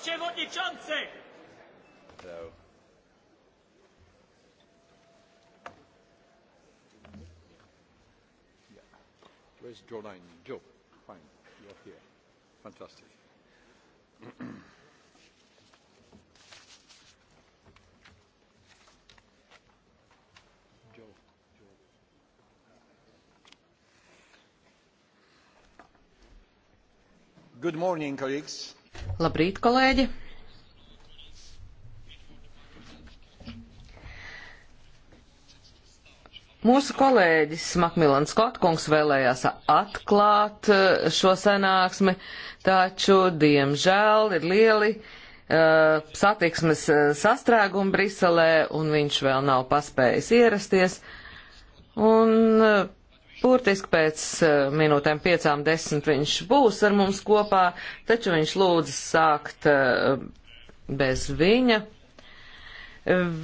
przewodniczący! Hello. Yeah. Where's Jolene? Joe, fine, you're here. Fantastic. Good morning, colleagues. Labrīt, kolēģi! Mūsu kolēģis Makmilans Kotkungs vēlējās atklāt eh, šo sanāksmi, taču, diemžēl, ir lieli uh, satiksmes eh, sastrēgumi Briselē, un viņš vēl nav paspējis ierasties. Un uh, Burtiski pēc uh, minūtēm piecām desmit viņš būs ar mums kopā, taču viņš lūdza sākt uh, bez viņa.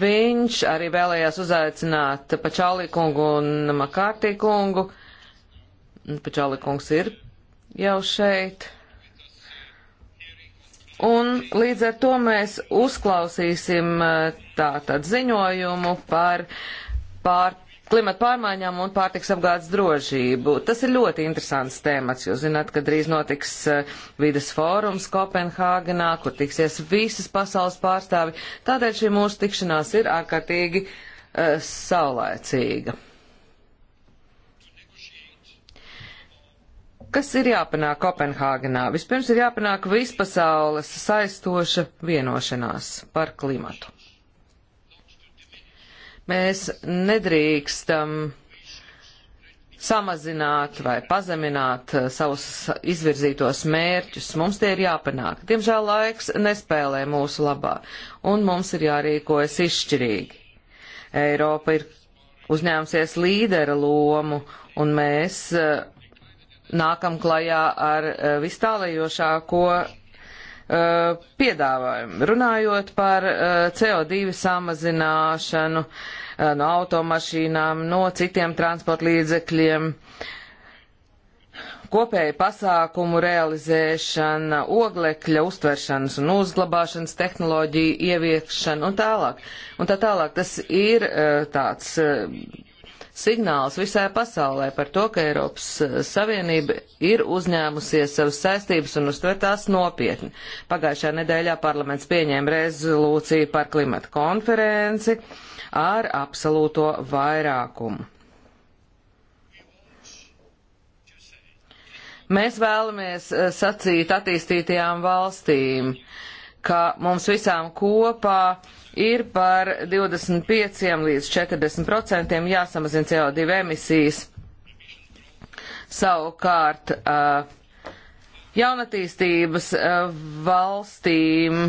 Viņš arī vēlējās uzaicināt Pačāli kungu un Makārtī kungu. Pačāli kungs ir jau šeit. Un līdz ar to mēs uzklausīsim eh, tātad ziņojumu par pār klimata pārmaiņām un pārtiks apgādes drošību. Tas ir ļoti interesants temats. Jūs zināt, ka drīz notiks eh, vides fórums Kopenhāgenā, kur tiksies visas pasaules pārstāvi. Tādēļ šī mūsu tikšanās ir ārkārtīgi uh, saulēcīga. Kas ir jāpanāk Kopenhāgenā? Vispirms ir jāpanāk vispasaules saistoša vienošanās par klimatu. Mēs nedrīkstam samazināt vai pazemināt eh, savus izvirzītos mērķus. Mums tie ir jāpanāk. Diemžēl laiks nespēlē mūsu labā, un mums ir jārīkojas izšķirīgi. Eiropa ir uzņēmusies līdera lomu, un mēs eh, nākam klajā ar eh, vistālējošāko Uh, piedāvājumu. Runājot par uh, CO2 samazināšanu uh, no automašīnām, no citiem transporta līdzekļiem, kopēja pasākumu realizēšana, oglekļa uztveršanas un uzglabāšanas tehnoloģiju ieviekšana un tālāk. Un tā tālāk tas ir tāds signāls visai pasaulē par to, ka Eiropas eh, Savienība ir uzņēmusies savas saistības un uztver tās nopietni. Pagājušā nedēļā parlaments pieņēma rezolūciju par klimata konferenci ar absolūto vairākumu. Mēs vēlamies eh, sacīt attīstītajām valstīm, ka mums visām kopā uh, ir par 25 līdz 40% jāsamazina CO2 emisijas. Savukārt jaunatīstības valstīm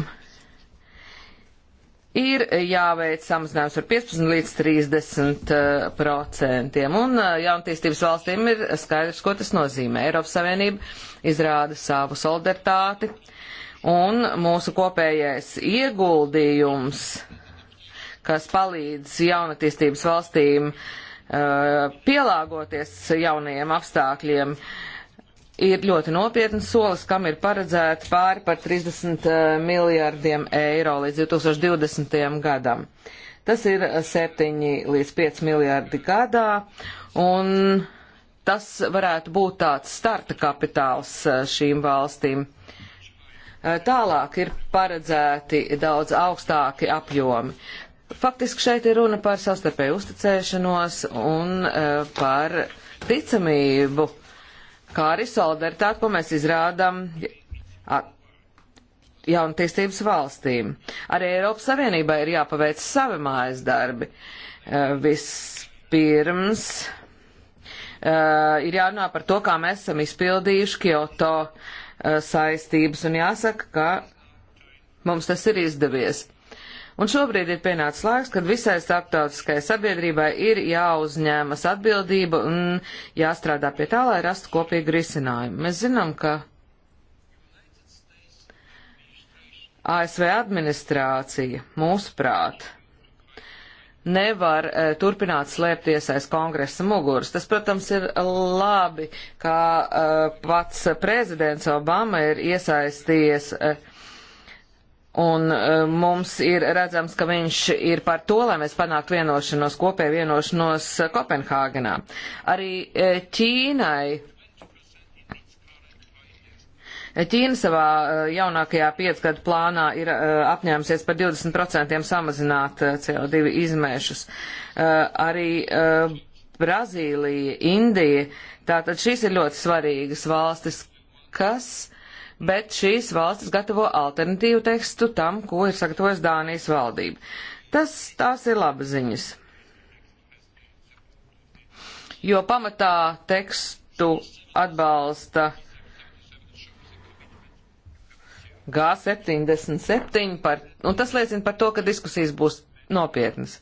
ir jāveic samazinājums par 15 līdz 30 procentiem. Un jaunatīstības valstīm ir skaidrs, ko tas nozīmē. Eiropas Savienība izrāda savu solidaritāti Un mūsu kopējais ieguldījums, kas palīdz jaunatīstības valstīm uh, pielāgoties jaunajiem apstākļiem, ir ļoti nopietns solis, kam ir paredzēta pāri par 30 uh, miljārdiem eiro līdz 2020. gadam. Tas ir 7 līdz 5 miljārdi gadā, un tas varētu būt tāds starta kapitāls uh, šīm valstīm. Eh, tālāk ir paredzēti daudz augstāki apjomi. Faktiski šeit ir runa par savstarpēju uzticēšanos un uh, par ticamību, kā arī solidaritāti, ko mēs izrādam jaunatīstības valstīm. Arī Eiropas Savienībai ir jāpaveic savi mājas darbi. Uh, vispirms uh, ir jārunā par to, kā mēs esam izpildījuši Kyoto uh, Eh, saistības, un jāsaka, ka mums tas ir izdevies. Un šobrīd ir pienācis laiks, kad visai starptautiskai sabiedrībai ir jāuzņēmas atbildība un jāstrādā pie tā, lai rastu kopīgu risinājumu. Mēs zinām, ka ASV administrācija, mūsuprāt, nevar e, turpināt slēpties aiz kongresa muguras. Tas, protams, ir labi, kā e, pats prezidents Obama ir iesaistījies. E, Un uh, mums ir redzams, ka viņš ir par to, lai mēs panāktu vienošanos, kopēju vienošanos Kopenhāgenā. Arī uh, Ķīnai Ķīna savā eh, jaunākajā piecgadu plānā ir eh, apņēmusies par 20% samazināt eh, CO2 izmēšus. Arī Brazīlija, Indija, tātad šīs ir ļoti svarīgas valstis, kas bet šīs valstis gatavo alternatīvu tekstu tam, ko ir sagatavojis Dānijas valdība. Tas, tās ir laba ziņas. Jo pamatā tekstu atbalsta uh, G77 par, un tas liecina par to, ka diskusijas būs nopietnas.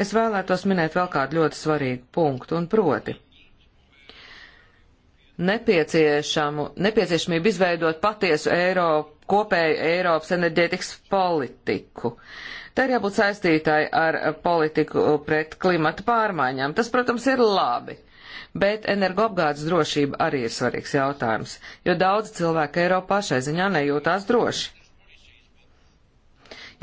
Es vēlētos minēt vēl kādu ļoti svarīgu punktu, un proti nepieciešamību izveidot patiesu Eiropu, kopēju Eiropas enerģētikas politiku. Tā ir jābūt saistītāji ar politiku pret klimatu pārmaiņām. Tas, protams, ir labi. Uh, bet energoapgādes drošība arī ir svarīgs jautājums, jo daudz cilvēku Eiropā šai ziņā nejūtās droši.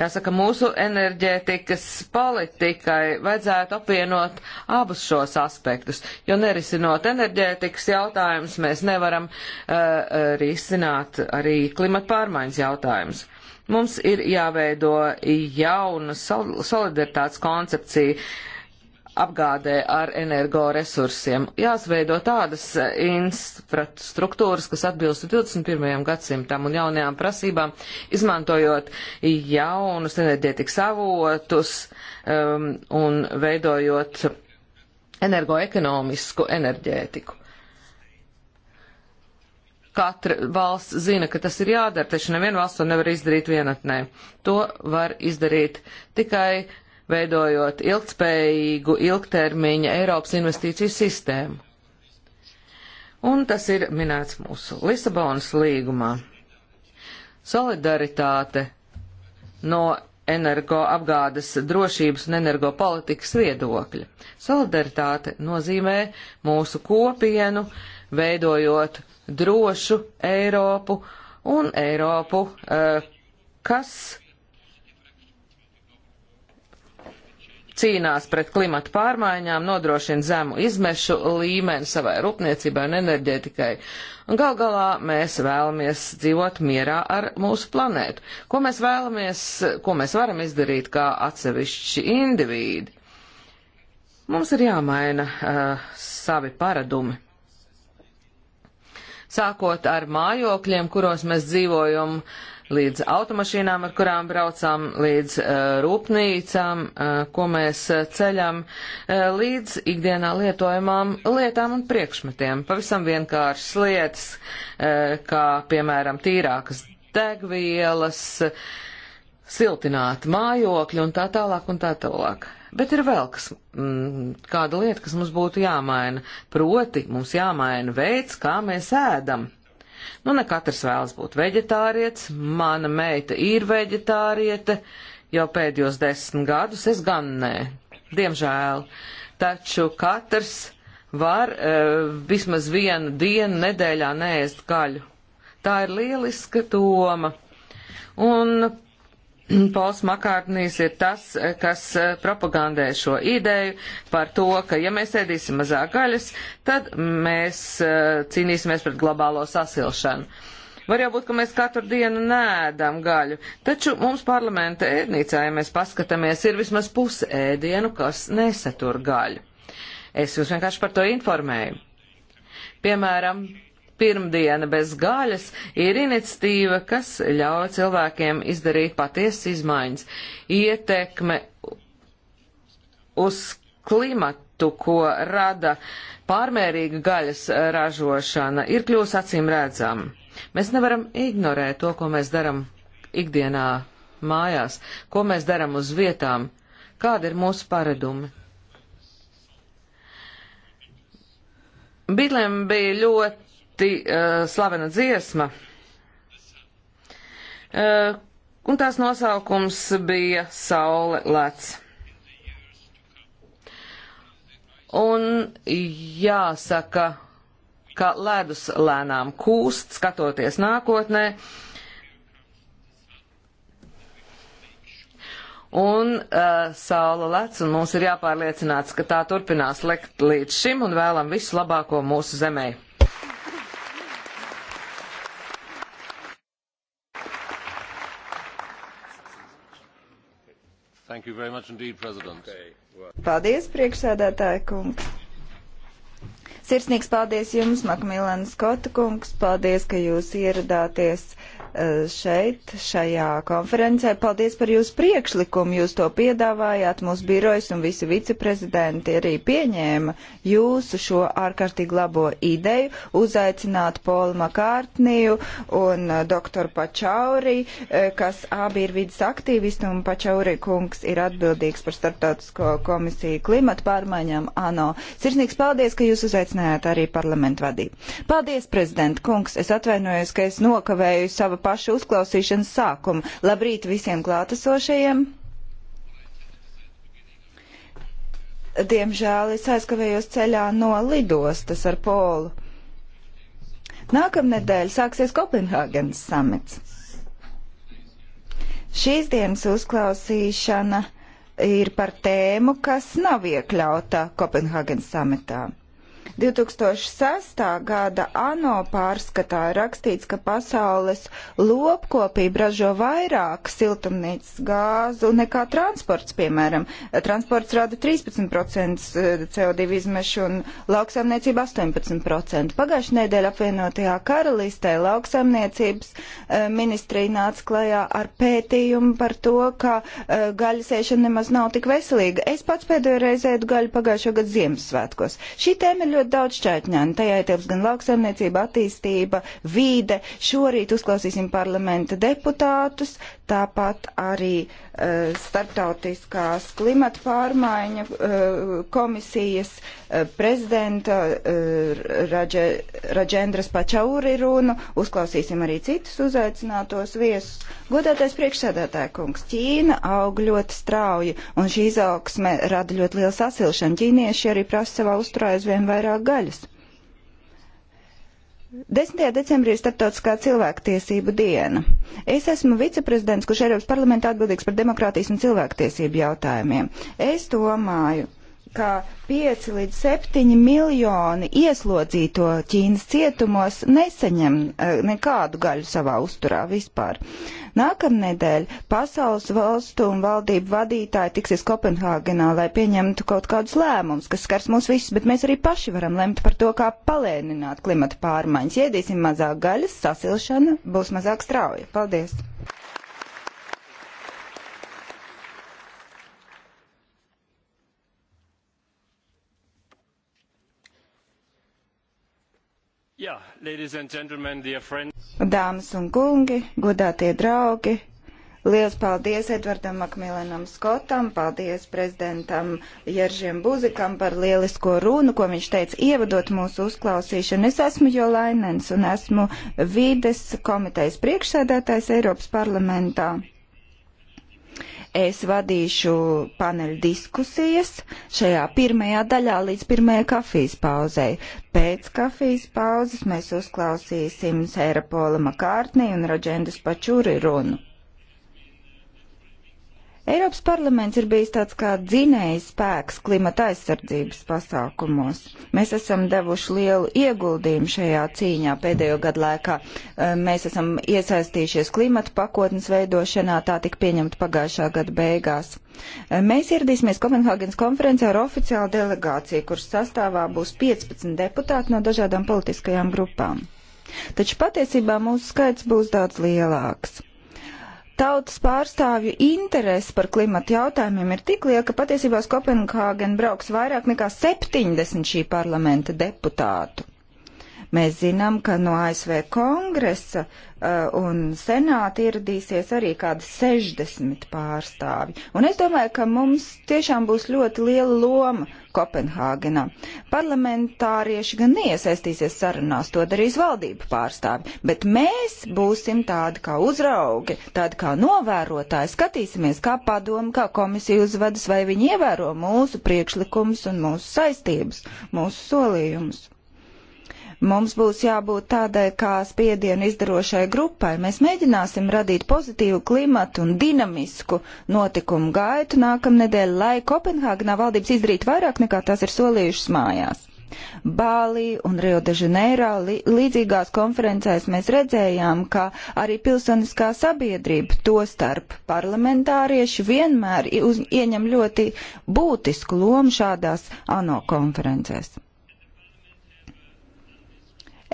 Jāsaka, mūsu enerģētikas politikai vajadzētu apvienot abus šos aspektus, jo nerisinot enerģētikas jautājumus, mēs nevaram uh, uh risināt arī klimata pārmaiņas jautājumus. Mums ir jāveido jauna solidaritātes koncepcija, uh, apgādē ar energoresursiem. Jāsveido tādas eh, infrastruktūras, kas atbilstu 21. gadsimtam un jaunajām prasībām, izmantojot jaunus enerģētikas avotus um, un veidojot energoekonomisku enerģētiku. Katra valsts zina, ka tas ir jādara, taču neviena valsts to nevar izdarīt vienatnē. To var izdarīt tikai veidojot ilgspējīgu ilgtermiņa Eiropas investīciju sistēmu. Un tas ir minēts mūsu Lisabonas līgumā. Solidaritāte no energoapgādes drošības un energopolitikas viedokļa. Solidaritāte nozīmē mūsu kopienu, veidojot drošu Eiropu un Eiropu, eh, kas cīnās pret klimatu pārmaiņām, nodrošina zemu izmešu līmeni savai rūpniecībai un enerģētikai. Un gal galā mēs vēlamies dzīvot mierā ar mūsu planētu. Ko mēs vēlamies, ko mēs varam izdarīt kā atsevišķi indivīdi? Mums ir jāmaina uh, savi paradumi sākot ar mājokļiem, kuros mēs dzīvojam, līdz automašīnām, ar kurām braucam, līdz uh, rūpnīcām, uh, ko mēs uh, ceļam, uh, līdz ikdienā lietojamām lietām un priekšmetiem. Pavisam vienkāršas lietas, uh, kā piemēram tīrākas degvielas, uh, siltināti mājokļi un tā tālāk un tā tālāk. Bet ir vēl kas, mm, kāda lieta, kas mums būtu jāmaina. Proti, mums jāmaina veids, kā mēs ēdam. Nu, ne katrs vēlas būt veģetārietis, mana meita ir veģetāriete, jau pēdējos desmit gadus es gan nē, diemžēl. Taču katrs var e, vismaz vienu dienu nedēļā nēst gaļu. Tā ir lieliska doma. Un Pols Makārtnīs ir tas, kas eh, propagandē šo ideju par to, ka ja mēs ēdīsim mazāk gaļas, tad mēs eh, cīnīsimies pret globālo sasilšanu. Var jau būt, ka mēs katru dienu nēdam gaļu, taču mums parlamenta ēdnīcā, ja mēs paskatāmies, ir vismaz puse ēdienu, kas nesatur gaļu. Es jūs vienkārši par to informēju. Piemēram, pirmdiena bez gaļas ir iniciatīva, kas ļauj cilvēkiem izdarīt patiesas izmaiņas. Ietekme uz klimatu, ko rada pārmērīga gaļas ražošana, ir kļūst acīm redzama. Mēs nevaram ignorēt to, ko mēs daram ikdienā mājās, ko mēs daram uz vietām, kāda ir mūsu paradumi. Bitlēm bija ļoti ļoti uh, slavena dziesma. Uh, un tās nosaukums bija Saule lec. Un jāsaka, ka ledus lēnām kūst, skatoties nākotnē. Un uh, eh, saula lec, un mums ir jāpārliecināts, ka tā turpinās lekt līdz šim un vēlam visu labāko mūsu zemē. Paldies, priekšsēdētāja kungs. Sirsnīgs paldies jums, Makmilēna Skota kungs, paldies, ka jūs ieradāties Eh, šeit, šajā konferencē. Paldies par jūsu priekšlikumu. Jūs to piedāvājāt. Mūsu birojas un visi viceprezidenti arī pieņēma jūsu šo ārkārtīgi labo ideju uzaicināt Polu Makārtniju un eh, doktoru Pačauri, eh, kas abi ir vidas aktīvisti un Pačauri kungs ir atbildīgs par starptautisko komisiju klimatu pārmaiņām ANO. Sirsnīgs paldies, ka jūs uzaicinājāt arī parlamentu vadību. Paldies, prezidenta kungs. Es atvainojos, ka es nokavēju savu paša uzklausīšanas sākuma. Labrīt visiem klātesošajiem! Diemžēl es aizkavējos ceļā no lidostas ar polu. Nākamnedēļ sāksies Kopenhāgenes samits. Šīs dienas uzklausīšana ir par tēmu, kas nav iekļauta Kopenhāgenes samitā. 2006. gada ANO pārskatā ir rakstīts, ka pasaules lopkopība ražo vairāk siltumnīcas gāzu nekā transports, piemēram. Transports rada 13% eh, CO2 izmešu un lauksaimniecība 18%. Pagājušajā nedēļā apvienotajā karalistē lauksaimniecības eh, ministrija nāca klajā ar pētījumu par to, ka eh, gaļas ēšana nemaz nav tik veselīga. Es pats pēdējo reizi ēdu gaļu pagājušo gadu Ziemassvētkos. Šī tēma ir ir ļoti daudz šķaitņēnu. Tajā ietilps gan lauksaimniecība, attīstība, vīde. Šorīt uzklausīsim parlamenta deputātus, tāpat arī uh, starptautiskās klimata pārmaiņa uh, komisijas uh, prezidenta uh, Raģe, Raģendras Pačauri runu. Uzklausīsim arī citus uzaicinātos viesus. Godātais priekšsēdētāja kungs, Ķīna aug ļoti strauji un šī izaugsme rada ļoti lielu sasilšanu. Ķīnieši arī prasa savā uzturā aizvien vairāk vairāk gaļas. 10. decembrī ir starptautiskā cilvēktiesību diena. Es esmu viceprezidents, kurš Eiropas parlamentā atbildīgs par demokrātijas un cilvēktiesību jautājumiem. Es domāju, ka 5 līdz 7 miljoni ieslodzīto Ķīnas cietumos nesaņem e, nekādu gaļu savā uzturā vispār. Nākamnedēļ pasaules valstu un valdību vadītāji tiksies Kopenhāgenā, lai pieņemtu kaut kādus lēmumus, kas skars mūs visus, bet mēs arī paši varam lemt par to, kā palēnināt klimata pārmaiņas. Iedīsim mazāk gaļas, sasilšana būs mazāk strauja. Paldies! Yeah, Dāmas un kungi, godātie draugi, liels paldies Edvardam Makmēlenam Skotam, paldies prezidentam Jeržiem Buzikam par lielisko runu, ko viņš teica ievadot mūsu uzklausīšanu. Es esmu Jolainens un esmu vides komitejas priekšsēdētājs Eiropas parlamentā. Es vadīšu paneļu diskusijas šajā pirmajā daļā līdz pirmajai kafijas pauzei. Pēc kafijas pauzes mēs uzklausīsim Sēra Pola Makārtnī un Rodžendas Pačūri runu. Eiropas parlaments ir bijis tāds kā dzinējs spēks klimata aizsardzības pasākumos. Mēs esam devuši lielu ieguldījumu šajā cīņā pēdējo gadu laikā. Mēs esam iesaistījušies klimata pakotnes veidošanā, tā tika pieņemta pagājušā gada beigās. Mēs ieradīsimies Kopenhāgenes konferencē ar oficiālu delegāciju, kuras sastāvā būs 15 deputāti no dažādām politiskajām grupām. Taču patiesībā mūsu skaits būs daudz lielāks Tautas pārstāvju interese par klimatu jautājumiem ir tik liela, ka patiesībā uz Kopenhāgenu brauks vairāk nekā 70 šī parlamenta deputātu. Mēs zinām, ka no ASV kongresa uh, un senāta ieradīsies arī kādi 60 pārstāvi. Un es domāju, ka mums tiešām būs ļoti liela loma Kopenhāgenā. Parlamentārieši gan neiesaistīsies sarunās, to darīs valdību pārstāvi, bet mēs būsim tādi kā uzraugi, tādi kā novērotāji, skatīsimies, kā padomu, kā komisija uzvedas, vai viņi ievēro mūsu priekšlikumus un mūsu saistības, mūsu solījumus. Mums būs jābūt tādai kā spiedienu izdarošai grupai. Mēs mēģināsim radīt pozitīvu klimatu un dinamisku notikumu gaitu nākamnedēļ, lai Kopenhāgenā valdības izdarītu vairāk nekā tās ir solījušas mājās. Bālī un Rio de Janeiro li, līdzīgās konferencēs mēs redzējām, ka arī pilsoniskā sabiedrība, to starp parlamentārieši, vienmēr uz, ieņem ļoti būtisku lomu šādās ANO konferencēs.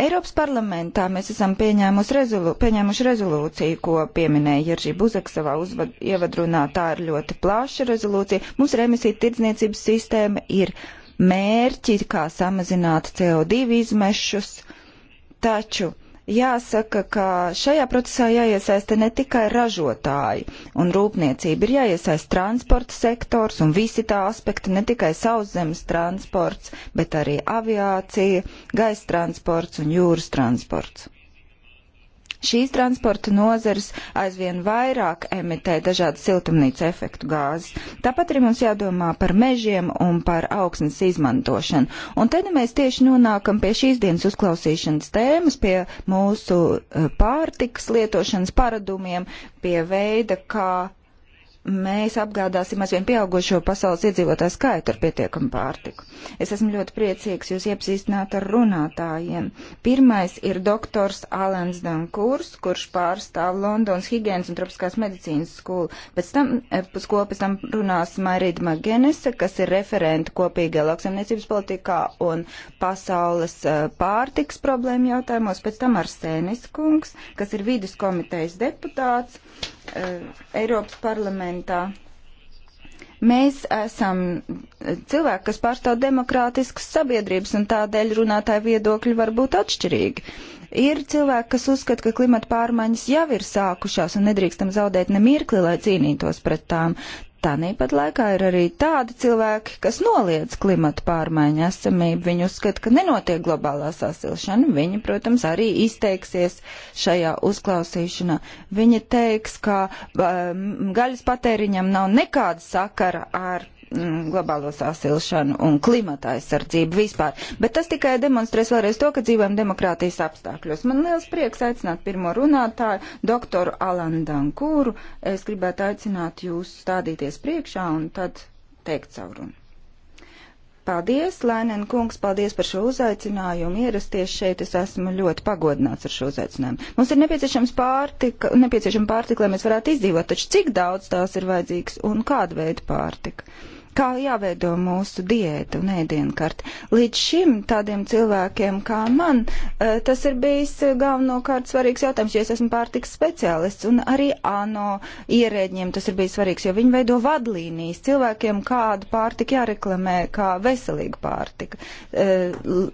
Eiropas parlamentā mēs esam pieņēmuši, rezolū, pieņēmuši rezolūciju, ko pieminēja Jiržī Buzek savā uzvad, ievadrunā. Tā ir ļoti plaša rezolūcija. Mums remisija tirdzniecības sistēma ir mērķi, kā samazināt CO2 izmešus, taču Jāsaka, ka šajā procesā jāiesaista ne tikai ražotāji un rūpniecība, ir jāiesaista transporta sektors un visi tā aspekti, ne tikai sauszemes transports, bet arī aviācija, gaisa transports un jūras transports. Šīs transporta nozares aizvien vairāk emitē dažādas siltumnīca efektu gāzes. Tāpat arī mums jādomā par mežiem un par augsnes izmantošanu. Un tad nu mēs tieši nonākam pie šīs dienas uzklausīšanas tēmas, pie mūsu eh, pārtikas lietošanas paradumiem, pie veida, kā mēs apgādāsim aizvien pieaugušo pasaules iedzīvotāju skaitu ar pietiekamu pārtiku. Es esmu ļoti priecīgs jūs iepazīstināt ar runātājiem. Pirmais ir doktors Alans Dankurs, kurš pārstāv Londonas higienas un tropiskās medicīnas skolu. Pēc tam, eh, skolu pēc tam runās Mairīda Magenese, kas ir referenta kopīgā lauksaimniecības politikā un pasaules eh, pārtiks problēmu jautājumos. Pēc tam Arsēnis Kungs, kas ir vidus komitejas deputāts Eh, Eiropas parlamentā. Mēs esam cilvēki, kas pārstāv demokrātiskas sabiedrības, un tādēļ runātāja viedokļi var būt atšķirīgi. Ir cilvēki, kas uzskata, ka klimata pārmaiņas jau ir sākušās un nedrīkstam zaudēt ne mirkli, lai cīnītos pret tām. Tāpat laikā ir arī tādi cilvēki, kas noliedz klimatu pārmaiņu esamību. Viņi uzskata, ka nenotiek globālā sasilšana. Viņi, protams, arī izteiksies šajā uzklausīšanā. Viņi teiks, ka um, gaļas patēriņam nav nekāda sakara ar Mm, globālo sasilšanu un klimata aizsardzību vispār. Bet tas tikai demonstrēs vēlreiz to, ka dzīvojam demokrātijas apstākļos. Man liels prieks aicināt pirmo runātāju, doktoru Alanu Dankūru. Es gribētu aicināt jūs stādīties priekšā un tad teikt savu runu. Paldies, Lēnen kungs, paldies par šo uzaicinājumu. Ierasties šeit es esmu ļoti pagodināts ar šo uzaicinājumu. Mums ir nepieciešams pārtika, nepieciešama pārtika, lai mēs varētu izdzīvot, taču cik daudz tās ir vajadzīgs un kāda veida pārtika? kā jāveido mūsu diēta un ēdienkarte. Līdz šim tādiem cilvēkiem kā man eh, tas ir bijis eh, galvenokārt svarīgs jautājums, jo es esmu pārtiks speciālists un arī ANO ierēģiem tas ir bijis svarīgs, jo viņi veido vadlīnijas cilvēkiem, kādu pārtiku jāreklamē kā veselīgu pārtiku eh,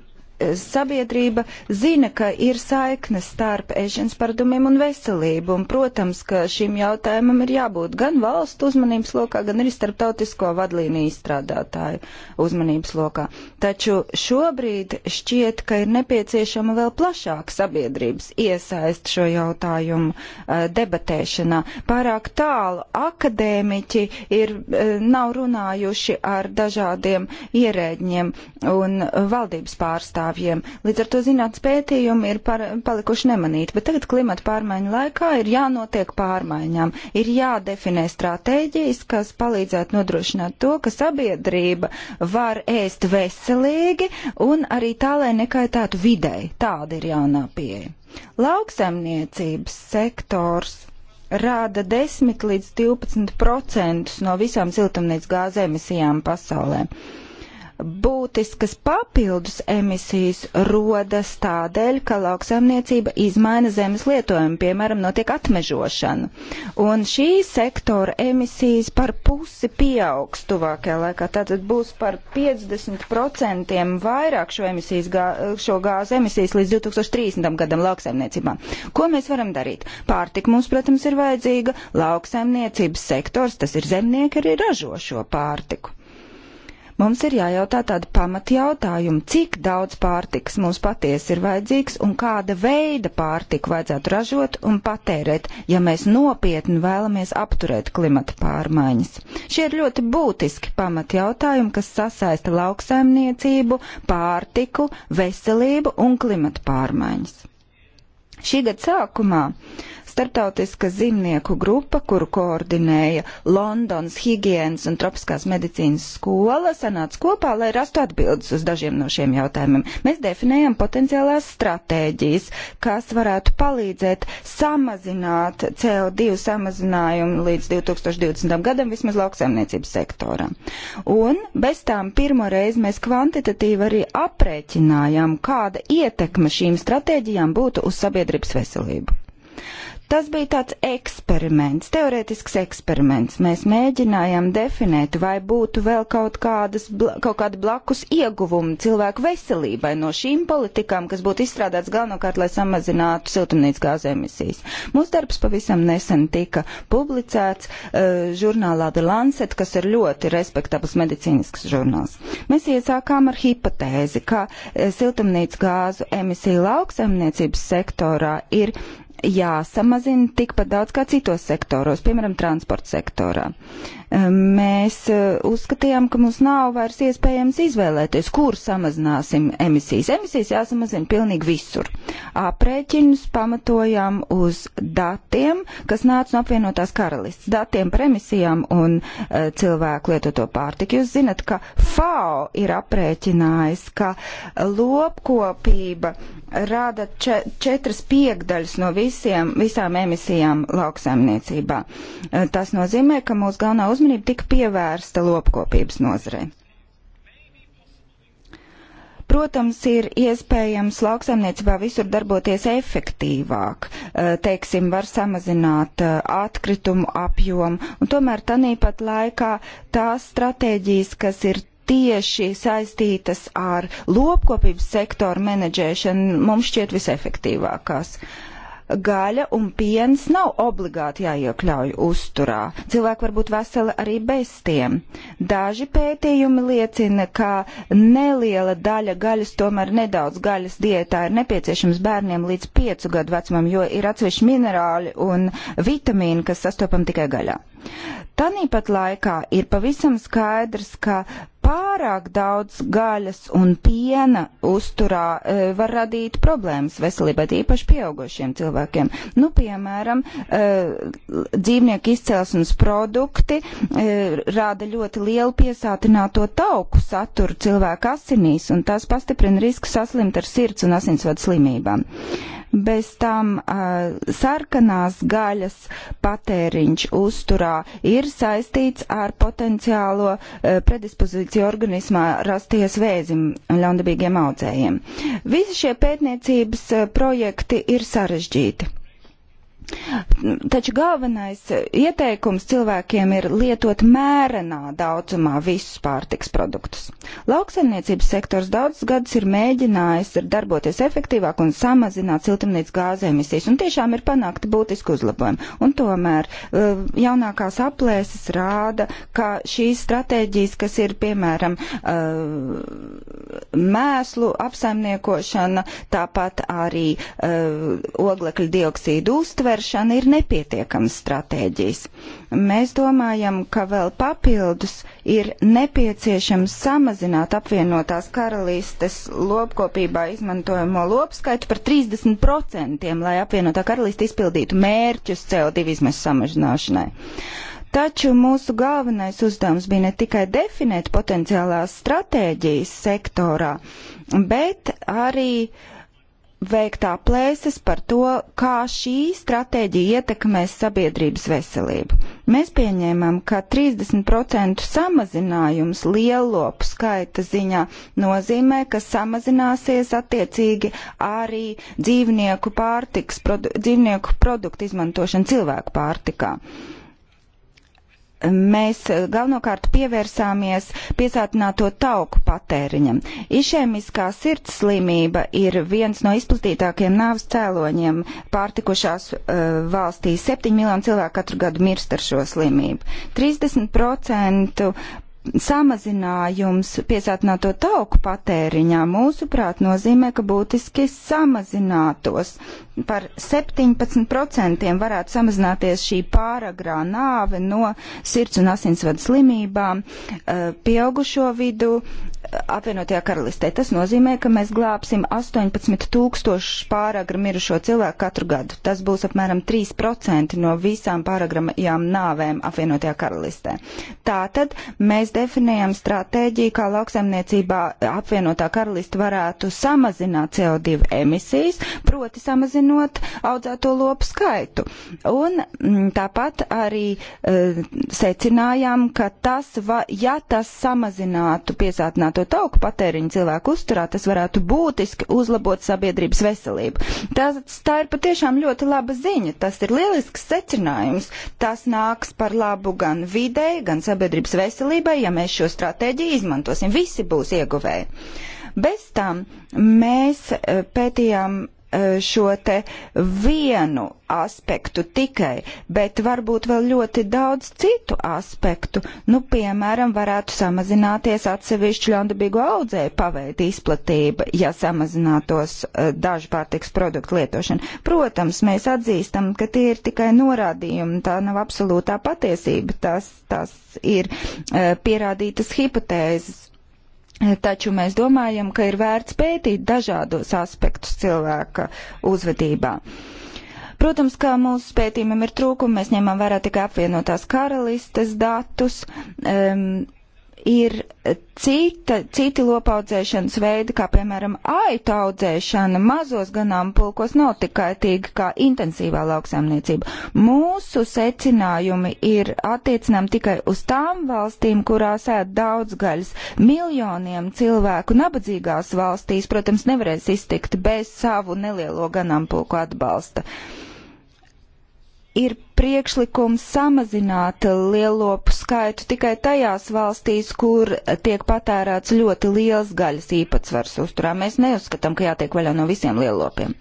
sabiedrība zina, ka ir saikne starp ēšanas paradumiem un veselību, un, protams, ka šim jautājumam ir jābūt gan valstu uzmanības lokā, gan arī starptautisko vadlīniju izstrādātāju uzmanības lokā. Taču šobrīd šķiet, ka ir nepieciešama vēl plašāka sabiedrības iesaist šo jautājumu uh, debatēšanā. Pārāk tālu akadēmiķi ir, uh, nav runājuši ar dažādiem ierēģiem un valdības pārstāvjiem skābjiem. Līdz ar to zinātnes pētījumi ir par, palikuši nemanīti, bet tagad klimata pārmaiņu laikā ir jānotiek pārmaiņām, ir jādefinē stratēģijas, kas palīdzētu nodrošināt to, ka sabiedrība var ēst veselīgi un arī tā, lai nekaitētu videi. Tāda ir jaunā pieeja. Lauksaimniecības sektors rāda 10 līdz 12 procentus no visām siltumnīcas gāzes emisijām pasaulē. Būtiskas papildus emisijas rodas tādēļ, ka lauksaimniecība izmaina zemes lietojumu, piemēram, notiek atmežošana. Un šī sektora emisijas par pusi pieaugs tuvākajā laikā. Tātad būs par 50% vairāk šo, emisijas, gā, šo gāzu emisijas līdz 2030. gadam lauksaimniecībā. Ko mēs varam darīt? Pārtika mums, protams, ir vajadzīga. Lauksaimniecības sektors, tas ir zemnieki, arī ražo šo pārtiku. Mums ir jājautā tādi pamatjautājumi, cik daudz pārtikas mums patiesi ir vajadzīgs un kāda veida pārtiku vajadzētu ražot un patērēt, ja mēs nopietni vēlamies apturēt klimata pārmaiņas. Šie ir ļoti būtiski pamatjautājumi, kas sasaista lauksaimniecību, pārtiku, veselību un klimata pārmaiņas. Šī gada sākumā starptautiska zimnieku grupa, kuru koordinēja Londonas higienas un tropiskās medicīnas skola, sanāca kopā, lai rastu atbildes uz dažiem no šiem jautājumiem. Mēs definējam potenciālās stratēģijas, kas varētu palīdzēt samazināt CO2 samazinājumu līdz 2020. gadam vismaz lauksaimniecības sektorā. Un bez tām pirmo reizi mēs kvantitatīvi arī aprēķinājām, kāda ietekme šīm stratēģijām būtu uz sabiedrības veselību. Tas bija tāds eksperiments, teorētisks eksperiments. Mēs mēģinājām definēt, vai būtu vēl kaut, kādas, kaut kāda blakus ieguvuma cilvēku veselībai no šīm politikām, kas būtu izstrādāts galvenokārt, lai samazinātu siltumnīcas gāzu emisijas. Mūsu darbs pavisam nesen tika publicēts uh, žurnālā The Lancet, kas ir ļoti respektabls medicīnisks žurnāls. Mēs iesākām ar hipotēzi, ka uh, siltumnīcas gāzu emisija lauksaimniecības sektorā ir jāsamazina tikpat daudz kā citos sektoros, piemēram, transporta sektorā. Mēs e, uzskatījām, ka mums nav vairs iespējams izvēlēties, kur samazināsim emisijas. Emisijas jāsamazina pilnīgi visur. Aprēķinus pamatojām uz datiem, kas nāca no apvienotās karalists, datiem par emisijām un uh, cilvēku lietoto pārtiku. Jūs zinat, ka FAO ir aprēķinājis, ka lopkopība rāda četras piekdaļas no visiem, visām emisijām lauksaimniecībā. E, tas nozīmē, ka mūsu galvenā uzmanība tika pievērsta lopkopības nozarei. Protams, ir iespējams lauksaimniecībā visur darboties efektīvāk, e, teiksim, var samazināt e, atkritumu apjomu, un tomēr tanīpat laikā tās stratēģijas, kas ir tieši saistītas ar lopkopības sektoru menedžēšanu, mums šķiet visefektīvākās. Gaļa un piens nav obligāti jāiekļauj uzturā. Cilvēki var būt veseli arī bez tiem. Daži pētījumi liecina, ka neliela daļa gaļas, tomēr nedaudz gaļas diētā ir nepieciešams bērniem līdz 5 gadu vecumam, jo ir atsevišķi minerāli un vitamīni, kas sastopam tikai gaļā. Tāpat laikā ir pavisam skaidrs, ka Pārāk daudz gaļas un piena uzturā e, var radīt problēmas veselībai, īpaši pieaugušiem cilvēkiem. Nu, piemēram, e, dzīvnieku izcelsmes produkti e, rāda ļoti lielu piesātināto tauku saturu cilvēku asinīs, un tas pastiprina risku saslimt ar sirds un asinsvadu slimībām. E, Bez tam uh, sarkanās gaļas patēriņš uzturā ir saistīts ar potenciālo uh, predispozīciju organismā rasties vēzim ļaundabīgiem audzējiem. Visi šie pētniecības uh, projekti ir sarežģīti. Taču galvenais ieteikums cilvēkiem ir lietot mērenā daudzumā visus pārtiks produktus. Lauksaimniecības sektors daudzus gadus ir mēģinājis darboties efektīvāk un samazināt siltumnīcas gāzu emisijas, un tiešām ir panākti būtiski uzlabojumi. Un tomēr eh, jaunākās aplēses rāda, ka šīs stratēģijas, kas ir piemēram eh, mēslu apsaimniekošana, tāpat arī eh, oglekļa dioksīdu uztve, novēršana ir nepietiekams stratēģijas. Mēs domājam, ka vēl papildus ir nepieciešams samazināt apvienotās karalistes lopkopībā izmantojamo lopskaitu par 30%, lai apvienotā karaliste izpildītu mērķus CO2 izmešu samazināšanai. Taču mūsu galvenais uzdevums bija ne tikai definēt potenciālās stratēģijas sektorā, bet arī uh, veiktā plēses par to, kā šī stratēģija ietekmēs sabiedrības veselību. Mēs pieņēmām, ka 30% samazinājums lielopu skaita ziņā nozīmē, ka samazināsies attiecīgi arī dzīvnieku pārtiks, produ, dzīvnieku produktu izmantošana cilvēku pārtikā. Uh, mēs eh, galvenokārt pievērsāmies piesātināto tauku patēriņam. Išēmiskā sirds slimība ir viens no izplatītākajiem nāvs cēloņiem pārtikušās uh, eh, valstīs. 7 miljonu cilvēku katru gadu mirst ar šo slimību. 30% samazinājums piesātināto tauku patēriņā mūsuprāt nozīmē, ka būtiski samazinātos par 17% varētu samazināties šī pāragrā nāve no sirds un asinsvadu slimībām eh, pieaugušo vidu eh, apvienotajā karalistē. Tas nozīmē, ka mēs glābsim 18 tūkstošu pāragra mirušo cilvēku katru gadu. Tas būs apmēram 3% no visām pāragramajām nāvēm apvienotajā karalistē. Tātad mēs definējam stratēģiju, kā lauksaimniecībā apvienotā karalista varētu samazināt CO2 emisijas, proti samazināt samazinot audzēto lopu skaitu. Un mm, tāpat arī uh, secinājām, ka tas, va, ja tas samazinātu piesātināto tauku patēriņu cilvēku uzturā, tas varētu būtiski uzlabot sabiedrības veselību. Tas, tā ir patiešām ļoti laba ziņa. Tas ir lielisks secinājums. Tas nāks par labu gan videi, gan sabiedrības veselībai, ja mēs šo stratēģiju izmantosim. Visi būs ieguvēji. Bez tam mēs e, pētījām Eh, šo te vienu aspektu tikai, bet varbūt vēl ļoti daudz citu aspektu. Nu, piemēram, varētu samazināties atsevišķu ļaundabīgu audzēju paveidu izplatība, ja samazinātos uh, eh, dažu pārtiks produktu lietošana. Protams, mēs atzīstam, ka tie ir tikai norādījumi, tā nav absolūtā patiesība, tas, tas ir uh, pierādītas hipotēzes Taču mēs domājam, ka ir vērts pētīt dažādos aspektus cilvēka uzvedībā. Protams, kā mūsu pētījumam ir trūkumi, mēs ņemam vērā tikai apvienotās karalistes datus. Um, ir cita, citi lopaudzēšanas veidi, kā piemēram aitu audzēšana mazos ganāmpulkos nav tik kaitīgi kā intensīvā lauksaimniecība. Mūsu secinājumi ir attiecinām tikai uz tām valstīm, kurās ēd daudz gaļas. Miljoniem cilvēku nabadzīgās valstīs, protams, nevarēs iztikt bez savu nelielo ganāmpulku atbalsta. Uh, ir priekšlikums samazināt lielopu skaitu tikai tajās valstīs, kur tiek patērēts ļoti liels gaļas īpatsvars uzturā. Mēs neuzskatām, ka jātiek vaļā no visiem lielopiem.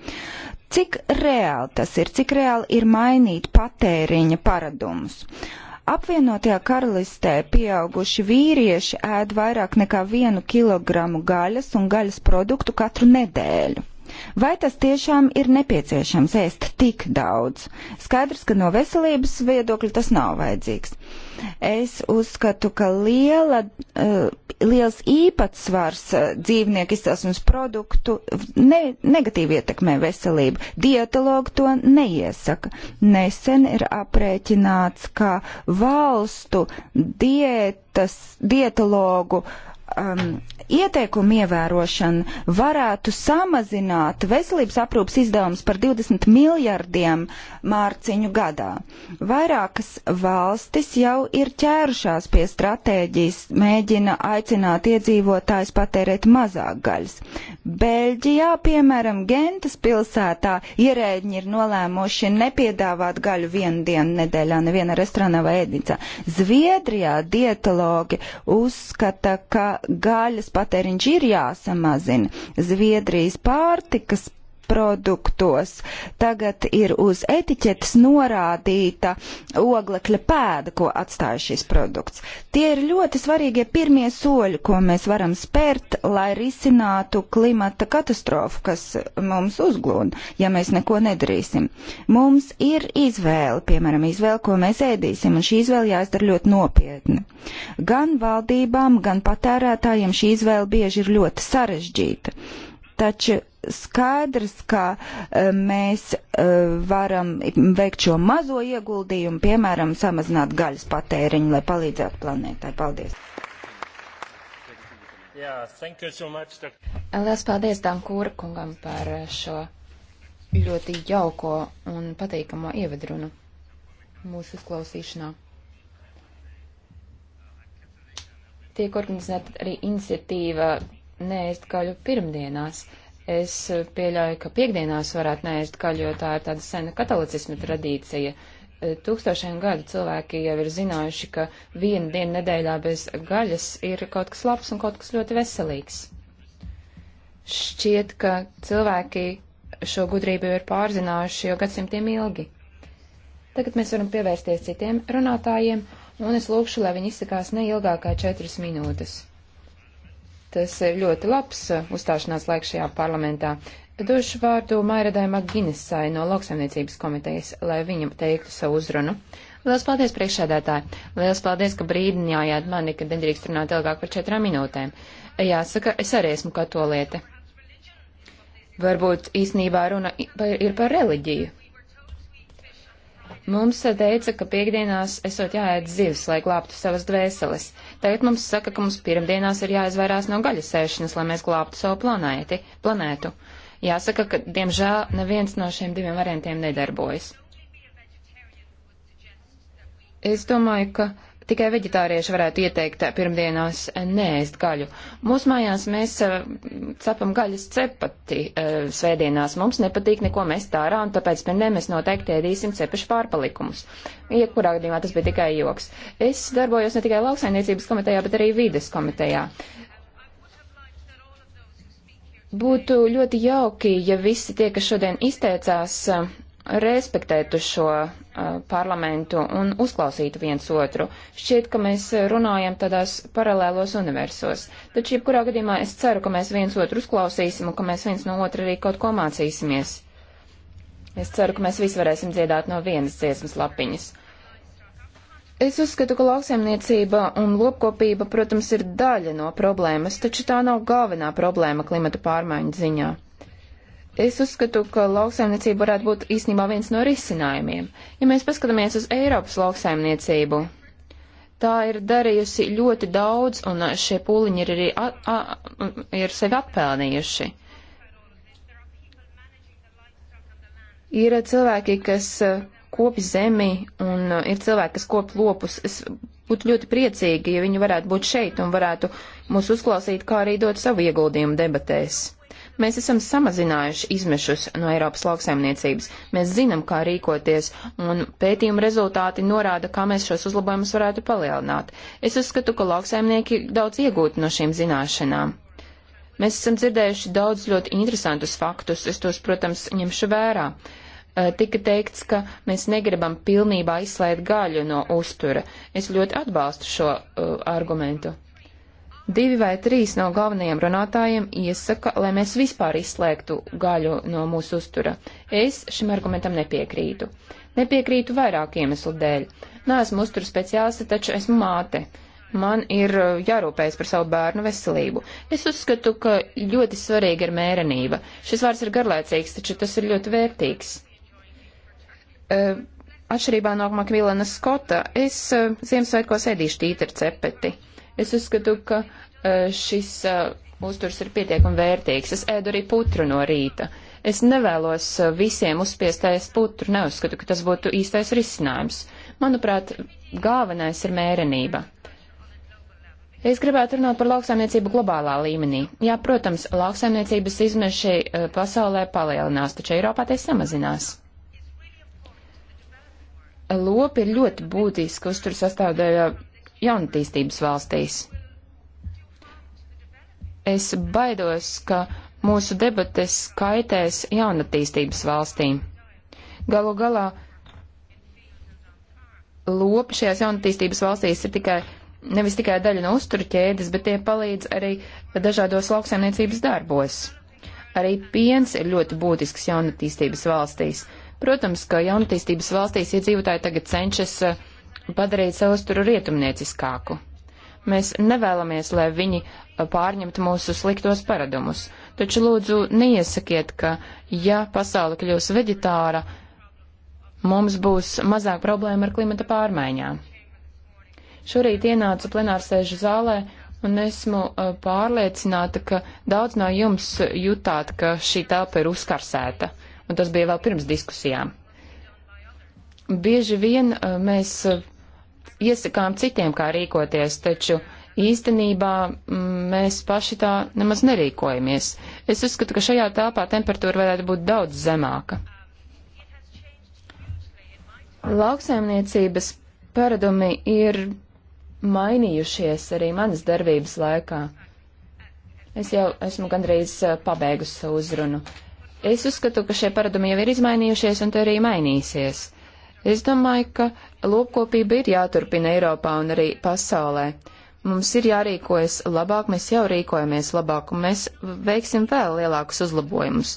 Cik reāli tas ir, cik reāli ir mainīt patēriņa paradumus? Apvienotajā karalistē pieauguši vīrieši ēd vairāk nekā vienu kilogramu gaļas un gaļas produktu katru nedēļu Vai tas tiešām ir nepieciešams ēst tik daudz? Skaidrs, ka no veselības viedokļa tas nav vajadzīgs. Es uzskatu, ka liela, uh, liels īpatsvars uh, dzīvnieku izcelsmes produktu ne, negatīvi ietekmē veselību. Dietologi to neiesaka. Nesen ir aprēķināts, ka valstu dietas, dietologu uh, um, ieteikumu ievērošana varētu samazināt veselības aprūpas izdevumus par 20 miljardiem mārciņu gadā. Vairākas valstis jau ir ķērušās pie stratēģijas, mēģina aicināt iedzīvotājs patērēt mazāk gaļas. Beļģijā, piemēram, Gentas pilsētā ierēģi ir nolēmuši nepiedāvāt gaļu vienu dienu nedēļā neviena restorānā vai ēdnīcā. Zviedrijā dietologi uzskata, ka gaļas patēriņš ir jāsamazina. Zviedrijas pārtikas produktos. Tagad ir uz etiķetes norādīta oglekļa pēda, ko atstāja šis produkts. Tie ir ļoti svarīgie pirmie soļi, ko mēs varam spērt, lai risinātu klimata katastrofu, kas mums uzglūn, ja mēs neko nedarīsim. Mums ir izvēle, piemēram, izvēle, ko mēs ēdīsim, un šī izvēle jāizdara ļoti nopietni. Gan valdībām, gan patērētājiem šī izvēle bieži ir ļoti sarežģīta. Taču skaidrs, ka eh, mēs eh, varam veikt šo mazo ieguldījumu, piemēram, samazināt gaļas patēriņu, lai palīdzētu planētai. Paldies! Yeah, so much, Lielas paldies tām kūrkungam par šo ļoti jauko un patīkamo ievadrunu mūsu uzklausīšanā. Tiek organizēta arī iniciatīva neēst gaļu pirmdienās. Es pieļauju, ka piekdienās varētu neēst gaļu, jo tā ir tāda sena katolicisma tradīcija. E, tūkstošiem gadu cilvēki jau ir zinājuši, ka viena diena nedēļā bez gaļas ir kaut kas labs un kaut kas ļoti veselīgs. Šķiet, ka cilvēki šo gudrību jau ir pārzinājuši jau gadsimtiem ilgi. Tagad mēs varam pievērsties citiem runātājiem, un es lūkšu, lai viņi izsakās neilgākā četras minūtes. Tas ir ļoti labs uh, uzstāšanās laiks šajā parlamentā. Došu vārdu Mairadai Maginisai no lauksaimniecības komitejas, lai viņam teiktu savu uzrunu. Lielas paldies, priekšsēdētāji! Lielas paldies, ka brīdinājāt mani, ka nedrīkst runāt ilgāk par četrām minūtēm. Jāsaka, es arī esmu katoliete. Varbūt īsnībā runa ir par reliģiju. Mums teica, ka piekdienās esot jāiet zivs, lai glābtu savas dvēseles. Tagad mums saka, ka mums pirmdienās ir jāizvairās no gaļasēšanas, lai mēs glābtu savu planēti, planētu. Jāsaka, ka diemžēl neviens no šiem diviem variantiem nedarbojas. Es domāju, ka Tikai veģetārieši varētu ieteikt pirmdienās neēst gaļu. Mūsu mājās mēs eh, cepam gaļas cepati eh, svētdienās. Mums nepatīk neko mest ārā, un tāpēc pirmdien mēs noteikti ēdīsim cepašu pārpalikumus. Jebkurā gadījumā tas bija tikai joks. Es darbojos ne tikai lauksainiecības komitejā, bet arī vides komitejā. Būtu ļoti jauki, ja visi tie, kas šodien izteicās, respektētu šo uh, parlamentu un uzklausītu viens otru. Šķiet, ka mēs runājam tādās paralēlos universos. Taču, jebkurā gadījumā, es ceru, ka mēs viens otru uzklausīsim un ka mēs viens no otra arī kaut ko mācīsimies. Es ceru, ka mēs visi varēsim dziedāt no vienas dziesmas lapiņas. Es uzskatu, ka lauksaimniecība un lopkopība, protams, ir daļa no problēmas, taču tā nav galvenā problēma klimata pārmaiņu ziņā. Es uzskatu, ka lauksaimniecība varētu būt īstenībā viens no risinājumiem. Ja mēs paskatāmies uz Eiropas lauksaimniecību, tā ir darījusi ļoti daudz, un šie pūliņi ir arī a, a, ir sevi atpelnījuši. Ir cilvēki, kas e, kopi zemi, un e, ir cilvēki, kas kop lopus. Es būtu ļoti priecīgi, ja viņi varētu būt šeit un varētu mūs uzklausīt, kā arī dot savu ieguldījumu debatēs. Mēs esam samazinājuši izmešus no Eiropas lauksaimniecības. Mēs zinām, kā rīkoties, un pētījuma rezultāti norāda, kā mēs šos uzlabojumus varētu palielināt. Es uzskatu, ka lauksaimnieki daudz iegūtu no šīm zināšanām. Mēs esam dzirdējuši daudz ļoti interesantus faktus, es tos, protams, ņemšu vērā. Eh, tika teikts, ka mēs negribam pilnībā izslēgt gaļu no uztura. Es ļoti atbalstu šo uh, argumentu. Divi vai trīs no galvenajiem runātājiem iesaka, lai mēs vispār izslēgtu gaļu no mūsu uztura. Es šim argumentam nepiekrītu. Nepiekrītu vairāk iemeslu dēļ. Nāsmu uzturu speciāliste, taču esmu māte. Man ir uh, jārūpējas par savu bērnu veselību. Es uzskatu, ka ļoti svarīga ir mērenība. Šis vārds ir garlaicīgs, taču tas ir ļoti vērtīgs. Uh, atšķirībā no Makvīlena Skota, es uh, Ziemassvētkos ēdīšu tīteri cepeti. Es uzskatu, ka eh, šis eh, uzturs ir pietiekami vērtīgs. Es ēdu arī putru no rīta. Es nevēlos eh, visiem uzspiestais putru, neuzskatu, ka tas būtu īstais risinājums. Manuprāt, galvenais ir mērenība. Es gribētu runāt par lauksaimniecību globālā līmenī. Jā, protams, lauksaimniecības izmeši pasaulē palielinās, taču Eiropā tie samazinās. Lopi ir ļoti būtiska uzturs sastāvdaļa jaunatīstības valstīs. Es baidos, ka mūsu debates kaitēs jaunatīstības valstīm. Galu galā lopi šajās jaunatīstības valstīs ir tikai nevis tikai daļa no uzturu ķēdes, bet tie palīdz arī dažādos lauksaimniecības darbos. Arī piens ir ļoti būtisks jaunatīstības valstīs. Protams, ka jaunatīstības valstīs iedzīvotāji tagad cenšas uh, padarīt savu uzturu rietumnieciskāku. Mēs nevēlamies, lai viņi uh, pārņemtu mūsu sliktos paradumus, taču lūdzu neiesakiet, ka ja pasaule kļūs veģetāra, mums būs mazāk problēma ar klimata pārmaiņām. Šorīt ienācu plenārsēžu zālē un esmu uh, pārliecināta, ka daudz no jums jutāt, ka šī telpa ir uzkarsēta, un tas bija vēl pirms diskusijām bieži vien uh, mēs iesakām citiem, kā rīkoties, taču īstenībā mm, mēs paši tā nemaz nerīkojamies. Es uzskatu, ka šajā telpā temperatūra varētu būt daudz zemāka. Lauksaimniecības paradumi ir mainījušies arī manas darbības laikā. Es jau esmu gandrīz eh, pabeigusi savu uzrunu. Es uzskatu, ka šie paradumi jau ir izmainījušies un te arī mainīsies. Es domāju, ka lopkopība ir jāturpina Eiropā un arī pasaulē. Mums ir jārīkojas labāk, mēs jau rīkojamies labāk, un mēs veiksim vēl lielākus uzlabojumus.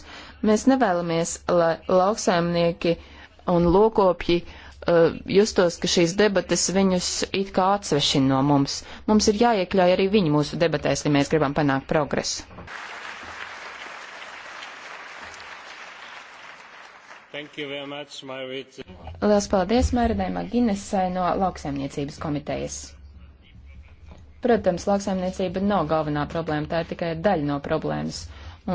Mēs nevēlamies, lai lauksaimnieki un lokopji uh, eh, justos, ka šīs debates viņus it kā atsvešina no mums. Mums ir jāiekļauj arī viņi mūsu debatēs, ja mēs gribam panākt progresu. Much, Lielas paldies Mērinai Maginesai no lauksaimniecības komitejas. Protams, lauksaimniecība nav galvenā problēma, tā ir tikai daļa no problēmas.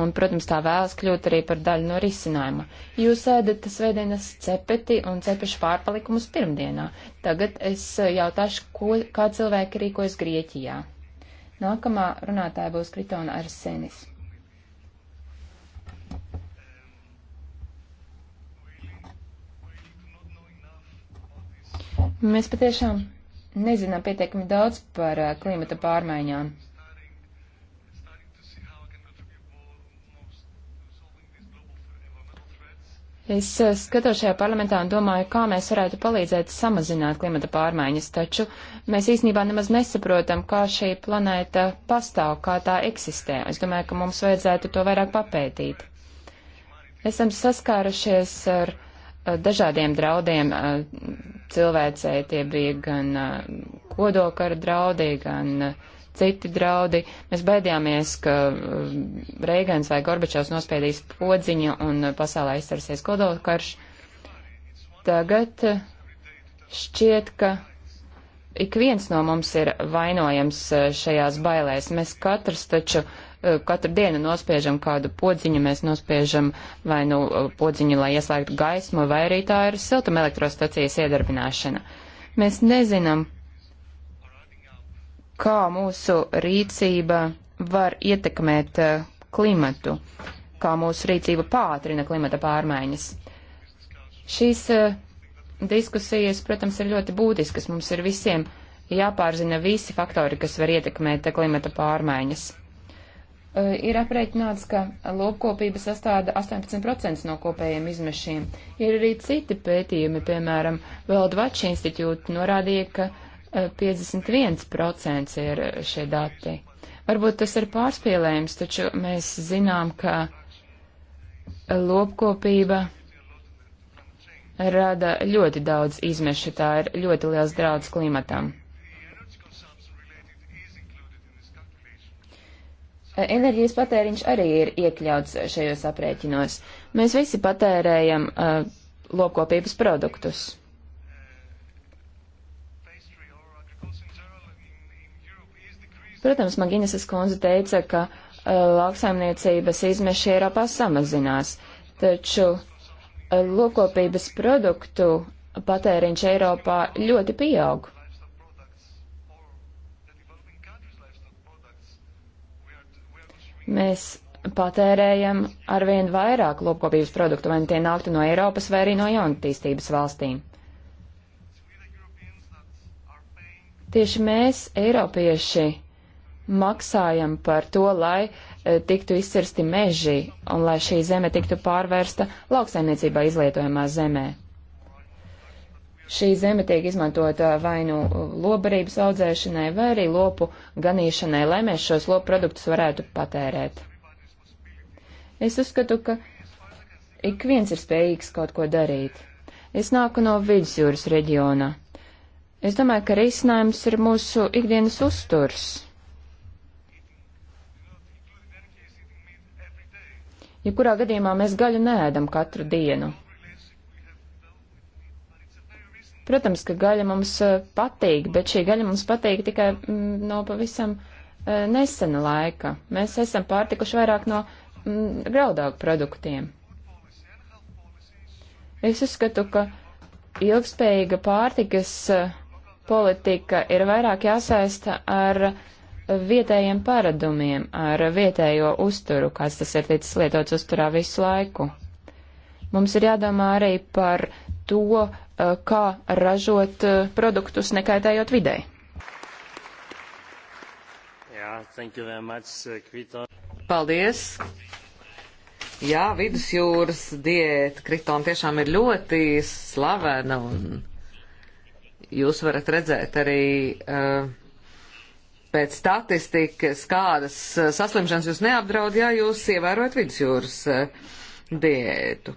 Un, protams, tā vēlas kļūt arī par daļu no risinājuma. Jūs ēdat svētdienas cepeti un cepešu pārpalikumus pirmdienā. Tagad es jautāšu, ko, kā cilvēki rīkojas Grieķijā. Nākamā runātāja būs Kritona Arsenis. Mēs patiešām nezinām pietiekami daudz par klimata pārmaiņām. Es skatos šajā parlamentā un domāju, kā mēs varētu palīdzēt samazināt klimata pārmaiņas, taču mēs īstenībā nemaz nesaprotam, kā šī planēta pastāv, kā tā eksistē. Es domāju, ka mums vajadzētu to vairāk papētīt. Esam saskārušies ar Eh, dažādiem draudiem eh, cilvēcei. Tie bija gan eh, kodokara draudi, gan citi draudi. Mēs baidījāmies, ka Reigans vai Gorbačovs nospiedīs podziņu un pasaulē izsarsies kodolkarš. Tagad šķiet, ka ik viens no mums ir vainojams šajās bailēs. Mēs katrs taču uh, Eh, katru dienu nospiežam kādu podziņu, mēs nospiežam vai nu eh, podziņu, lai ieslēgtu gaismu, vai arī tā ir siltuma elektrostacijas iedarbināšana. Mēs nezinām, kā mūsu rīcība var ietekmēt eh, klimatu, kā mūsu rīcība pātrina klimata pārmaiņas. Šīs diskusijas, protams, ir ļoti būtiskas. Mums ir visiem jāpārzina visi faktori, kas var ietekmēt klimata pārmaiņas. Eh, ir aprēķināts, ka lopkopība sastāda 18% no kopējiem izmešiem. Ir arī citi pētījumi, piemēram, Veldvačs institūta norādīja, ka 51% eh, ir eh, šie dati. Varbūt tas ir pārspīlējums, taču mēs zinām, ka lopkopība rada ļoti daudz izmešu, tā ir ļoti liels draudz klimatam. Eh, enerģijas patēriņš arī ir iekļauts šajos aprēķinos. Mēs visi patērējam uh, lopkopības produktus. Protams, Maginesas kundze teica, ka uh, lauksaimniecības izmeši Eiropā samazinās, taču uh, lopkopības produktu patēriņš Eiropā ļoti pieaug. Mēs patērējam arvien vairāk lopkopības produktu, vai nu tie nāktu no Eiropas vai arī no jaunatīstības valstīm. Tieši mēs, Eiropieši, maksājam par to, lai e, tiktu izcirsti meži un lai šī zeme tiktu pārvērsta lauksaimniecībā izlietojamā zemē. Šī zeme tiek izmantota vai nu lobarības audzēšanai, vai arī lopu ganīšanai, lai mēs šos lopu produktus varētu patērēt. Es uzskatu, ka ik viens ir spējīgs kaut ko darīt. Es nāku no vidusjūras reģiona. Es domāju, ka risinājums ir mūsu ikdienas uzturs. Jebkurā ja gadījumā mēs gaļu nēdam katru dienu. Protams, ka gaļa mums eh, patīk, bet šī gaļa mums patīk tikai mm, no pavisam e, nesena laika. Mēs esam pārtikuši vairāk no mm, graudaugu produktiem. Es uzskatu, ka ilgspējīga pārtikas eh, politika ir vairāk jāsaista ar vietējiem paradumiem, ar vietējo uzturu, kāds tas ir ticis lietots uzturā visu laiku. Mums ir jādomā arī par to, eh, kā ražot eh, produktus nekaitējot videi. Yeah, much, eh, Paldies! Jā, vidusjūras diēta kritona tiešām ir ļoti slavena un jūs varat redzēt arī uh, pēc statistikas, kādas saslimšanas jūs neapdraud, ja jūs ievērojat vidusjūras uh, diētu.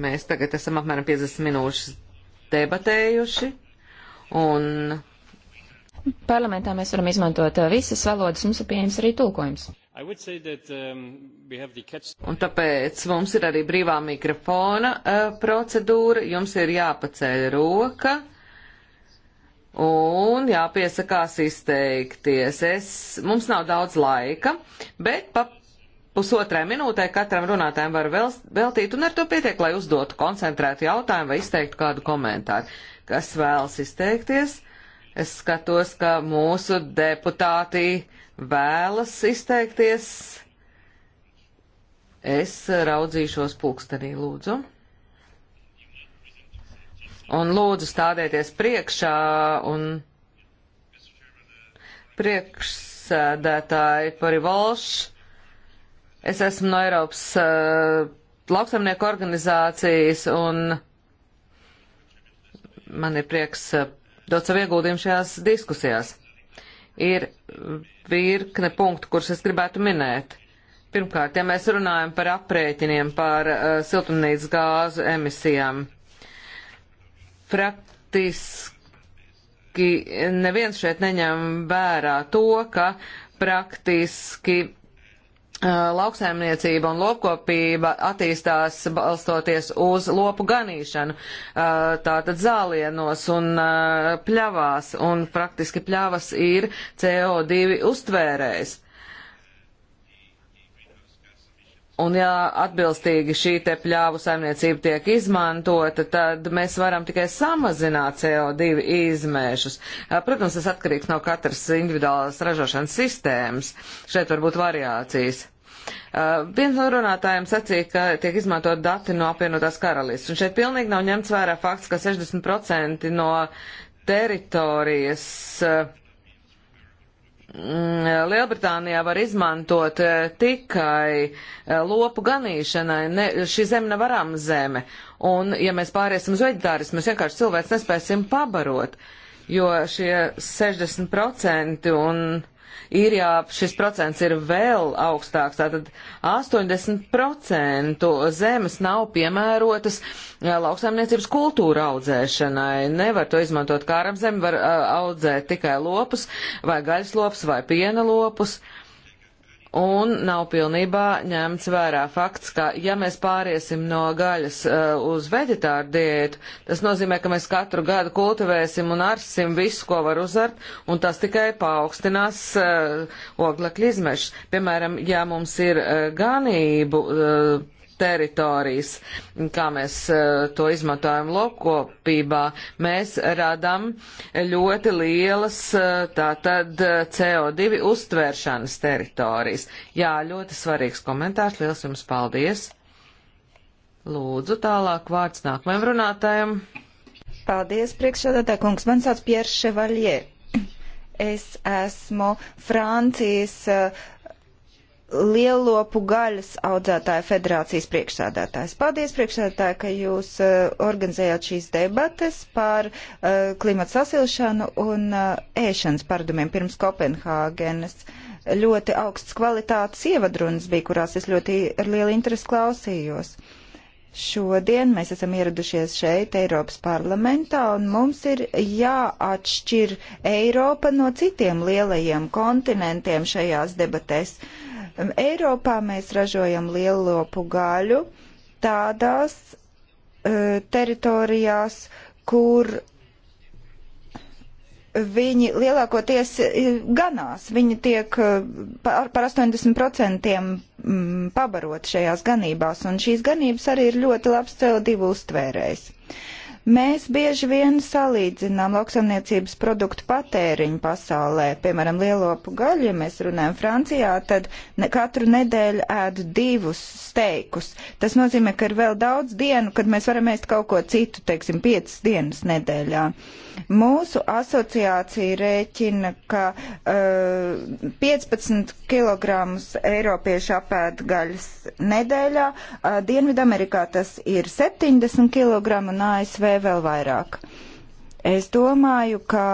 Mēs tagad esam apmēram 50 minūšas debatējuši un. Parlamentā mēs varam izmantot uh, visas valodas, mums ir pieejams arī tulkojums. That, um, catch... Un tāpēc mums ir arī brīvā mikrofona uh, procedūra, jums ir jāpaceļ roka un jāpiesakās izteikties. Es, mums nav daudz laika, bet pa pusotrai minūtē katram runātājam var veltīt, un ar to pietiek, lai uzdotu koncentrētu jautājumu vai izteiktu kādu komentāru. Kas vēlas izteikties? Es skatos, ka mūsu deputāti vēlas izteikties. Es raudzīšos pulkstenī, lūdzu. Un lūdzu stādēties priekšā un priekšsēdētāji pari valšs Es esmu no Eiropas uh, eh, lauksamnieku organizācijas un man ir prieks uh, dot savu ieguldījumu šajās diskusijās. Ir virkne punktu, kurus es gribētu minēt. Pirmkārt, ja mēs runājam par aprēķiniem par uh, siltumnīcas gāzu emisijām, praktiski neviens šeit neņem vērā to, ka praktiski Uh, lauksaimniecība un lopkopība attīstās balstoties uz lopu ganīšanu, uh, tātad zālienos un uh, pļavās, un praktiski pļavas ir CO2 uztvērējs. Un ja atbilstīgi šī te pļāvu saimniecība tiek izmantota, tad mēs varam tikai samazināt CO2 izmēšus. Protams, tas atkarīgs no katras individuālas ražošanas sistēmas. Šeit var būt variācijas. Uh, viens no runātājiem sacīja, ka tiek izmantot dati no apvienotās karalistes, un šeit pilnīgi nav ņemts vērā fakts, ka 60% no teritorijas uh, mm, Lielbritānijā var izmantot uh, tikai uh, lopu ganīšanai, ne, šī zeme nav arama zeme. Un, ja mēs pāriesim uz veģetārismu, mēs vienkārši cilvēks nespēsim pabarot, jo šie 60% un Īrijā šis procents ir vēl augstāks, tātad 80% zemes nav piemērotas lauksaimniecības kultūra audzēšanai. Nevar to izmantot kā aram zemi, var audzēt tikai lopus vai gaļas lopus vai piena lopus. Uh, un nav pilnībā ņemts vērā fakts, ka ja mēs pāriesim no gaļas uh, uz veģetāru diētu, tas nozīmē, ka mēs katru gadu kultivēsim un arsim visu, ko var uzart, un tas tikai paaugstinās uh, oglekļa izmešas. Piemēram, ja mums ir uh, ganību. Uh, teritorijas, kā mēs eh, to izmantojam lokopībā, mēs radam ļoti lielas eh, tātad eh, CO2 uztvēršanas teritorijas. Jā, ļoti svarīgs komentārs, liels jums paldies! Lūdzu, tālāk vārds nākamajam runātājam. Paldies, priekšsēdētāj kungs. Man sauc Pierre Chevalier. Es esmu Francijas uh, Lielopu gaļas audzētāju federācijas priekšsādātājs. Paldies, priekšsādātāji, ka jūs uh, organizējāt šīs debates par uh, klimatu sasilšanu un uh, ēšanas paradumiem pirms Kopenhāgenes. Ļoti augsts kvalitātes ievadrunas bija, kurās es ļoti ar lielu interesi klausījos. Šodien mēs esam ieradušies šeit, Eiropas parlamentā, un mums ir jāatšķir Eiropa no citiem lielajiem kontinentiem šajās debatēs. Uh, Um, Eiropā mēs ražojam lielopu gaļu tādās uh, teritorijās, kur viņi lielākoties uh, ganās. Viņi tiek uh, par, par 80% mm, pabarot šajās ganībās, un šīs ganības arī ir ļoti labs CO2 uztvērējs. Uh, Mēs bieži vien salīdzinām lauksaimniecības produktu patēriņu pasaulē. Piemēram, lielopu gaļu, ja mēs runājam Francijā, tad ne, katru nedēļu ēd divus steikus. Tas nozīmē, ka ir vēl daudz dienu, kad mēs varam ēst kaut ko citu, teiksim, piecas dienas nedēļā. Uh, Mūsu asociācija rēķina, ka uh, 15 kg eiropiešu apēd gaļas nedēļā, uh, Dienvidamerikā tas ir 70 kg un ASV vēl vairāk. Es domāju, ka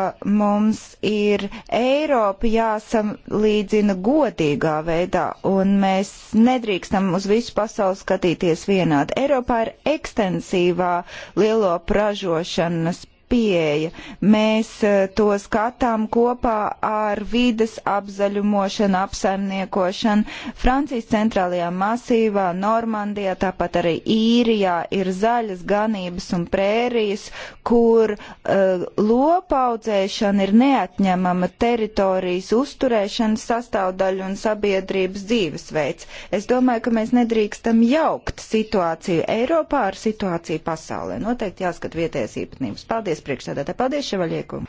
mums ir Eiropa jāsamlīdzina godīgā veidā, un mēs nedrīkstam uz visu pasauli skatīties vienādi. Eiropā ir ekstensīvā lielo pražošanas pieeja. Mēs eh, to skatām kopā ar vides apzaļumošanu, apsaimniekošanu. Francijas centrālajā masīvā, Normandijā, tāpat arī Īrijā ir zaļas ganības un prērijas, kur uh, lopaudzēšana ir neatņemama teritorijas uzturēšanas sastāvdaļa un sabiedrības dzīvesveids. Es domāju, ka mēs nedrīkstam jaukt situāciju Eiropā ar situāciju pasaulē. Noteikti jāskat vietējais īpatnības. Paldies! Paldies, priekšsēdētāji. Paldies, Ševaļiekum.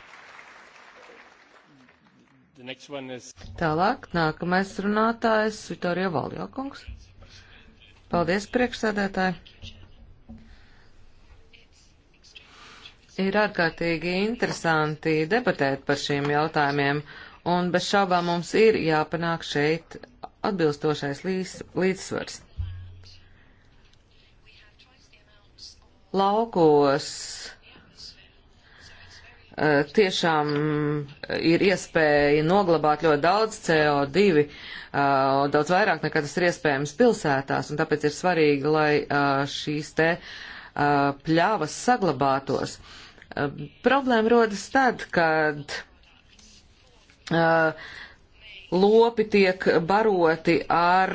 Is... Tālāk, nākamais runātājs, Vitorija Valjokungs. Paldies, priekšsēdētāji. Ir ārkārtīgi interesanti debatēt par šiem jautājumiem, un bez šaubām mums ir jāpanāk šeit atbilstošais līdz, līdzsvars. Laukos Eh, tiešām eh, ir iespēja noglabāt ļoti daudz CO2, eh, daudz vairāk nekā tas ir iespējams pilsētās, un tāpēc ir svarīgi, lai šīs te pļāvas saglabātos. Problēma rodas tad, kad lopi tiek baroti ar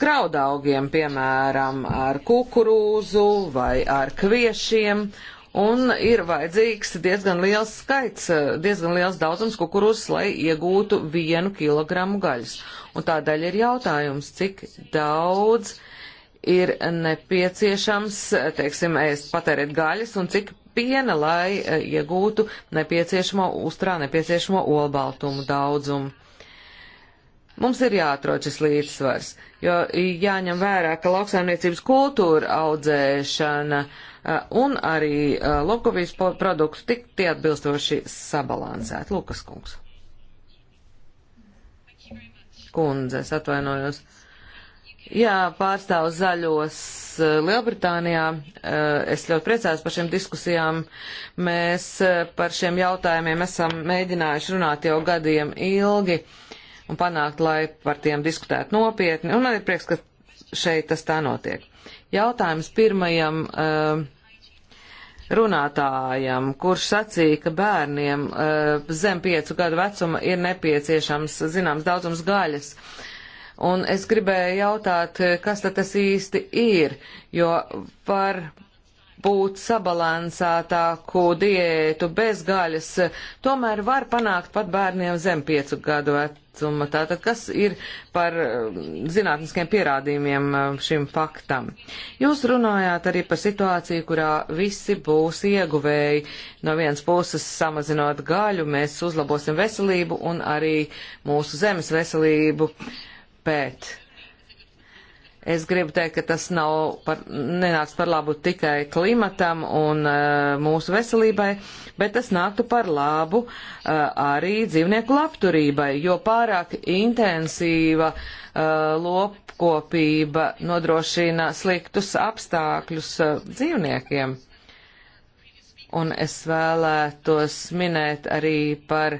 graudaugiem, piemēram, ar kukurūzu vai ar kviešiem, un ir vajadzīgs diezgan liels skaits, eh, diezgan liels daudzums kukurūzas, lai iegūtu vienu kilogramu gaļas. Un tādēļ ir jautājums, cik daudz ir nepieciešams, eh, teiksim, ēst patērēt gaļas un cik piena, lai eh, iegūtu nepieciešamo uzturā nepieciešamo olbaltumu daudzumu. Mums ir jāatrod šis līdzsvars, jo jāņem vērā, ka lauksaimniecības kultūra audzēšana uh, Eh, un arī eh, lokovijas produktu tik tie atbilstoši sabalansēt. Lukas kungs. Kundze, es atvainojos. Jā, pārstāvu zaļos eh, Lielbritānijā. Es ļoti priecājos par šiem diskusijām. Mēs par šiem jautājumiem esam mēģinājuši runāt jau gadiem ilgi un panākt, lai par tiem diskutētu nopietni. Un man ir prieks, ka šeit tas tā notiek. Jautājums pirmajam eh, runātājam, kurš sacīja, ka bērniem eh, zem piecu gadu vecuma ir nepieciešams zināms daudzums gaļas. Un es gribēju jautāt, kas tad tas īsti ir, jo var būt sabalansētāku diētu bez gaļas, tomēr var panākt pat bērniem zem piecu gadu vecuma vecuma. Tātad, kas ir par eh, zinātniskiem pierādījumiem eh, šim faktam? Jūs runājāt arī par situāciju, kurā visi būs ieguvēji. No vienas puses, samazinot gaļu, mēs uzlabosim veselību un arī mūsu zemes veselību. Bet Es gribu teikt, ka tas nav par, nenāks par labu tikai klimatam un uh, mūsu veselībai, bet tas nāktu par labu uh, arī dzīvnieku labturībai, jo pārāk intensīva uh, lopkopība nodrošina sliktus apstākļus uh, dzīvniekiem. Un es vēlētos minēt arī par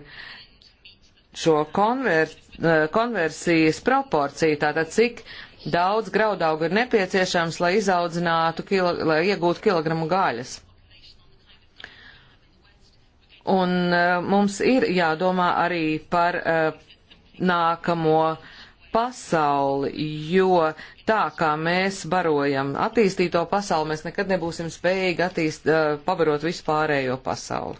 šo konver, uh, konversijas proporciju, tātad cik uh, Daudz graudaugu ir nepieciešams, lai izaudzinātu, kilo, lai iegūtu kilogramu gaļas. Un uh, mums ir jādomā arī par uh, nākamo pasauli, jo tā kā mēs barojam attīstīto pasauli, mēs nekad nebūsim spējīgi attīst, uh, pabarot vispārējo pasauli.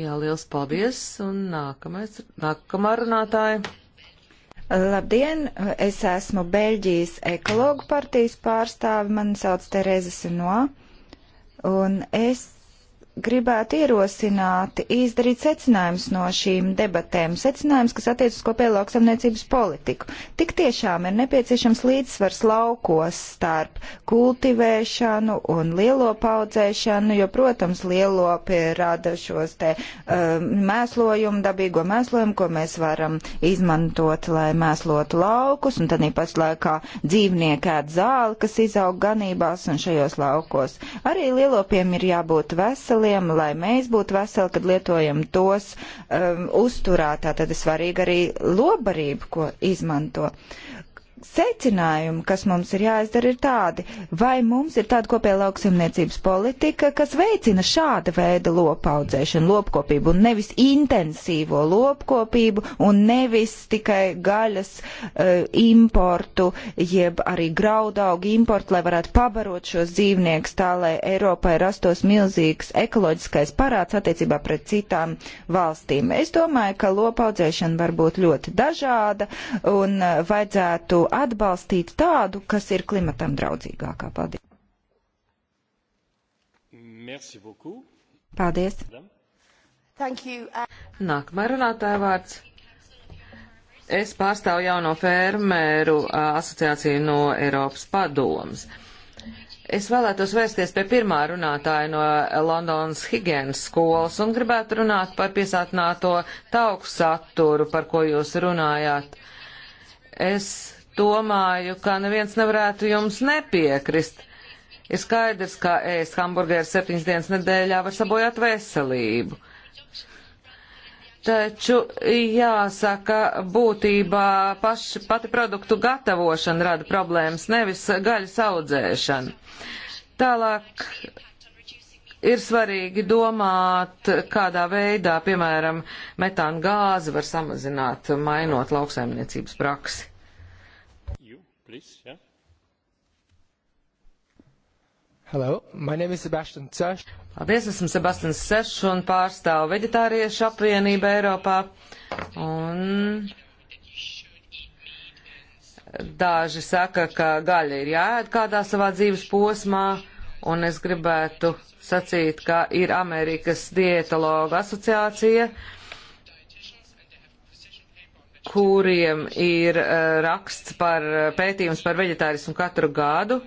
Jā, liels paldies, un nākamais, nākamā runātāja. Labdien, es esmu Beļģijas ekologu partijas pārstāve, mani sauc Tereza Sino, un es gribētu ierosināt, izdarīt secinājumus no šīm debatēm, secinājumus, kas attiec uz kopēju lauksamniecības politiku. Tik tiešām ir nepieciešams līdzsvars laukos starp kultivēšanu un lielo paudzēšanu, jo, protams, lielopi rada šos te um, mēslojumu, dabīgo mēslojumu, ko mēs varam izmantot, lai mēslotu laukus, un tad īpaši laikā dzīvnieki ēd zāli, kas izaug ganībās un šajos laukos. Arī lielopiem ir jābūt veseli veseliem, lai mēs būtu veseli, kad lietojam tos um, uzturā. Tātad ir svarīgi arī lobarība, ko izmanto. Uh, secinājumi, kas mums ir jāizdara, ir tādi, vai mums ir tāda kopēja lauksimniecības politika, kas veicina šāda veida lopaudzēšanu, lopkopību un nevis intensīvo lopkopību un nevis tikai gaļas uh, importu, jeb arī graudaugu importu, lai varētu pabarot šos dzīvniekus tā, lai Eiropai rastos milzīgs ekoloģiskais parāds attiecībā pret citām valstīm. Es domāju, ka lopaudzēšana var būt ļoti dažāda un uh, vajadzētu atbalstīt tādu, kas ir klimatam draudzīgākā. Paldies! Merci beaucoup. Paldies! Thank you. Uh, Nākamā runātāja vārds. Es pārstāvu jauno fermēru uh, asociāciju no Eiropas padomas. Es vēlētos vērsties pie pirmā runātāja no Londonas higienas skolas un gribētu runāt par piesātināto tauku saturu, par ko jūs runājāt. Es domāju, ka neviens nevarētu jums nepiekrist. Ir skaidrs, ka ēst hamburgeru septiņas dienas nedēļā var sabojāt veselību. Taču jāsaka, būtībā paši, pati produktu gatavošana rada problēmas, nevis gaļas audzēšana. Tālāk ir svarīgi domāt, kādā veidā, piemēram, metāna gāzi var samazināt, mainot lauksaimniecības praksi please. Yeah. Hello, my name is Sebastian Ceš. Paldies, esmu Sebastians Ceš un pārstāvu veģetāriešu apvienību Eiropā. Un daži saka, ka gaļa ir jāēd kādā savā dzīves posmā, un es gribētu sacīt, ka ir Amerikas dietologa asociācija, uh, kuriem ir eh, raksts par eh, pētījums par veģetārismu katru gadu.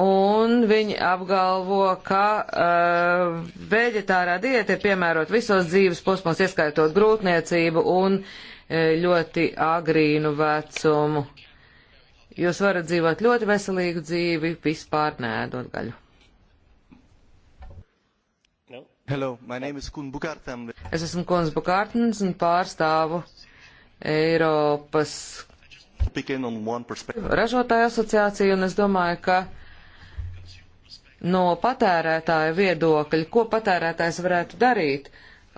Un viņi apgalvo, ka uh, veģetārā diēta ir piemērot visos dzīves posmos, ieskaitot grūtniecību un uh, ļoti agrīnu vecumu. Jūs varat dzīvot ļoti veselīgu dzīvi, vispār nēdot gaļu. Hello, my name is Kun Bukārtam. Es esmu Kuns Bukārtins un pārstāvu Eiropas on ražotāju asociāciju, un es domāju, ka no patērētāja viedokļa, ko patērētājs varētu darīt,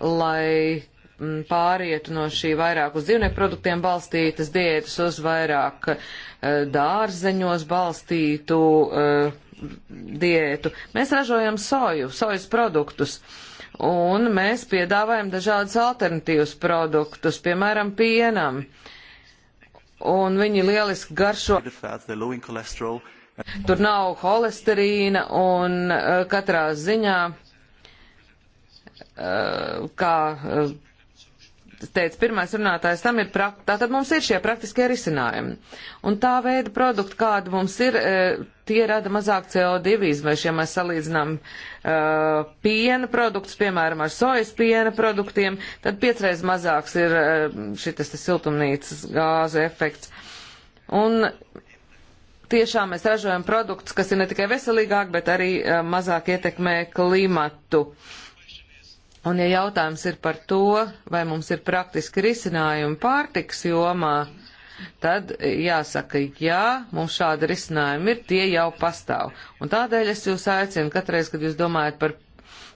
lai mm, pārietu no šī vairāk uz dzīvnieku produktiem balstītas diētas uz vairāk eh, dārzeņos balstītu uh, diētu. Mēs ražojam soju, sojas produktus. Un mēs piedāvājam dažādas alternatīvas produktus, piemēram, pienam. Un viņi lieliski garšo. Tur nav holesterīna un eh, katrā ziņā, eh, kā eh, teica pirmais runātājs, tam ir praktiski, tātad mums ir šie praktiskie risinājumi. Un tā veida produkti, kāda mums ir, e, tie rada mazāk CO2 izmešu, ja mēs salīdzinām uh, piena produktus, piemēram, ar sojas piena produktiem, tad piecreiz mazāks ir uh, šitas siltumnīcas gāzu efekts. Un tiešām mēs ražojam produktus, kas ir ne tikai veselīgāk, bet arī uh, mazāk ietekmē klimatu. Uh, Un ja jautājums ir par to, vai mums ir praktiski risinājumi pārtiks jomā, tad jāsaka, jā, mums šādi risinājumi ir, tie jau pastāv. Un tādēļ es jūs aicinu katreiz, kad jūs domājat par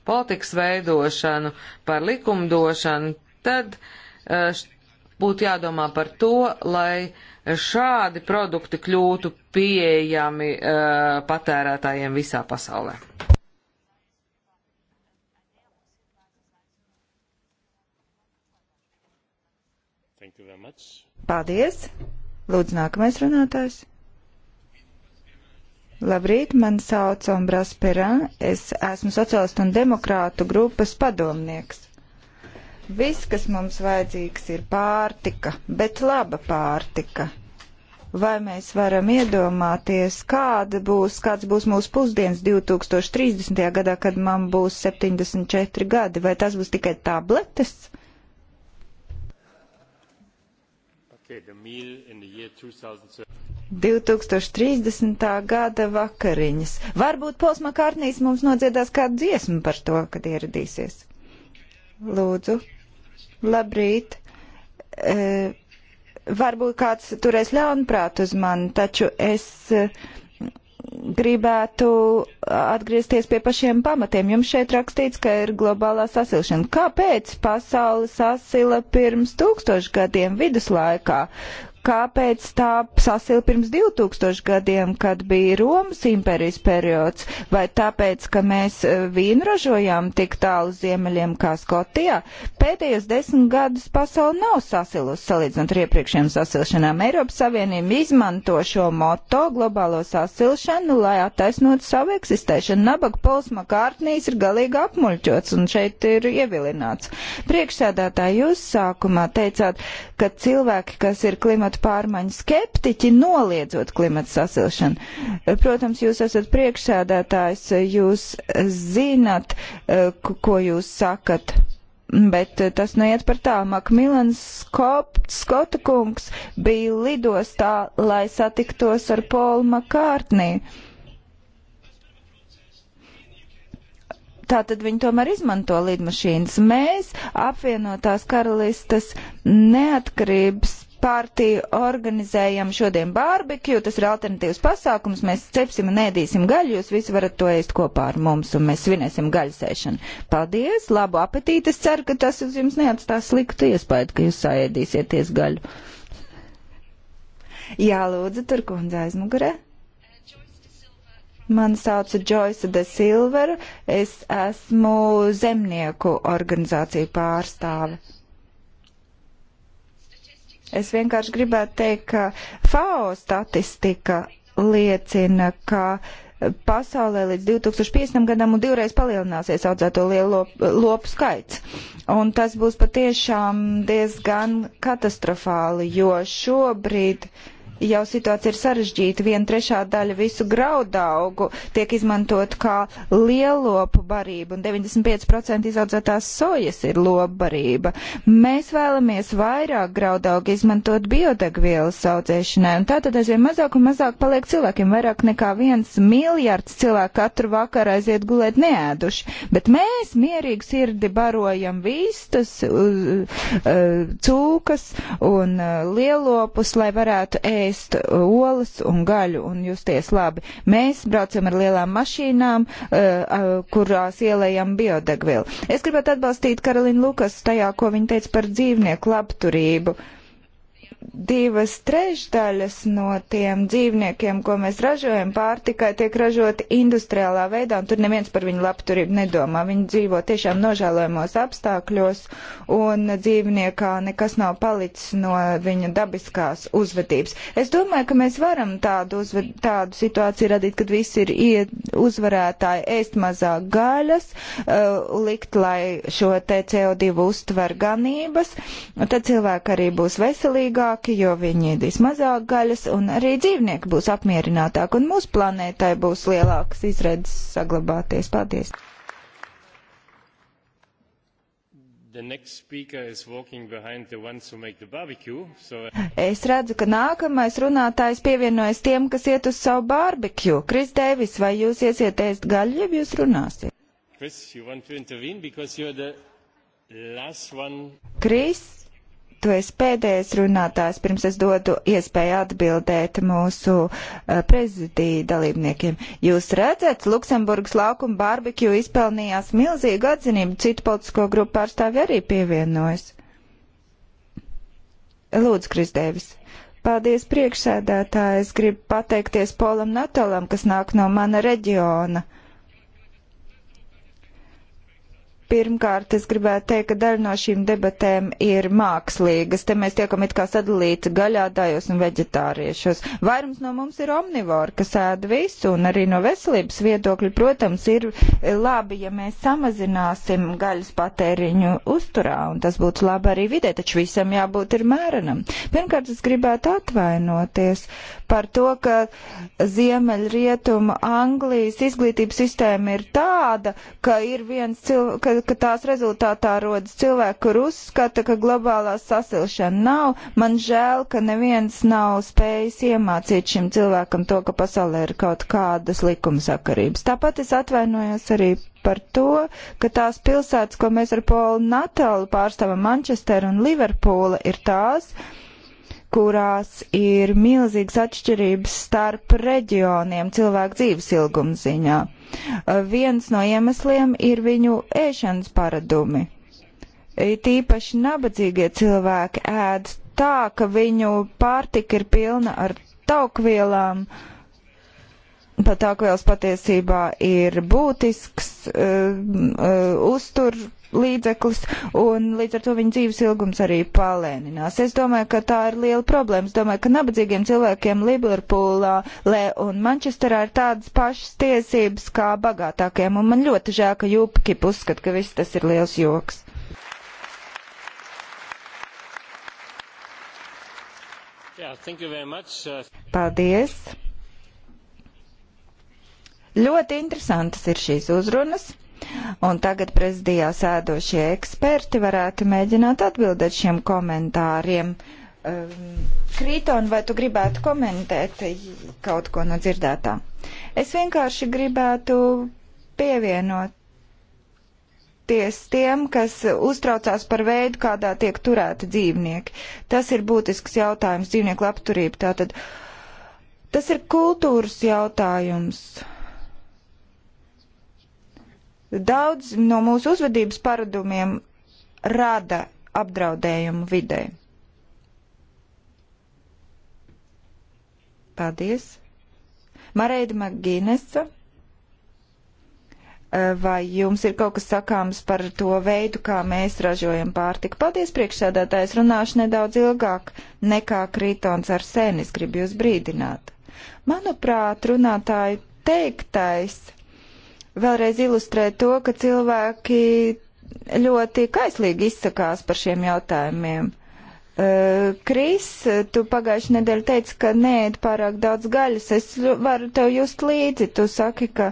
politikas veidošanu, par likumdošanu, tad eh, būtu jādomā par to, lai šādi produkti kļūtu pieejami eh, patērētājiem visā pasaulē. Paldies! Lūdzu, nākamais runātājs. Labrīt, man sauc Ombras Peran, es esmu sociālistu un demokrātu grupas padomnieks. Viss, kas mums vajadzīgs, ir pārtika, bet laba pārtika. Vai mēs varam iedomāties, kāda būs, kāds būs mūsu pusdienas 2030. gadā, kad man būs 74 gadi, vai tas būs tikai tabletes? 2030. gada vakariņas. Varbūt Pols Makārtnīs mums nodziedās kādu dziesmu par to, kad ieradīsies. Lūdzu. Labrīt. E, varbūt kāds turēs ļaunprāt uz mani, taču es e, gribētu atgriezties pie pašiem pamatiem. Jums šeit rakstīts, ka ir globālā sasilšana. Kāpēc pasaule sasila pirms tūkstošgadiem viduslaikā? kāpēc tā sasila pirms 2000 gadiem, kad bija Romas impērijas periods, vai tāpēc, ka mēs e, vīnu ražojām tik tālu ziemeļiem kā Skotijā. Pēdējos desmit gadus pasauli nav sasilusi salīdzinot ar iepriekšējām sasilšanām. Eiropas Savienība izmanto šo moto globālo sasilšanu, lai attaisnotu savu eksistēšanu. Nabaga pols Makārtnīs ir galīgi apmuļķots un šeit ir ievilināts. Priekšsēdētāji, jūs sākumā teicāt, ka cilvēki, kas ir klimata klimata pārmaiņu skeptiķi, noliedzot klimata sasilšanu. Protams, jūs esat priekšsēdētājs, jūs zinat, eh, ko jūs sakat bet eh, tas noiet par tā. Makmilans Skota kungs bija lidostā, lai satiktos ar Polu Makārtnī. Tātad viņi tomēr izmanto lidmašīnas. Mēs apvienotās karalistas neatkarības partiju organizējam šodien barbekju, tas ir alternatīvs pasākums, mēs cepsim un ēdīsim gaļu, jūs visi varat to ēst kopā ar mums un mēs svinēsim gaļasēšanu. Paldies, labu apetīti, es ceru, ka tas uz jums neatstās sliktu iespēju, ka jūs saēdīsieties gaļu. Jā, lūdzu, tur kundze aizmugurē. Mani sauc Joyce de Silver, es esmu zemnieku organizāciju pārstāve. Es vienkārši gribētu teikt, ka FAO statistika liecina, ka pasaulē līdz 2050. gadam un divreiz palielināsies audzēto lielo lopu skaits. Un tas būs patiešām diezgan katastrofāli, jo šobrīd uh, jau situācija ir sarežģīta. Viena trešā daļa visu graudaugu tiek izmantot kā lielopu barība, un 95% izaudzētās sojas ir lopbarība. Mēs vēlamies vairāk graudaugu izmantot biodegvielas audzēšanai, un tātad aizvien mazāk un mazāk paliek cilvēkiem. Vairāk nekā viens miljards cilvēku katru vakaru aiziet gulēt neēduši, bet mēs mierīgi sirdi barojam vistas, cūkas un uh, lielopus, lai varētu ēst ēst uh, olas un gaļu un justies labi. Mēs braucam ar lielām mašīnām, uh, uh, kurās ielējam biodegvielu. Es gribētu atbalstīt Karolīnu Lukas tajā, ko viņa teica par dzīvnieku labturību. Uh, divas trešdaļas no tiem dzīvniekiem, ko mēs ražojam, pārtikai tiek ražoti industriālā veidā, un tur neviens par viņu labturību nedomā. Viņi dzīvo tiešām nožēlojamos apstākļos, un dzīvniekā nekas nav palicis no viņa dabiskās uzvedības. Es domāju, ka mēs varam tādu, uzved, tādu situāciju radīt, kad visi ir iet, uzvarētāji ēst mazāk gaļas, uh, likt, lai šo te CO2 uztver ganības, tad cilvēki arī būs veselīgāki vecāki, jo viņi ēdīs mazāk gaļas, un arī dzīvnieki būs apmierinātāki, un mūsu planētai būs lielākas izredzes saglabāties. Paldies! Barbecue, so... Uh, es redzu, ka nākamais runātājs pievienojas tiem, kas iet uz savu barbekju. Kris Dēvis, vai jūs iesiet ēst gaļu, ja jūs runāsiet? Kris, Kris, tu esi pēdējais runātājs, pirms es dodu iespēju atbildēt mūsu uh, eh, prezidiju dalībniekiem. Jūs redzat, Luksemburgas laukuma barbekju izpelnījās milzīgu atzinību, citu politisko grupu pārstāvi arī pievienojas. Lūdzu, Kristēvis. Paldies priekšsēdētāji, es gribu pateikties Polam Natalam, kas nāk no mana reģiona. Uh, Pirmkārt, es gribētu teikt, ka daļa no šīm debatēm ir mākslīgas. Te mēs tiekam it kā sadalīti gaļādājos un veģetāriešos. Vairums no mums ir omnivori, kas ēda visu, un arī no veselības viedokļa, protams, ir labi, ja mēs samazināsim gaļas patēriņu uzturā, un tas būtu labi arī vidē, taču visam jābūt ir mērenam. Pirmkārt, es gribētu atvainoties par to, ka Ziemeļrietuma Anglijas izglītības sistēma ir tāda, ka ir viens cilvēks, ka tās rezultātā rodas cilvēki, kur uzskata, ka globālā sasilšana nav. Man žēl, ka neviens nav spējis iemācīt šim cilvēkam to, ka pasaulē ir kaut kādas likumsakarības. Tāpat es atvainojos arī par to, ka tās pilsētas, ko mēs ar Polu Natālu pārstāvam, Manchester un Liverpoola, ir tās, uh, kurās ir milzīgas atšķirības starp reģioniem cilvēku dzīves ilguma ziņā. Viens no iemesliem ir viņu ēšanas paradumi. Tīpaši nabadzīgie cilvēki ēd tā, ka viņu pārtika ir pilna ar taukvielām, pat tā vielas patiesībā ir būtisks uh, uh, uztur līdzeklis, un līdz ar to viņa dzīves ilgums arī palēninās. Es domāju, ka tā ir liela problēma. Es domāju, ka nabadzīgiem cilvēkiem Liverpoolā Le un Manchesterā ir tādas pašas tiesības kā bagātākiem, un man ļoti žēl, ka Jūpkip uzskat, ka viss tas ir liels joks. Yeah, uh... Paldies! Ļoti interesantas ir šīs uzrunas. Un tagad prezidijā sēdošie eksperti varētu mēģināt atbildēt šiem komentāriem. Ehm, Krīton, vai tu gribētu komentēt kaut ko no dzirdētā? Es vienkārši gribētu pievienot pateikties tiem, kas uztraucās par veidu, kādā tiek turēti dzīvnieki. Tas ir būtisks jautājums dzīvnieku labturība. Tātad tas ir kultūras jautājums. Daudz no mūsu uzvedības paradumiem rada apdraudējumu vidē. Paldies! Mareida Magīnesa, vai jums ir kaut kas sakāms par to veidu, kā mēs ražojam pārtiku? Paldies, priekšsēdētājs, runāšu nedaudz ilgāk nekā Krītons ar sēnis, gribu jūs brīdināt. Manuprāt, runātāju teiktais vēlreiz ilustrē to, ka cilvēki ļoti kaislīgi izsakās par šiem jautājumiem. Eh, Kris, tu pagājuši nedēļu teici, ka neēd pārāk daudz gaļas. Es varu tev just līdzi. Tu saki, ka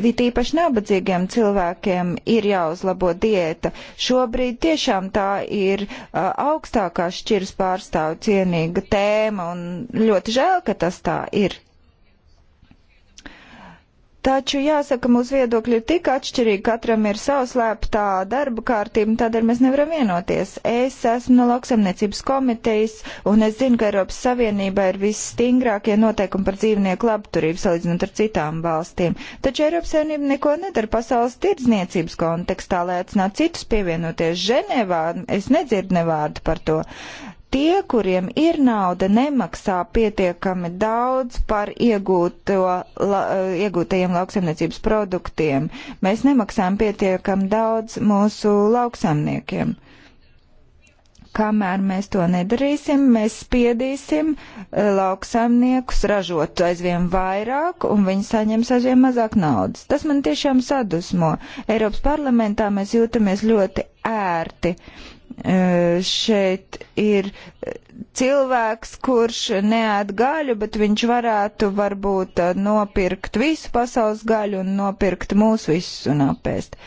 it īpaši nabadzīgiem cilvēkiem ir jāuzlabo diēta. Šobrīd tiešām tā ir eh, augstākā šķiras pārstāvu cienīga tēma un ļoti žēl, ka tas tā ir. Taču jāsaka, mūsu viedokļi ir tik atšķirīgi, katram ir savslēptā darba kārtība, un tādēļ mēs nevaram vienoties. Es esmu no lauksamniecības komitejas, un es zinu, ka Eiropas Savienībā ir visstingrākie noteikumi par dzīvnieku labturību salīdzinot ar citām valstīm. Taču Eiropas Savienība neko nedara pasaules tirdzniecības kontekstā, lai aicinātu citus pievienoties Ženevā. Es nedzirdu nevārdu par to. Tie, kuriem ir nauda, nemaksā pietiekami daudz par iegūto, la, eh, iegūtajiem lauksaimniecības produktiem. Mēs nemaksājam pietiekami daudz mūsu lauksaimniekiem kamēr mēs to nedarīsim, mēs spiedīsim eh, lauksaimniekus ražot aizvien vairāk, un viņi saņems aizvien mazāk naudas. Tas man tiešām sadusmo. Eiropas parlamentā mēs jūtamies ļoti ērti. Uh, Eh, šeit ir cilvēks, kurš neēd gaļu, bet viņš varētu varbūt eh, nopirkt visu pasaules gaļu un nopirkt mūs visus un apēst.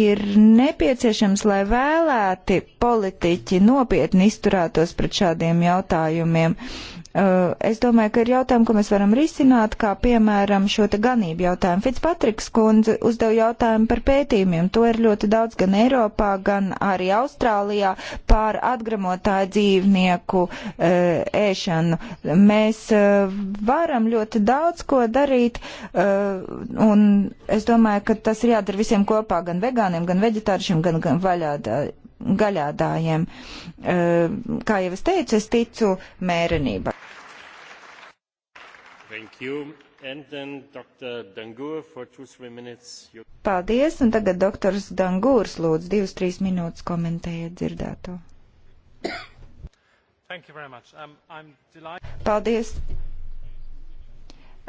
Ir nepieciešams, lai vēlēti politiķi nopietni izturētos pret šādiem jautājumiem. Uh, Eh, es domāju, ka ir jautājumi, ko mēs varam risināt, kā piemēram šo te ganību jautājumu. Fitzpatriks kundze uzdev jautājumu par pētījumiem. To ir ļoti daudz gan Eiropā, gan arī Austrālijā par atgramotāju dzīvnieku eh, ēšanu. Mēs eh, varam ļoti daudz ko darīt, un es domāju, ka tas ir jādara visiem kopā, gan vegāniem, gan veģetārišiem, gan, gan vaļādā gaļādājiem. Eh, kā jau es teicu, es ticu mērenībai. You... Paldies, un tagad doktors Dangūrs lūdzu divas, trīs minūtes komentēja dzirdēto. Um, Paldies!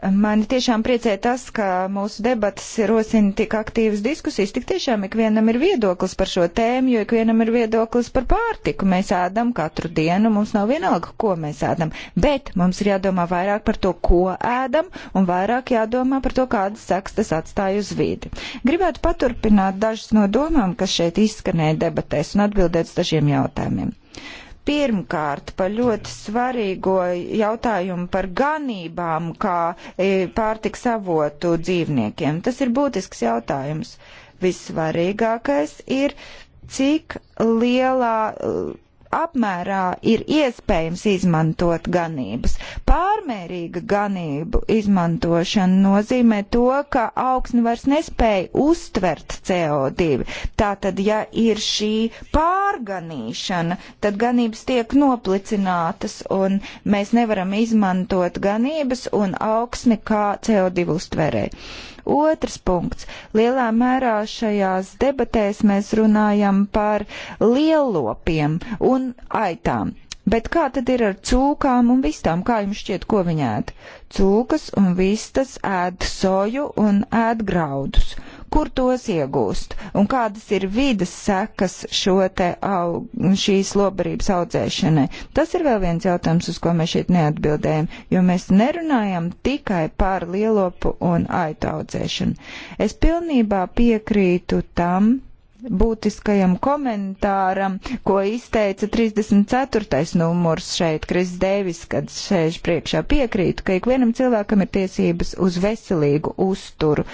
Mani tiešām priecē tas, ka mūsu debatas rosina tik aktīvas diskusijas, tik tiešām ikvienam ir viedoklis par šo tēmu, jo ikvienam ir viedoklis par pārtiku. Mēs ēdam katru dienu, mums nav vienalga, ko mēs ēdam, bet mums ir jādomā vairāk par to, ko ēdam, un vairāk jādomā par to, kādas sekas tas atstāja uz vīdi. Gribētu paturpināt dažas no domām, kas šeit izskanēja debatēs, un atbildēt uz dažiem jautājumiem. Pirmkārt, par ļoti svarīgo jautājumu par ganībām, kā e, pārtiks avotu dzīvniekiem. Tas ir būtisks jautājums. Vissvarīgākais ir, cik lielā apmērā ir iespējams izmantot ganības. Pārmērīga ganību izmantošana nozīmē to, ka augsne vairs nespēja uztvert CO2. Tātad, ja ir šī pārganīšana, tad ganības tiek noplicinātas un mēs nevaram izmantot ganības un augsni kā CO2 uztverē. Otrs punkts. Lielā mērā šajās debatēs mēs runājam par lielopiem un aitām. Bet kā tad ir ar cūkām un vistām? Kā jums šķiet, ko viņi ēd? Cūkas un vistas ēd soju un ēd graudus kur tos iegūst un kādas ir vidas sekas šo te au, šīs lobarības audzēšanai. Tas ir vēl viens jautājums, uz ko mēs šeit neatbildējam, jo mēs nerunājam tikai par lielopu un aitu audzēšanu. Es pilnībā piekrītu tam, būtiskajam komentāram, ko izteica 34. numurs šeit, Kris Dēvis, kad sēž priekšā piekrītu, ka ikvienam cilvēkam ir tiesības uz veselīgu uzturu.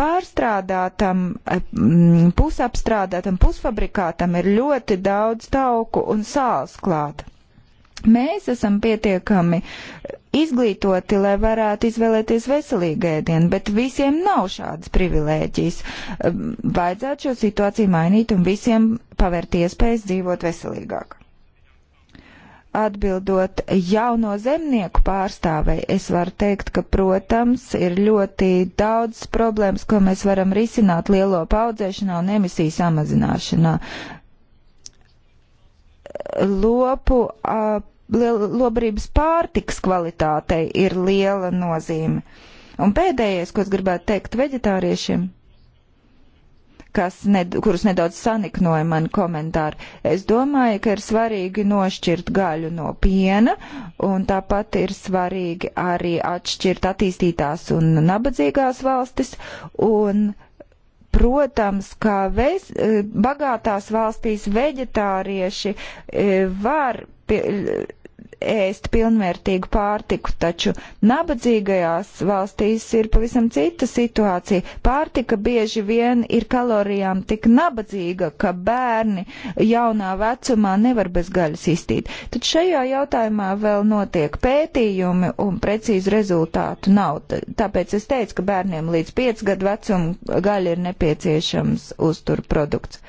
Pārstrādātam, mm, pusapstrādātam, pusfabrikātam ir ļoti daudz tauku un sāls klāta. Mēs esam pietiekami izglītoti, lai varētu izvēlēties veselīgu ēdienu, bet visiem nav šādas privilēģijas. Ehm, vajadzētu šo situāciju mainīt un visiem pavērt iespējas dzīvot veselīgāk. Atbildot jauno zemnieku pārstāvei, es varu teikt, ka, protams, ir ļoti daudz problēmas, ko mēs varam risināt lielo paudzēšanā un emisiju samazināšanā lopu, lobarības pārtiks kvalitātei ir liela nozīme. Un pēdējais, ko es gribētu teikt veģetāriešiem, kas ne, kurus nedaudz saniknoja mani komentāri. Es domāju, ka ir svarīgi nošķirt gaļu no piena, un tāpat ir svarīgi arī atšķirt attīstītās un nabadzīgās valstis, un Protams, ka vez, e, bagātās valstīs veģetārieši e, var pie, ēst pilnvērtīgu pārtiku, taču nabadzīgajās valstīs ir pavisam cita situācija. Pārtika bieži vien ir kalorijām tik nabadzīga, ka bērni jaunā vecumā nevar bez gaļas iztīt. Tad šajā jautājumā vēl notiek pētījumi un precīzi rezultātu nav. Tāpēc es teicu, ka bērniem līdz 5 gadu vecumu gaļa ir nepieciešams uzturprodukts.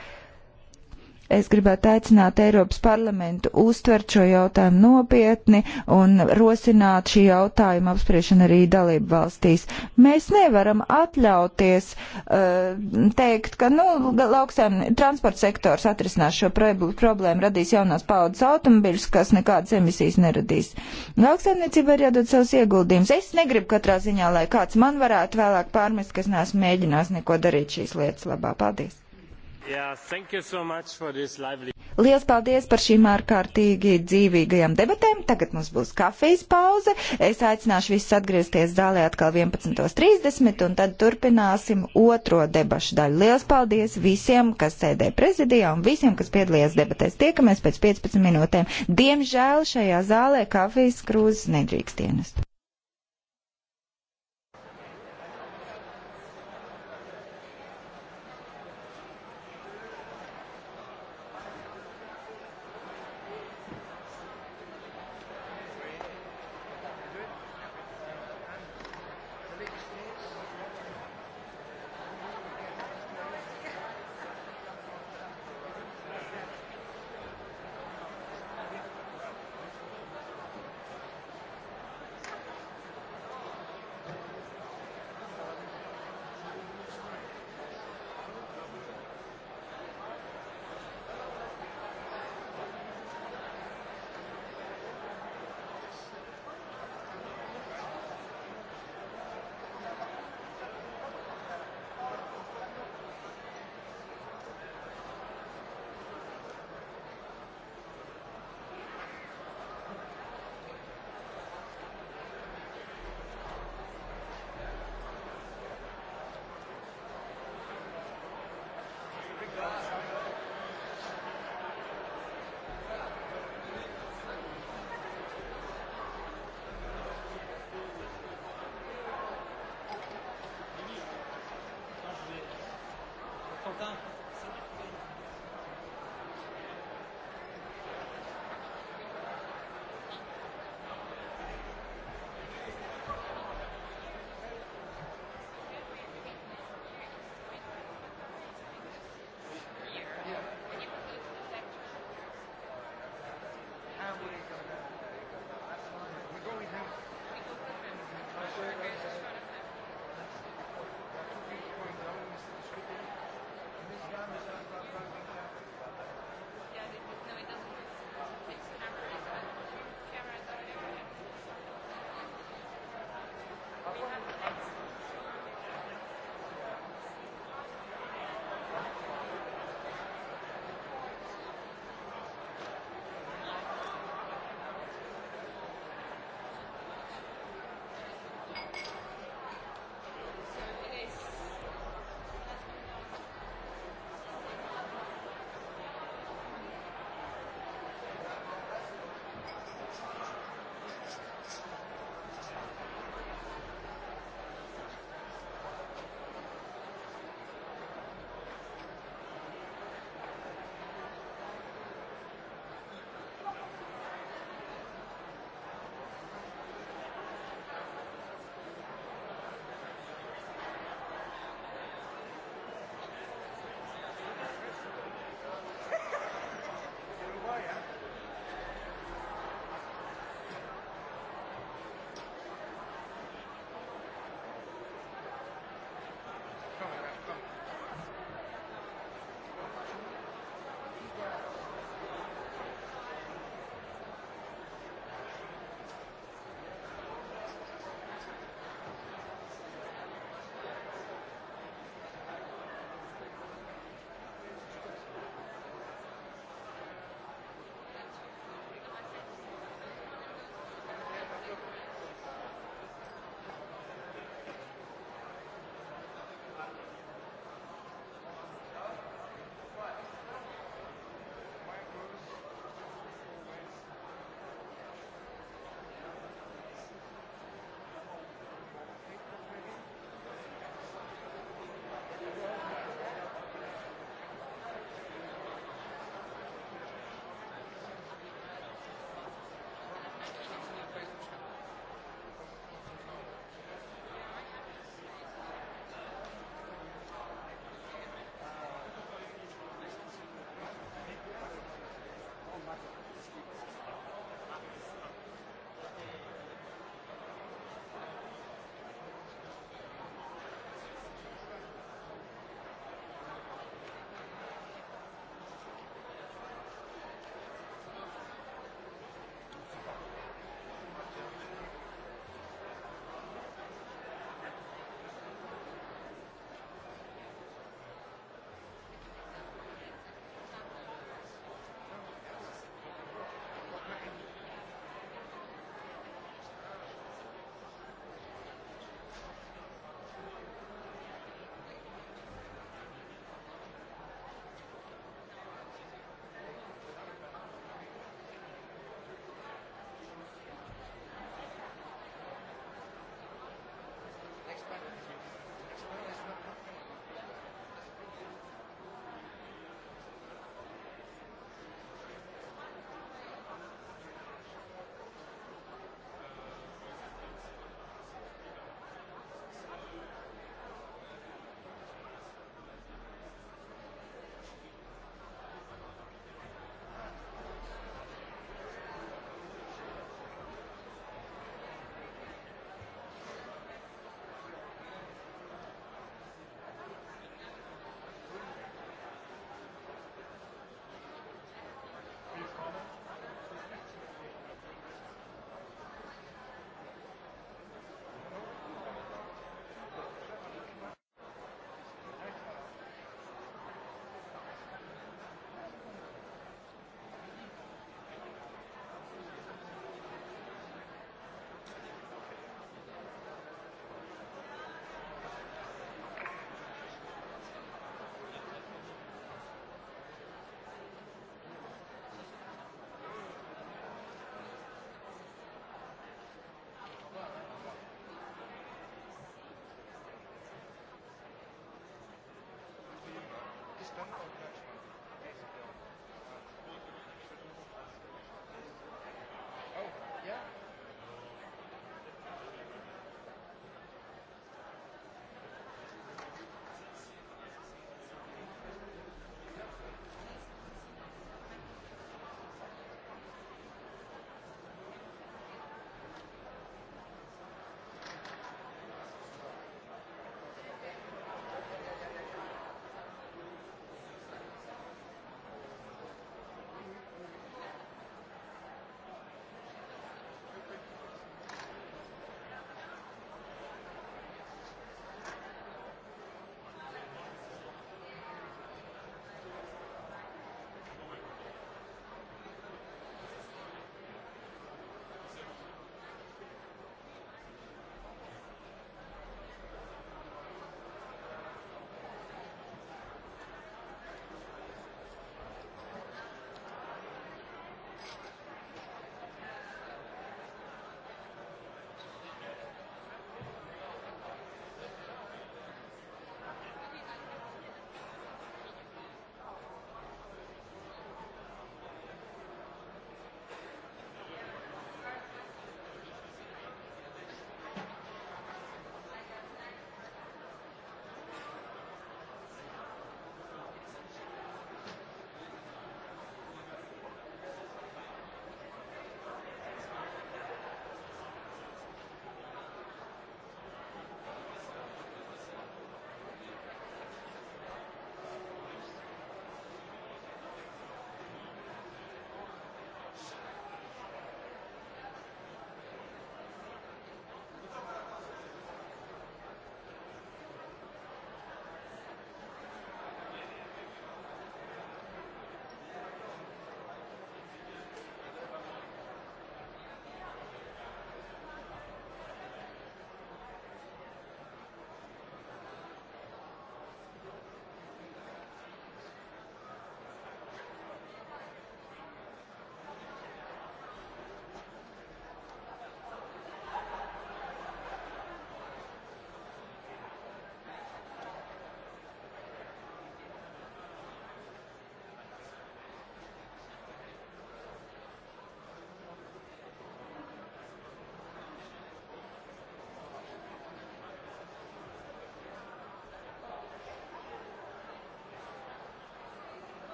Es gribētu aicināt Eiropas parlamentu uztvert šo jautājumu nopietni un rosināt šī jautājuma apspriešanu arī dalību valstīs. Mēs nevaram atļauties uh, teikt, ka nu, lauksēm transporta sektors atrisinās šo problēmu, radīs jaunās paudzes automobiļus, kas nekādas emisijas neradīs. Lauksaimniecība ir jādod savus ieguldījumus. Es negribu katrā ziņā, lai kāds man varētu vēlāk pārmest, kas neesmu mēģinājis neko darīt šīs lietas labā. Paldies! Yeah, so lively... Lielas paldies par šīm ārkārtīgi dzīvīgajām debatēm. Tagad mums būs kafijas pauze. Es aicināšu visus atgriezties zālē atkal 11.30 un tad turpināsim otro debašu daļu. Lielas paldies visiem, kas sēdē prezidijā un visiem, kas piedalījās debatēs. Tiekamies pēc 15 minūtēm. Diemžēl šajā zālē kafijas krūzes nedrīkst ienest.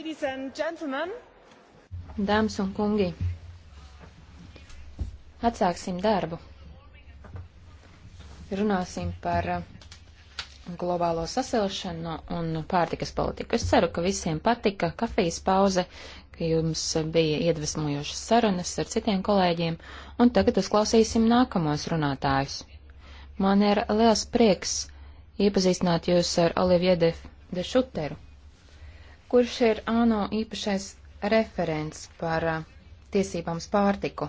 Ladies and gentlemen. Dāmas un kungi, atsāksim darbu. Runāsim par uh, globālo sasilšanu un pārtikas politiku. Es ceru, ka visiem patika kafijas pauze, ka jums bija iedvesmojošas sarunas ar citiem kolēģiem, un tagad uzklausīsim nākamos runātājus. Man ir liels prieks iepazīstināt jūs ar Olivier de, de Šuteru kurš ir ANO īpašais referents par uh, tiesībām uz pārtiku.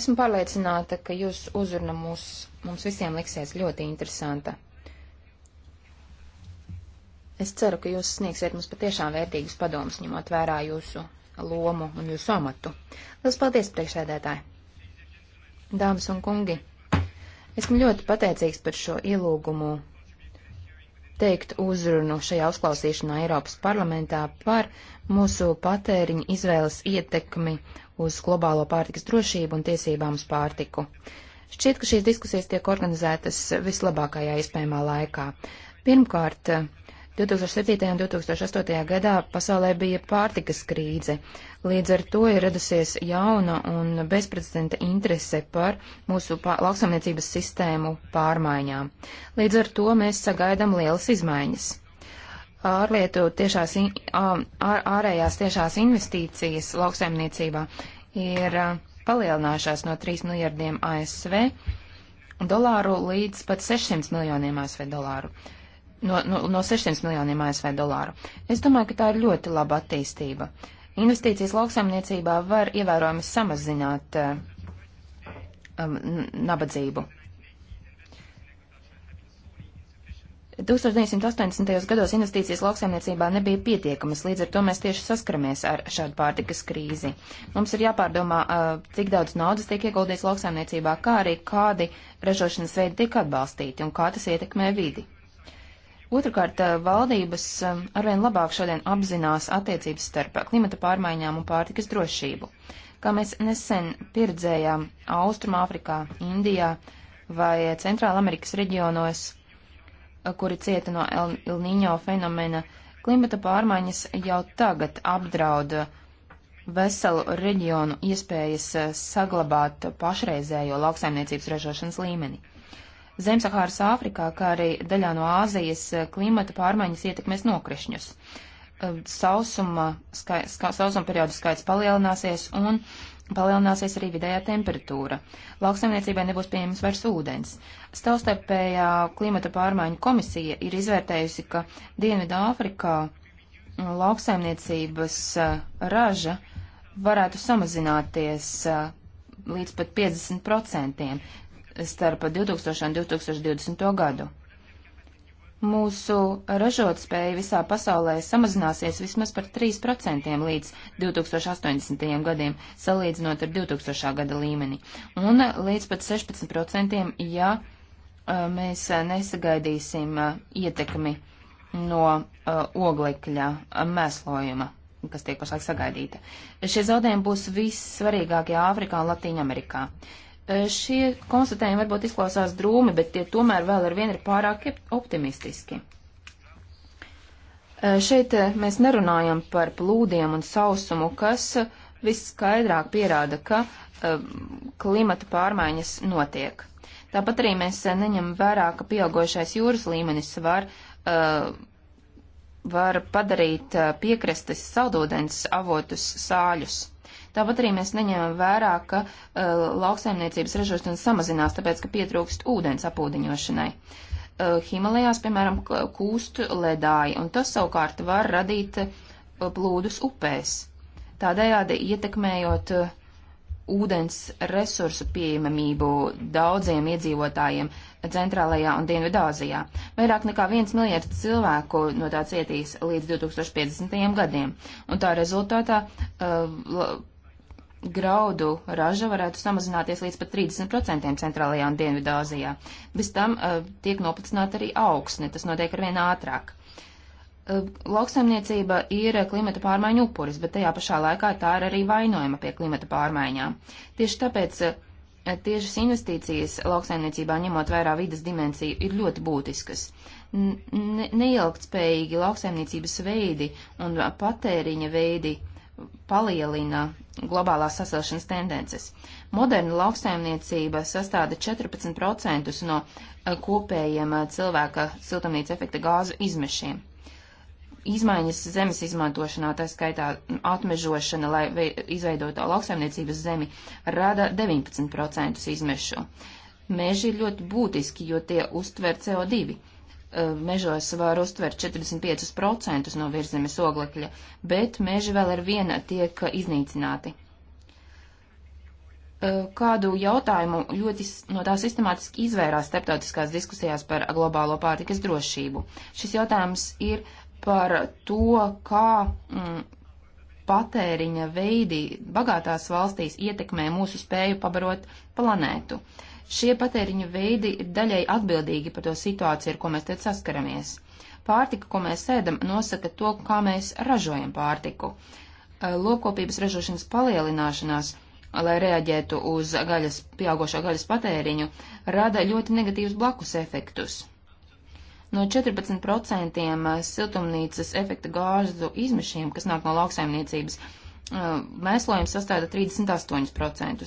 Esmu pārliecināta, ka jūsu uzruna mūs, mums visiem liksies ļoti interesanta. Es ceru, ka jūs sniegsiet mums patiešām vērtīgus padomus, ņemot vērā jūsu lomu un jūsu amatu. Lielas paldies, priekšēdētāji! Dāmas un kungi, esmu ļoti pateicīgs par šo ielūgumu teikt uzrunu šajā uzklausīšanā Eiropas parlamentā par mūsu patēriņu izvēles ietekmi uz globālo pārtikas drošību un tiesībām uz pārtiku. Šķiet, ka šīs diskusijas tiek organizētas vislabākajā iespējamā laikā. Pirmkārt, 2007. un 2008. gadā pasaulē bija pārtikas krīze. Līdz ar to ir radusies jauna un bezprecedenta interese par mūsu lauksamniecības sistēmu pārmaiņām. Līdz ar to mēs sagaidām lielas izmaiņas. Ārlietu tiešās, ār, ārējās tiešās investīcijas lauksaimniecībā ir palielinājušās no 3 miljardiem ASV dolāru līdz pat 600 miljoniem ASV dolāru. Uh, no, no, no 600 miljoniem ASV dolāru. Es domāju, ka tā ir ļoti laba attīstība. Investīcijas lauksaimniecībā var ievērojami samazināt eh, um, nabadzību. 1980. gados investīcijas lauksaimniecībā nebija pietiekamas, līdz ar to mēs tieši saskaramies ar šādu pārtikas krīzi. Mums ir jāpārdomā, uh, cik daudz naudas tiek ieguldīts lauksaimniecībā, kā arī kādi ražošanas veidi tiek atbalstīti un kā tas ietekmē vidi. Otrakārt, eh, valdības eh, arvien labāk šodien apzinās attiecības starp klimata pārmaiņām un pārtikas drošību. Kā mēs nesen pieredzējām Austrumāfrikā, Indijā vai Centrāla Amerikas reģionos, eh, kuri cieta no El, El Niño fenomena, klimata pārmaiņas jau tagad apdrauda veselu reģionu iespējas saglabāt pašreizējo lauksaimniecības ražošanas līmeni. Zemsahāras Āfrikā, kā arī daļā no Āzijas eh, klimata pārmaiņas ietekmēs nokrišņus. Eh, sausuma, skai, ska, sausuma periodu skaits palielināsies un palielināsies arī vidējā temperatūra. Lauksaimniecībai nebūs pieejams vairs ūdens. Staustarpējā klimata pārmaiņu komisija ir izvērtējusi, ka Dienvidā Āfrikā lauksaimniecības eh, raža varētu samazināties līdz pat 50%, starp 2000 un 2020. gadu. Mūsu ražotspēja visā pasaulē samazināsies vismaz par 3% līdz 2080. gadiem, salīdzinot ar 2000. gada līmeni, un līdz pat 16%, ja mēs nesagaidīsim ietekmi no oglekļa mēslojuma, kas tiek pašlaik sagaidīta. Šie zaudējumi būs vissvarīgākie Āfrikā un Latīņamerikā. Amerikā. Šie konstatējumi varbūt izklausās drūmi, bet tie tomēr vēl ar vienu ir pārāk optimistiski. Šeit mēs nerunājam par plūdiem un sausumu, kas visskaidrāk pierāda, ka klimata pārmaiņas notiek. Tāpat arī mēs neņem vērā, ka pieaugošais jūras līmenis var, var padarīt piekrastes saldūdens avotus sāļus. Tāpat arī mēs neņēmām vērā, ka uh, lauksaimniecības ražošana samazinās, tāpēc, ka pietrūkst ūdens apūdeņošanai. Uh, Himalajās, piemēram, kūst ledāji, un tas savukārt var radīt uh, plūdus upēs, tādējādi ietekmējot uh, ūdens resursu pieejamību daudziem iedzīvotājiem centrālajā un dienvidāzijā. Vairāk nekā viens miljards cilvēku no tā cietīs līdz 2050. gadiem, un tā rezultātā uh, graudu raža varētu samazināties līdz pat 30% centrālajā un dienvidāzijā. Bez tam uh, tiek noplicināta arī augsne, tas notiek arvien ātrāk. Uh, lauksaimniecība ir klimata pārmaiņu upuris, bet tajā pašā laikā tā ir arī vainojama pie klimata pārmaiņām. Tieši tāpēc uh, tiešas investīcijas lauksaimniecībā ņemot vērā vidas dimensiju ir ļoti būtiskas. Ne neilgtspējīgi lauksaimniecības veidi un patēriņa veidi uh, palielina globālās sasilšanas tendences. Moderna lauksaimniecība sastāda 14% no eh, kopējiem eh, cilvēka siltumnīca efekta gāzu izmešiem. Izmaiņas zemes izmantošanā, tā skaitā atmežošana, lai izveidotu lauksaimniecības zemi, rada 19% izmešu. Meži ir ļoti būtiski, jo tie uztver CO2. Eh, mežos var uztvert 45% no virzemes oglekļa, bet meži vēl ar viena tiek iznīcināti. Eh, kādu jautājumu ļoti no tā sistemātiski izvērās starptautiskās diskusijās par globālo pārtikas drošību. Šis jautājums ir par to, kā mm, patēriņa veidi bagātās valstīs ietekmē mūsu spēju pabarot planētu. Uh, Šie patēriņu veidi ir daļai atbildīgi par to situāciju, ar ko mēs te saskaramies. Pārtika, ko mēs ēdam, nosaka to, kā mēs ražojam pārtiku. Lopkopības ražošanas palielināšanās lai reaģētu uz gaļas, pieaugošo gaļas patēriņu, rada ļoti negatīvus blakus efektus. No 14% siltumnīcas efekta gāzu izmešiem, kas nāk no lauksaimniecības, mēslojums sastāda 38%,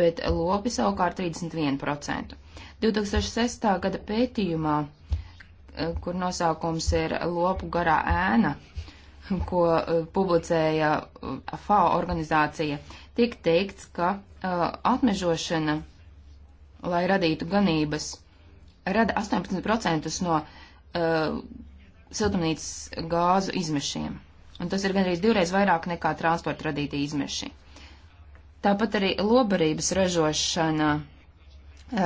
bet lopi savukārt 31%. 2006. gada pētījumā, kur nosaukums ir Lopu garā ēna, ko publicēja FAO organizācija, tiek teikts, ka atmežošana, lai radītu ganības, rada 18% no siltumnīcas gāzu izmešiem un tas ir gandrīz divreiz vairāk nekā transporta radīti izmeši. Tāpat arī lobarības ražošana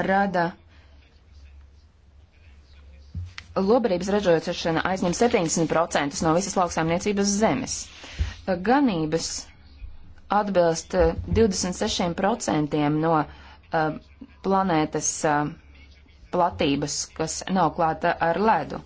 rada. Lobarības ražošana aizņem 70% no visas lauksaimniecības zemes. Ganības atbilst 26% eh, no uh, planētas uh, platības, kas nav klāta ar ledu.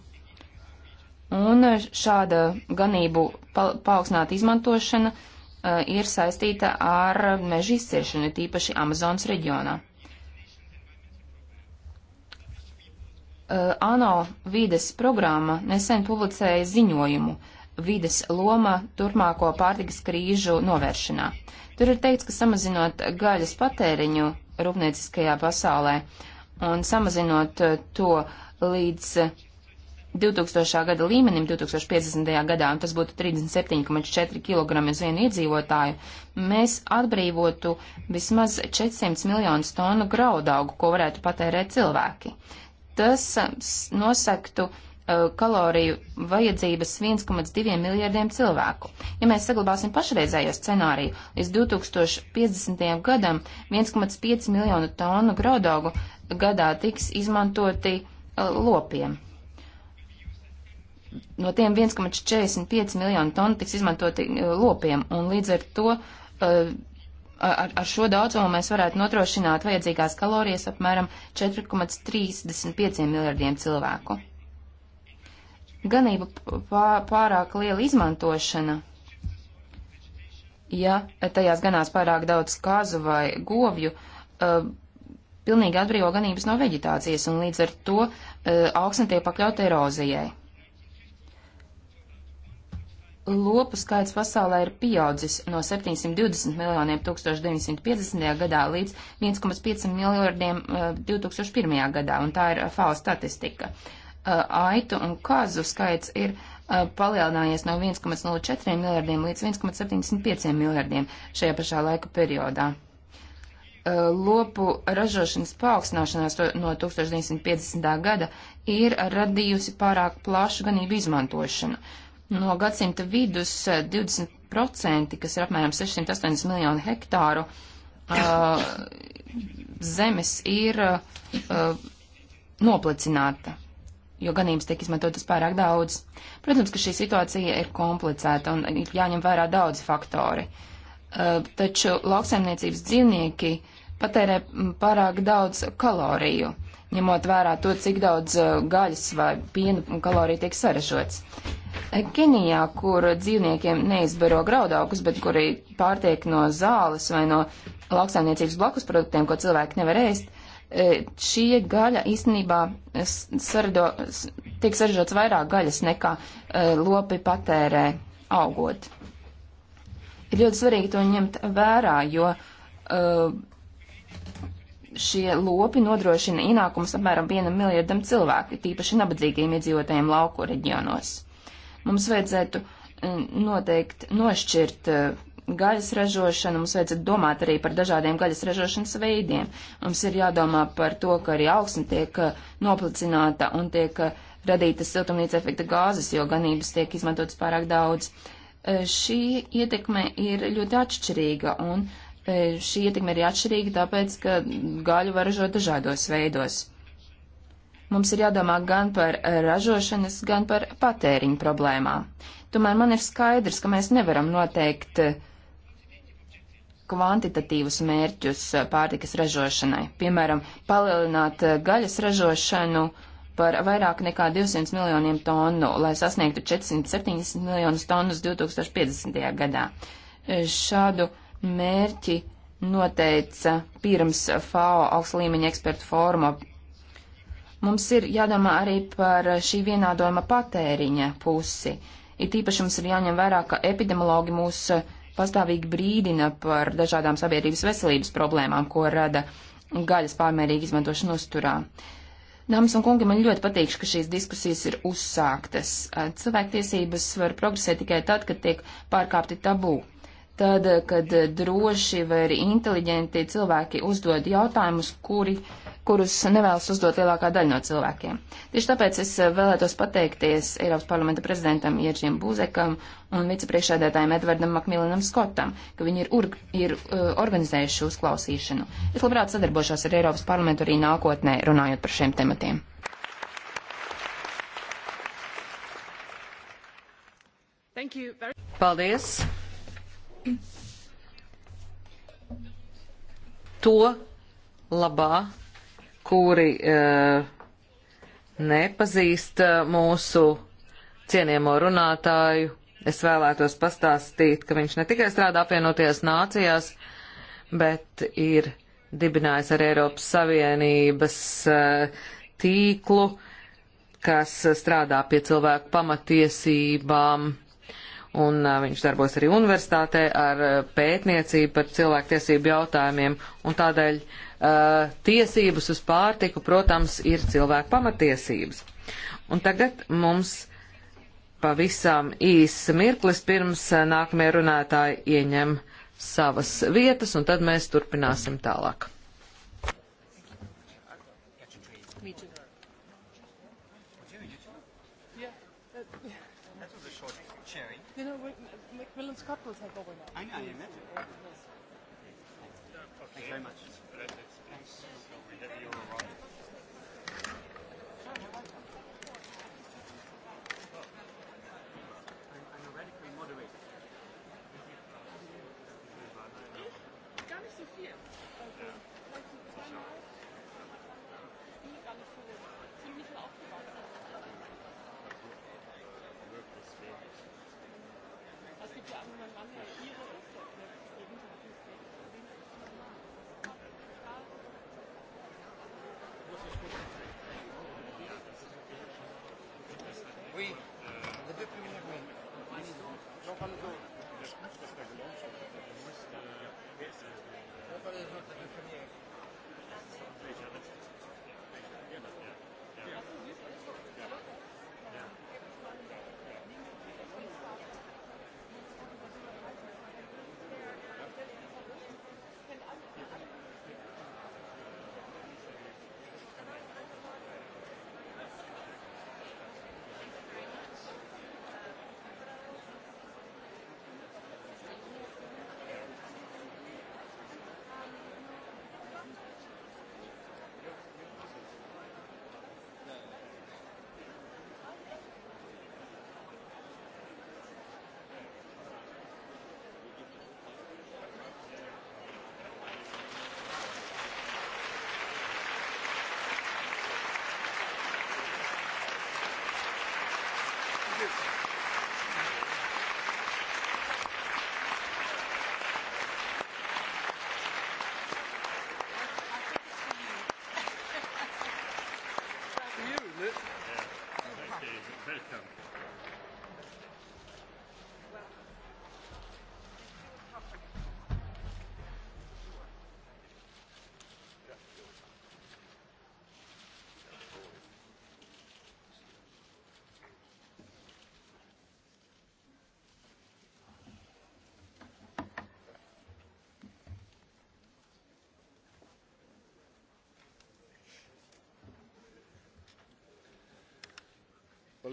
Un šāda ganību pa paaugstināta izmantošana eh, ir saistīta ar meža izciešanu, tīpaši Amazonas reģionā. Eh, ANO vīdes programma nesen publicēja ziņojumu vīdes loma turpmāko pārtikas krīžu novēršanā. Tur ir teikts, ka samazinot gaļas patēriņu rūpnieciskajā pasaulē un samazinot eh, to līdz 2000. gada līmenim 2050. gadā, un tas būtu 37,4 kg uz vienu iedzīvotāju, mēs atbrīvotu vismaz 400 miljonus tonu graudaugu, ko varētu patērēt cilvēki. Tas uh, nosaktu uh, kaloriju vajadzības 1,2 miljardiem cilvēku. Ja mēs saglabāsim pašreizējo scenāriju, līdz 2050. gadam 1,5 miljonu tonu graudaugu gadā tiks izmantoti uh, lopiem no tiem 1,45 miljonu tonu tiks izmantoti uh, lopiem, un līdz ar to uh, ar, ar šo daudzumu mēs varētu notrošināt vajadzīgās kalorijas apmēram 4,35 miljardiem cilvēku. Ganību pārāk liela izmantošana, ja tajās ganās pārāk daudz kāzu vai govju, uh, pilnīgi atbrīvo ganības no veģetācijas, un līdz ar to augsne tiek pakļauta erozijai. Lopu skaits pasaulē ir pieaudzis no 720 miljoniem 1950. gadā līdz 1,5 miljardiem 2001. Eh, gadā, un tā ir eh, FAO statistika. Eh, Aitu un kazu skaits ir palielinājies no 1,04 miljardiem līdz 1,75 miljardiem šajā pašā laika periodā. Lopu ražošanas paaugstināšanās no 1950. gada ir radījusi pārāk plašu ganību izmantošanu No gadsimta vidus 20%, eh, kas ir apmēram 680 miljoni hektāru, uh, zemes ir uh, noplicināta, jo ganības tiek izmantotas pārāk daudz. Protams, ka šī situācija ir komplicēta un ir jāņem vērā daudz faktori. Uh, taču lauksaimniecības dzīvnieki patērē mm, pārāk daudz kaloriju, ņemot vērā to, cik daudz gaļas vai piena kaloriju tiek saražots. Kenijā, kur dzīvniekiem neizbaro graudaugus, bet kuri pārtiek no zāles vai no lauksaimniecības blakus produktiem, ko cilvēki nevar ēst, e, šie gaļa īstenībā sardo, tiek saražots vairāk gaļas nekā e, lopi patērē augot. Ir ļoti svarīgi to ņemt vērā, jo e, šie lopi nodrošina ienākumus apmēram vienam miljardam cilvēku, tīpaši nabadzīgiem iedzīvotājiem lauku reģionos. Mums vajadzētu eh, noteikti nošķirt eh, gaļas ražošanu, mums vajadzētu domāt arī par dažādiem gaļas ražošanas veidiem. Mums ir jādomā par to, ka arī augsne tiek eh, noplicināta un tiek radītas siltumnīca efekta gāzes, jo ganības tiek izmantotas pārāk daudz. Šī ietekme ir ļoti atšķirīga un šī ietekme ir atšķirīga tāpēc, ka gaļu var ražot dažādos veidos. Mums ir jādomā gan par ražošanas, gan par patēriņu problēmām. Tomēr man ir skaidrs, ka mēs nevaram noteikt eh, kvantitatīvus mērķus eh, pārtikas ražošanai. Piemēram, palielināt eh, gaļas ražošanu par vairāk nekā 200 miljoniem tonu, lai sasniegtu 470 miljonus tonus 2050. gadā. Šādu mērķi noteica pirms FAO augsta līmeņa ekspertu fóruma Mums ir jādomā arī par šī vienādojuma patēriņa pusi. Ir tīpaši mums ir jāņem vērā, ka epidemiologi mūs pastāvīgi brīdina par dažādām sabiedrības veselības problēmām, ko rada gaļas pārmērīgi izmantošana uzturā. Dāmas un kungi, man ļoti patīk, ka šīs diskusijas ir uzsāktas. Cilvēktiesības var progresēt tikai tad, kad tiek pārkāpti tabū tad, kad droši vai arī inteliģenti cilvēki uzdod jautājumus, kuri, kurus nevēlas uzdot lielākā daļa no cilvēkiem. Tieši tāpēc es vēlētos pateikties Eiropas parlamenta prezidentam Ieržiem Būzekam un vicepriekšēdētājiem Edvardam Makmilinam Skotam, ka viņi ir, urg, ir uh, organizējuši uzklausīšanu. Es labprāt sadarbošos ar Eiropas parlamentu arī nākotnē, runājot par šiem tematiem. Paldies! to labā, kuri uh, nepazīst e, mūsu cieniemo runātāju. Es vēlētos pastāstīt, ka viņš ne tikai strādā apvienoties nācijās, bet ir dibinājis arī Eiropas Savienības uh, tīklu, kas strādā pie cilvēku pamatiesībām un viņš darbos arī universitātē ar pētniecību par cilvēktiesību jautājumiem, un tādēļ uh, tiesības uz pārtiku, protams, ir cilvēku pamatiesības. Un tagad mums pavisam īss mirklis pirms nākamie runātāji ieņem savas vietas, un tad mēs turpināsim tālāk. kapels have govorila.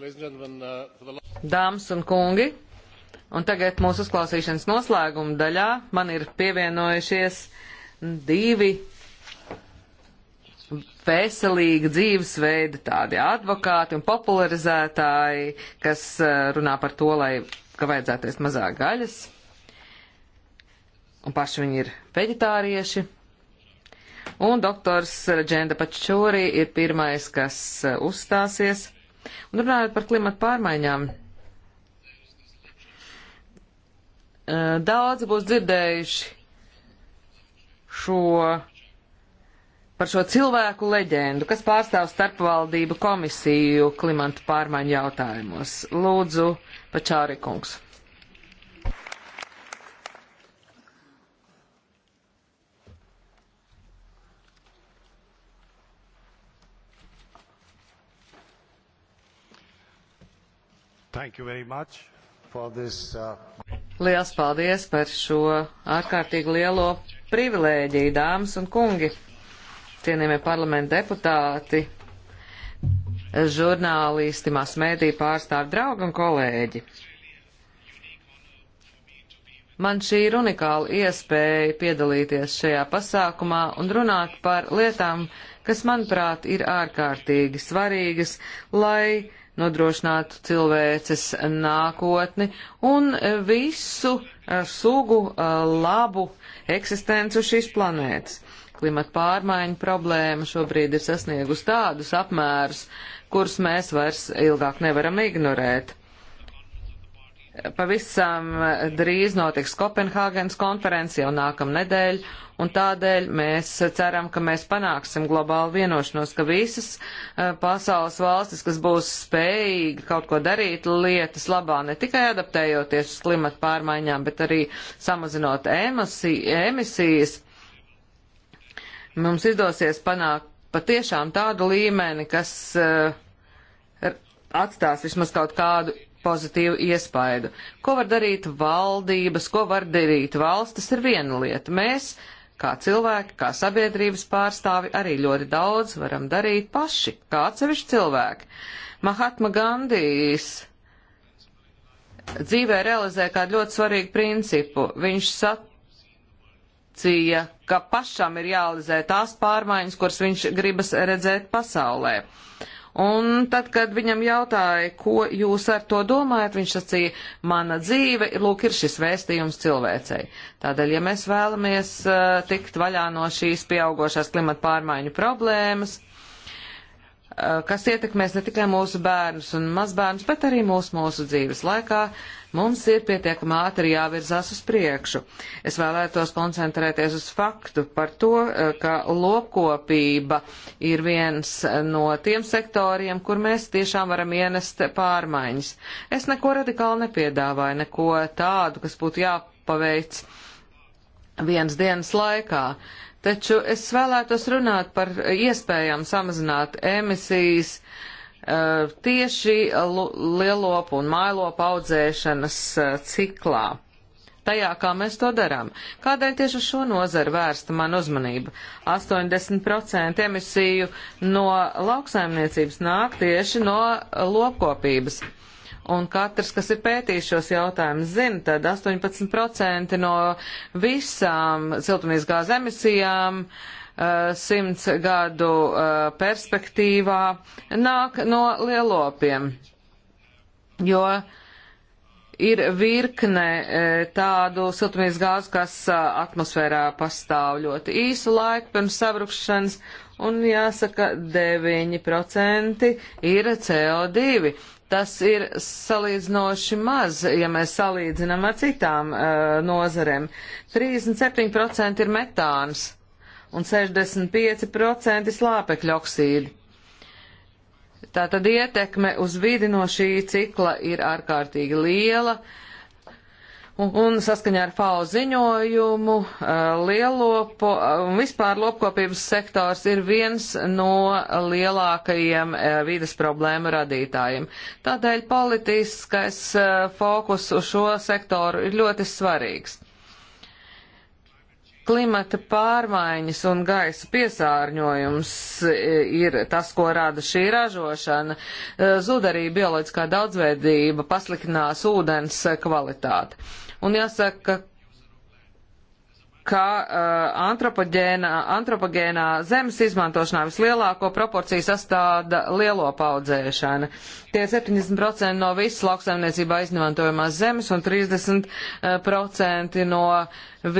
Uh, Dāmas un kungi, un tagad mūsu uzklausīšanas noslēguma daļā man ir pievienojušies divi veselīgi dzīvesveidi, tādi advokāti un popularizētāji, kas uh, runā par to, lai, ka vajadzētu ēst mazāk gaļas. Un paši viņi ir veģetārieši. Un doktors Reģenda Pačūri ir pirmais, kas uh, uzstāsies. Un runājot par klimatu pārmaiņām, eh, daudz būs dzirdējuši šo, par šo cilvēku leģendu, kas pārstāv starpvaldību komisiju klimatu pārmaiņu jautājumos. Lūdzu, Pačāri kungs. This, uh... Liels paldies par šo ārkārtīgi lielo privilēģiju, dāmas un kungi, cienījamie parlamenta deputāti, žurnālisti, masmēdī pārstāvi, draugi un kolēģi. Man šī ir unikāla iespēja piedalīties šajā pasākumā un runāt par lietām, kas, manuprāt, ir ārkārtīgi svarīgas, lai nodrošinātu cilvēces nākotni un visu sugu labu eksistenci uz šīs planētas. Klimata pārmaiņu problēma šobrīd ir sasniegusi tādus apmērus, kurus mēs vairs ilgāk nevaram ignorēt. Pavisam drīz notiks Kopenhāgenes konference jau nākamnedēļ, un tādēļ mēs ceram, ka mēs panāksim globālu vienošanos, ka visas e, pasaules valstis, kas būs spējīgi kaut ko darīt lietas labā, ne tikai adaptējoties uz klimatu pārmaiņām, bet arī samazinot emisijas, mums izdosies panākt patiešām tādu līmeni, kas e, atstās vismaz kaut kādu pozitīvu iespaidu. Ko var darīt valdības, ko var darīt valstis, ir viena lieta. Mēs, kā cilvēki, kā sabiedrības pārstāvi, arī ļoti daudz varam darīt paši, kā atsevišķi cilvēki. Mahatma Gandijs dzīvē realizē kādu ļoti svarīgu principu. Viņš sacīja, ka pašam ir jāalizē tās pārmaiņas, kuras viņš gribas redzēt pasaulē. Uh, Un tad, kad viņam jautāja, ko jūs ar to domājat, viņš sacīja, mana dzīve, lūk, ir šis vēstījums cilvēcei. Tādēļ, ja mēs vēlamies uh, tikt vaļā no šīs pieaugošās klimata pārmaiņu problēmas, uh, kas ietekmēs ne tikai mūsu bērnus un mazbērnus, bet arī mūsu mūsu dzīves laikā, uh, Mums ir pietiekami ātri jāvirzās uz priekšu. Es vēlētos koncentrēties uz faktu par to, eh, ka lopkopība ir viens eh, no tiem sektoriem, kur mēs tiešām varam ienest pārmaiņas. Es neko radikāli nepiedāvāju, neko tādu, kas būtu jāpaveic vienas dienas laikā. Taču es vēlētos runāt par iespējām samazināt emisijas, uh, Uh, tieši lielopu un mailopu audzēšanas uh, ciklā. Tajā, kā mēs to darām. Kādēļ tieši uz šo nozaru vērsta man uzmanība? 80% emisiju no lauksaimniecības nāk tieši no lopkopības. Un katrs, kas ir pētījis šos jautājumus, zina, tad 18% no visām siltumnīcas gāzes emisijām uh, Eh, simts gadu eh, perspektīvā nāk no lielopiem, jo ir virkne eh, tādu siltumnīcas gāzu, kas atmosfērā pastāv ļoti īsu laiku pirms sabrukšanas, un jāsaka, 9% ir CO2. Tas ir salīdzinoši maz, ja mēs salīdzinām ar citām uh, nozarēm. 37% ir metāns un 65% slāpekļa oksīdi. Tātad ietekme uz vidi no šī cikla ir ārkārtīgi liela, un, un saskaņā ar FAO ziņojumu eh, lielopo eh, un vispār lopkopības sektors ir viens no lielākajiem eh, vides problēmu radītājiem. Tādēļ politiskais fokus uz šo sektoru ir ļoti svarīgs. Klimata pārmaiņas un gaisa piesārņojums e, ir tas, ko rada šī ražošana. E, Zud arī bioloģiskā daudzveidība, pasliktinās ūdens kvalitāti. Un jāsaka, ka uh, eh, antropogēnā, antropogēnā zemes izmantošanā vislielāko proporciju sastāda lielo paudzēšana. Tie 70% no visas lauksaimniecībā izmantojamās zemes un 30% eh, no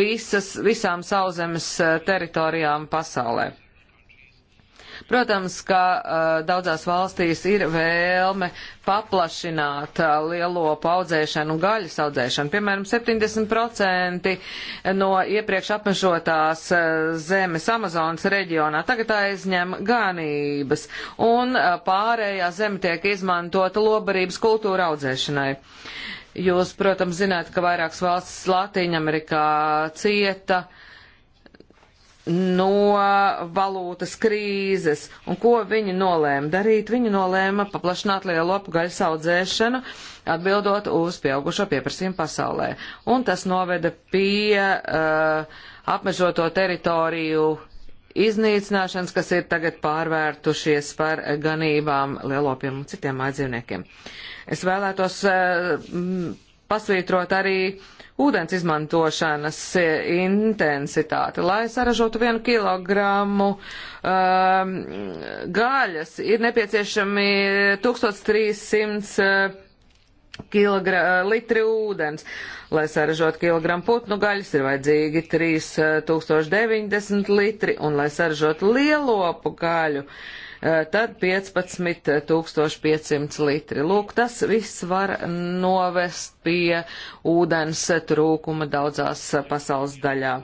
visas, visām sauzemes eh, teritorijām pasaulē. Protams, ka uh, daudzās valstīs ir vēlme paplašināt uh, eh, lielopu audzēšanu un gaļas audzēšanu. Piemēram, 70% no iepriekš apmešotās uh, eh, zemes Amazonas reģionā tagad aizņem ganības, un uh, pārējā zeme tiek izmantota lobarības kultūra audzēšanai. Jūs, protams, zināt, ka vairākas valstis Latīņamerikā cieta uh, no valūtas krīzes. Un ko viņi nolēma darīt? Viņi nolēma paplašināt lielo apgaļas audzēšanu, atbildot uz pieaugušo pieprasījumu pasaulē. Un tas noveda pie uh, apmežoto teritoriju iznīcināšanas, kas ir tagad pārvērtušies par ganībām lielopiem un citiem mājdzīvniekiem. Es vēlētos uh, pasvītrot arī uh, ūdens izmantošanas eh, intensitāti. Lai saražotu vienu kilogramu um, gaļas, ir nepieciešami 1300 eh, kilogra, eh, litri ūdens. Lai saražotu kilogramu putnu gaļas, ir vajadzīgi 3090 litri, un lai saražotu lielopu gaļu, uh, Eh, tad 15500 litri. Lūk, tas viss var novest pie ūdens trūkuma daudzās pasaules daļā.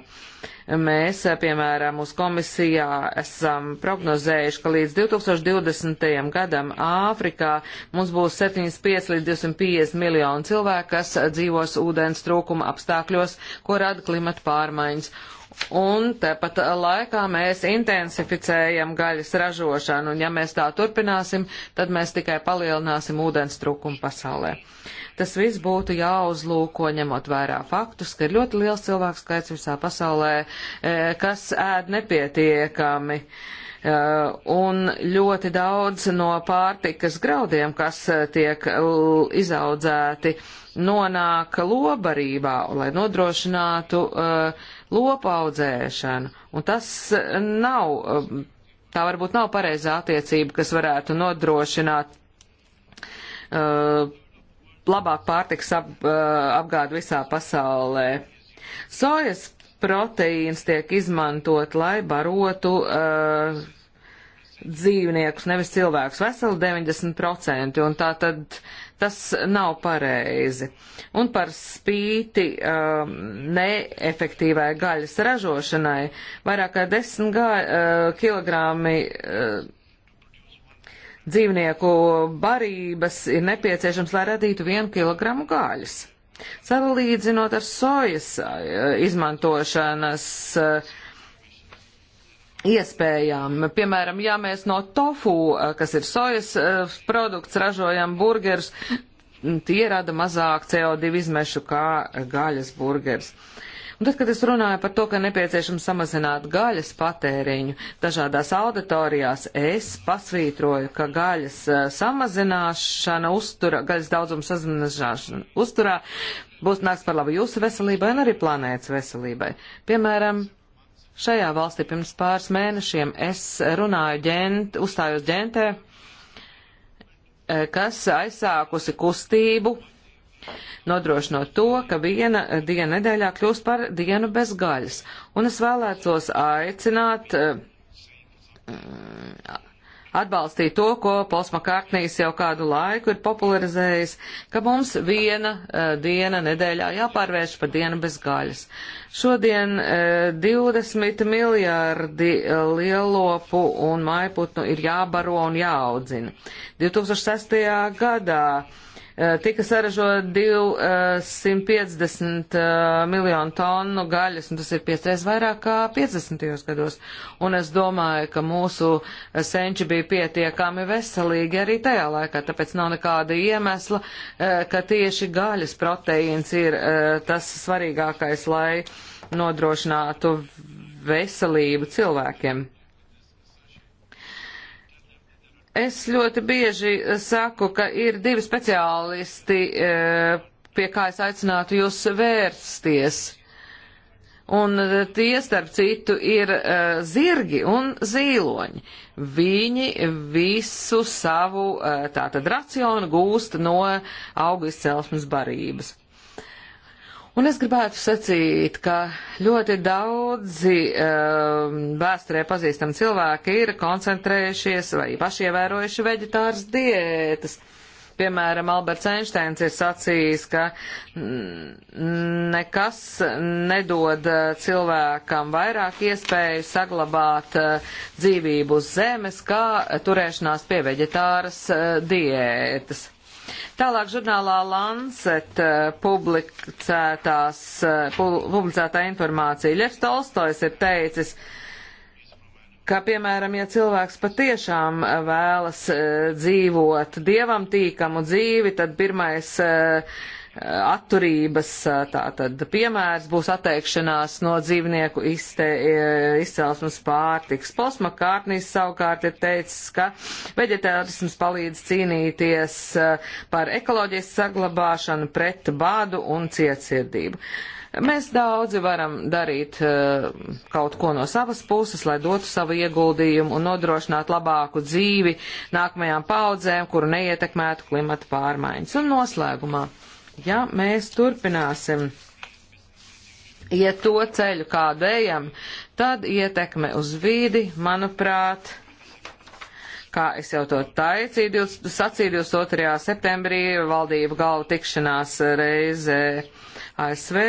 Mēs, eh, piemēram, uz komisijā esam prognozējuši, ka līdz 2020. gadam Āfrikā mums būs 75 līdz 250 miljoni cilvēku, kas dzīvos ūdens trūkuma apstākļos, ko rada klimata pārmaiņas Un tepat laikā mēs intensificējam gaļas ražošanu, un ja mēs tā turpināsim, tad mēs tikai palielināsim ūdens trūkumu pasaulē. Tas viss būtu jāuzlūko, ņemot vērā faktus, ka ir ļoti liels cilvēks skaits visā pasaulē, e, kas ēd nepietiekami. E, un ļoti daudz no pārtikas graudiem, kas tiek izaudzēti, nonāk lobarībā, lai nodrošinātu uh, eh, lopaudzēšanu. Un tas eh, nav, uh, tā varbūt nav pareizā attiecība, kas varētu nodrošināt uh, labāk pārtiks ap, uh, apgādi visā pasaulē. Sojas proteīns tiek izmantot, lai barotu uh, dzīvniekus, nevis cilvēkus, veseli 90%, un tā tad tas nav pareizi. Un par spīti um, neefektīvai gaļas ražošanai vairāk kā 10 gā, uh, kilogrami uh, dzīvnieku barības ir nepieciešams, lai radītu 1 kilogramu gaļas. Salīdzinot ar sojas uh, izmantošanas uh, iespējām. Piemēram, ja mēs no tofu, eh, kas ir sojas eh, produkts, ražojam burgerus, tie rada mazāk CO2 izmešu kā gaļas burgers. Un tad, kad es runāju par to, ka nepieciešams samazināt gaļas patēriņu, dažādās auditorijās es pasvītroju, ka gaļas eh, samazināšana uztura, gaļas daudzuma samazināšana uzturā būs nāks par labu jūsu veselībai un arī planētas veselībai. Piemēram, Šajā valstī pirms pāris mēnešiem es runāju ģent, uzstājos ģentē, eh, kas aizsākusi kustību, nodrošinot to, ka viena diena nedēļā kļūst par dienu bez gaļas. Un es vēlētos aicināt eh, atbalstīt to, ko Pols Makārtnīs jau kādu laiku ir popularizējis, ka mums viena uh, diena nedēļā jāpārvērš par dienu bez gaļas. Šodien uh, 20 miljārdi lielopu un maiputnu ir jābaro un jāaudzina. 2006. gadā uh, Eh, tika saražot 250 eh, miljonu tonu gaļas, un tas ir piecreiz vairāk kā 50. gados. Un es domāju, ka mūsu senči bija pietiekami veselīgi arī tajā laikā, tāpēc nav nekāda iemesla, eh, ka tieši gaļas proteīns ir tas svarīgākais, lai nodrošinātu veselību cilvēkiem. Es ļoti bieži saku, ka ir divi speciālisti, e, pie kā es aicinātu jūs vērsties. Un e, tie, starp citu, ir uh, zirgi un zīloņi. Viņi visu savu uh, tātad racionu gūst no auga izcelsmes barības. Un es gribētu sacīt, ka ļoti daudzi um, vēsturē pazīstami cilvēki ir koncentrējušies vai pašievērojuši veģetāras diētas. Piemēram, Alberts Einsteins ir sacījis, ka nekas nedod uh, cilvēkam vairāk iespēju saglabāt uh, dzīvību uz zemes, kā turēšanās pie veģetāras uh, diētas. Tālāk žurnālā Lancet eh, publicētās, eh, publicētā informācija. Ļevs Tolstojs ir teicis, ka, piemēram, ja cilvēks patiešām eh, vēlas dzīvot dievam tīkamu dzīvi, tad pirmais uh, atturības tātad piemērs būs atteikšanās no dzīvnieku izte, izcelsmes pārtiks. Pols Makārtnīs savukārt ir teicis, ka veģetārisms palīdz cīnīties par ekoloģijas saglabāšanu pret bādu un cietsirdību. Mēs daudzi varam darīt kaut ko no savas puses, lai dotu savu ieguldījumu un nodrošinātu labāku dzīvi nākamajām paudzēm, kuru neietekmētu klimata pārmaiņas. Un noslēgumā. Ja mēs turpināsim iet ja to ceļu, kādu ejam, tad ietekme uz vīdi, manuprāt, kā es jau to taicīju, sacīju 22. septembrī valdību galvu tikšanās reize ASV,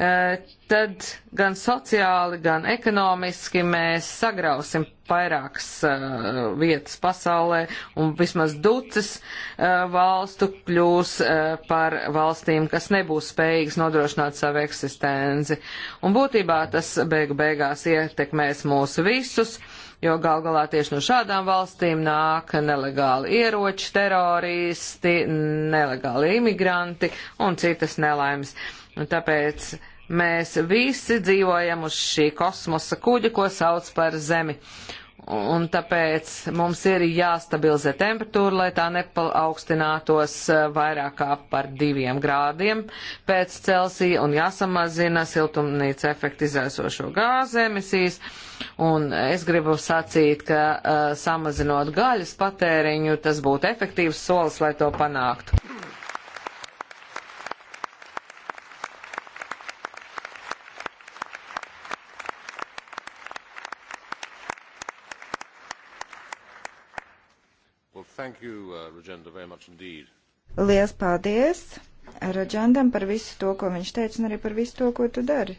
Eh, tad gan sociāli, gan ekonomiski mēs sagrausim vairākas uh, vietas pasaulē, un vismaz ducis uh, valstu kļūs uh, par valstīm, kas nebūs spējīgas nodrošināt savu eksistenci. Un būtībā tas beigu beigās ietekmēs mūs visus, jo gal galā tieši no šādām valstīm nāk nelegāli ieroči, teroristi, nelegāli imigranti un citas nelaimes. Un tāpēc uh, Mēs visi dzīvojam uz šī kosmosa kuģa, ko sauc par Zemi. Un tāpēc mums ir jāstabilizē temperatūra, lai tā nepaukstinātos eh, vairāk kā par diviem grādiem pēc Celsija un jāsamazina siltumnīca efektu izraisošo gāzu emisijas. Un es gribu sacīt, ka uh, samazinot gaļas patēriņu, tas būtu efektīvs solis, lai to panāktu. you, uh, Rajendra, very much indeed. Lielas paldies Rajandam par visu to, ko viņš teica, un arī par visu to, ko tu dari.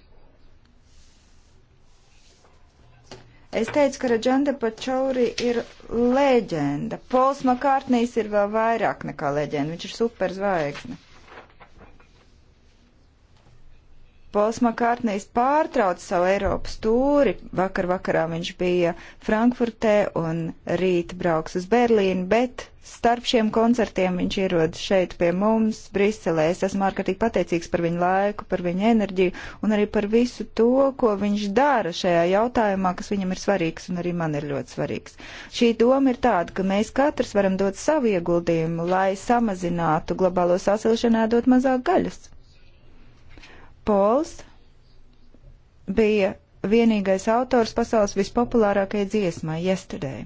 Es teicu, ka Rajanda Pačauri ir leģenda. Pols Makārtnīs ir vēl vairāk nekā leģenda. Viņš ir superzvaigzne. Pols Makārtnīs pārtrauc savu Eiropas tūri. Vakar vakarā viņš bija Frankfurtē un rīt brauks uz Berlīnu, bet starp šiem koncertiem viņš ierodas šeit pie mums, Briselē. Es esmu ārkārtīgi pateicīgs par viņu laiku, par viņu enerģiju un arī par visu to, ko viņš dara šajā jautājumā, kas viņam ir svarīgs un arī man ir ļoti svarīgs. Šī doma ir tāda, ka mēs katrs varam dot savu ieguldījumu, lai samazinātu globālo sasilšanā dot mazāk gaļas. Pols bija vienīgais autors pasaules vispopulārākajai dziesmai Yesterday.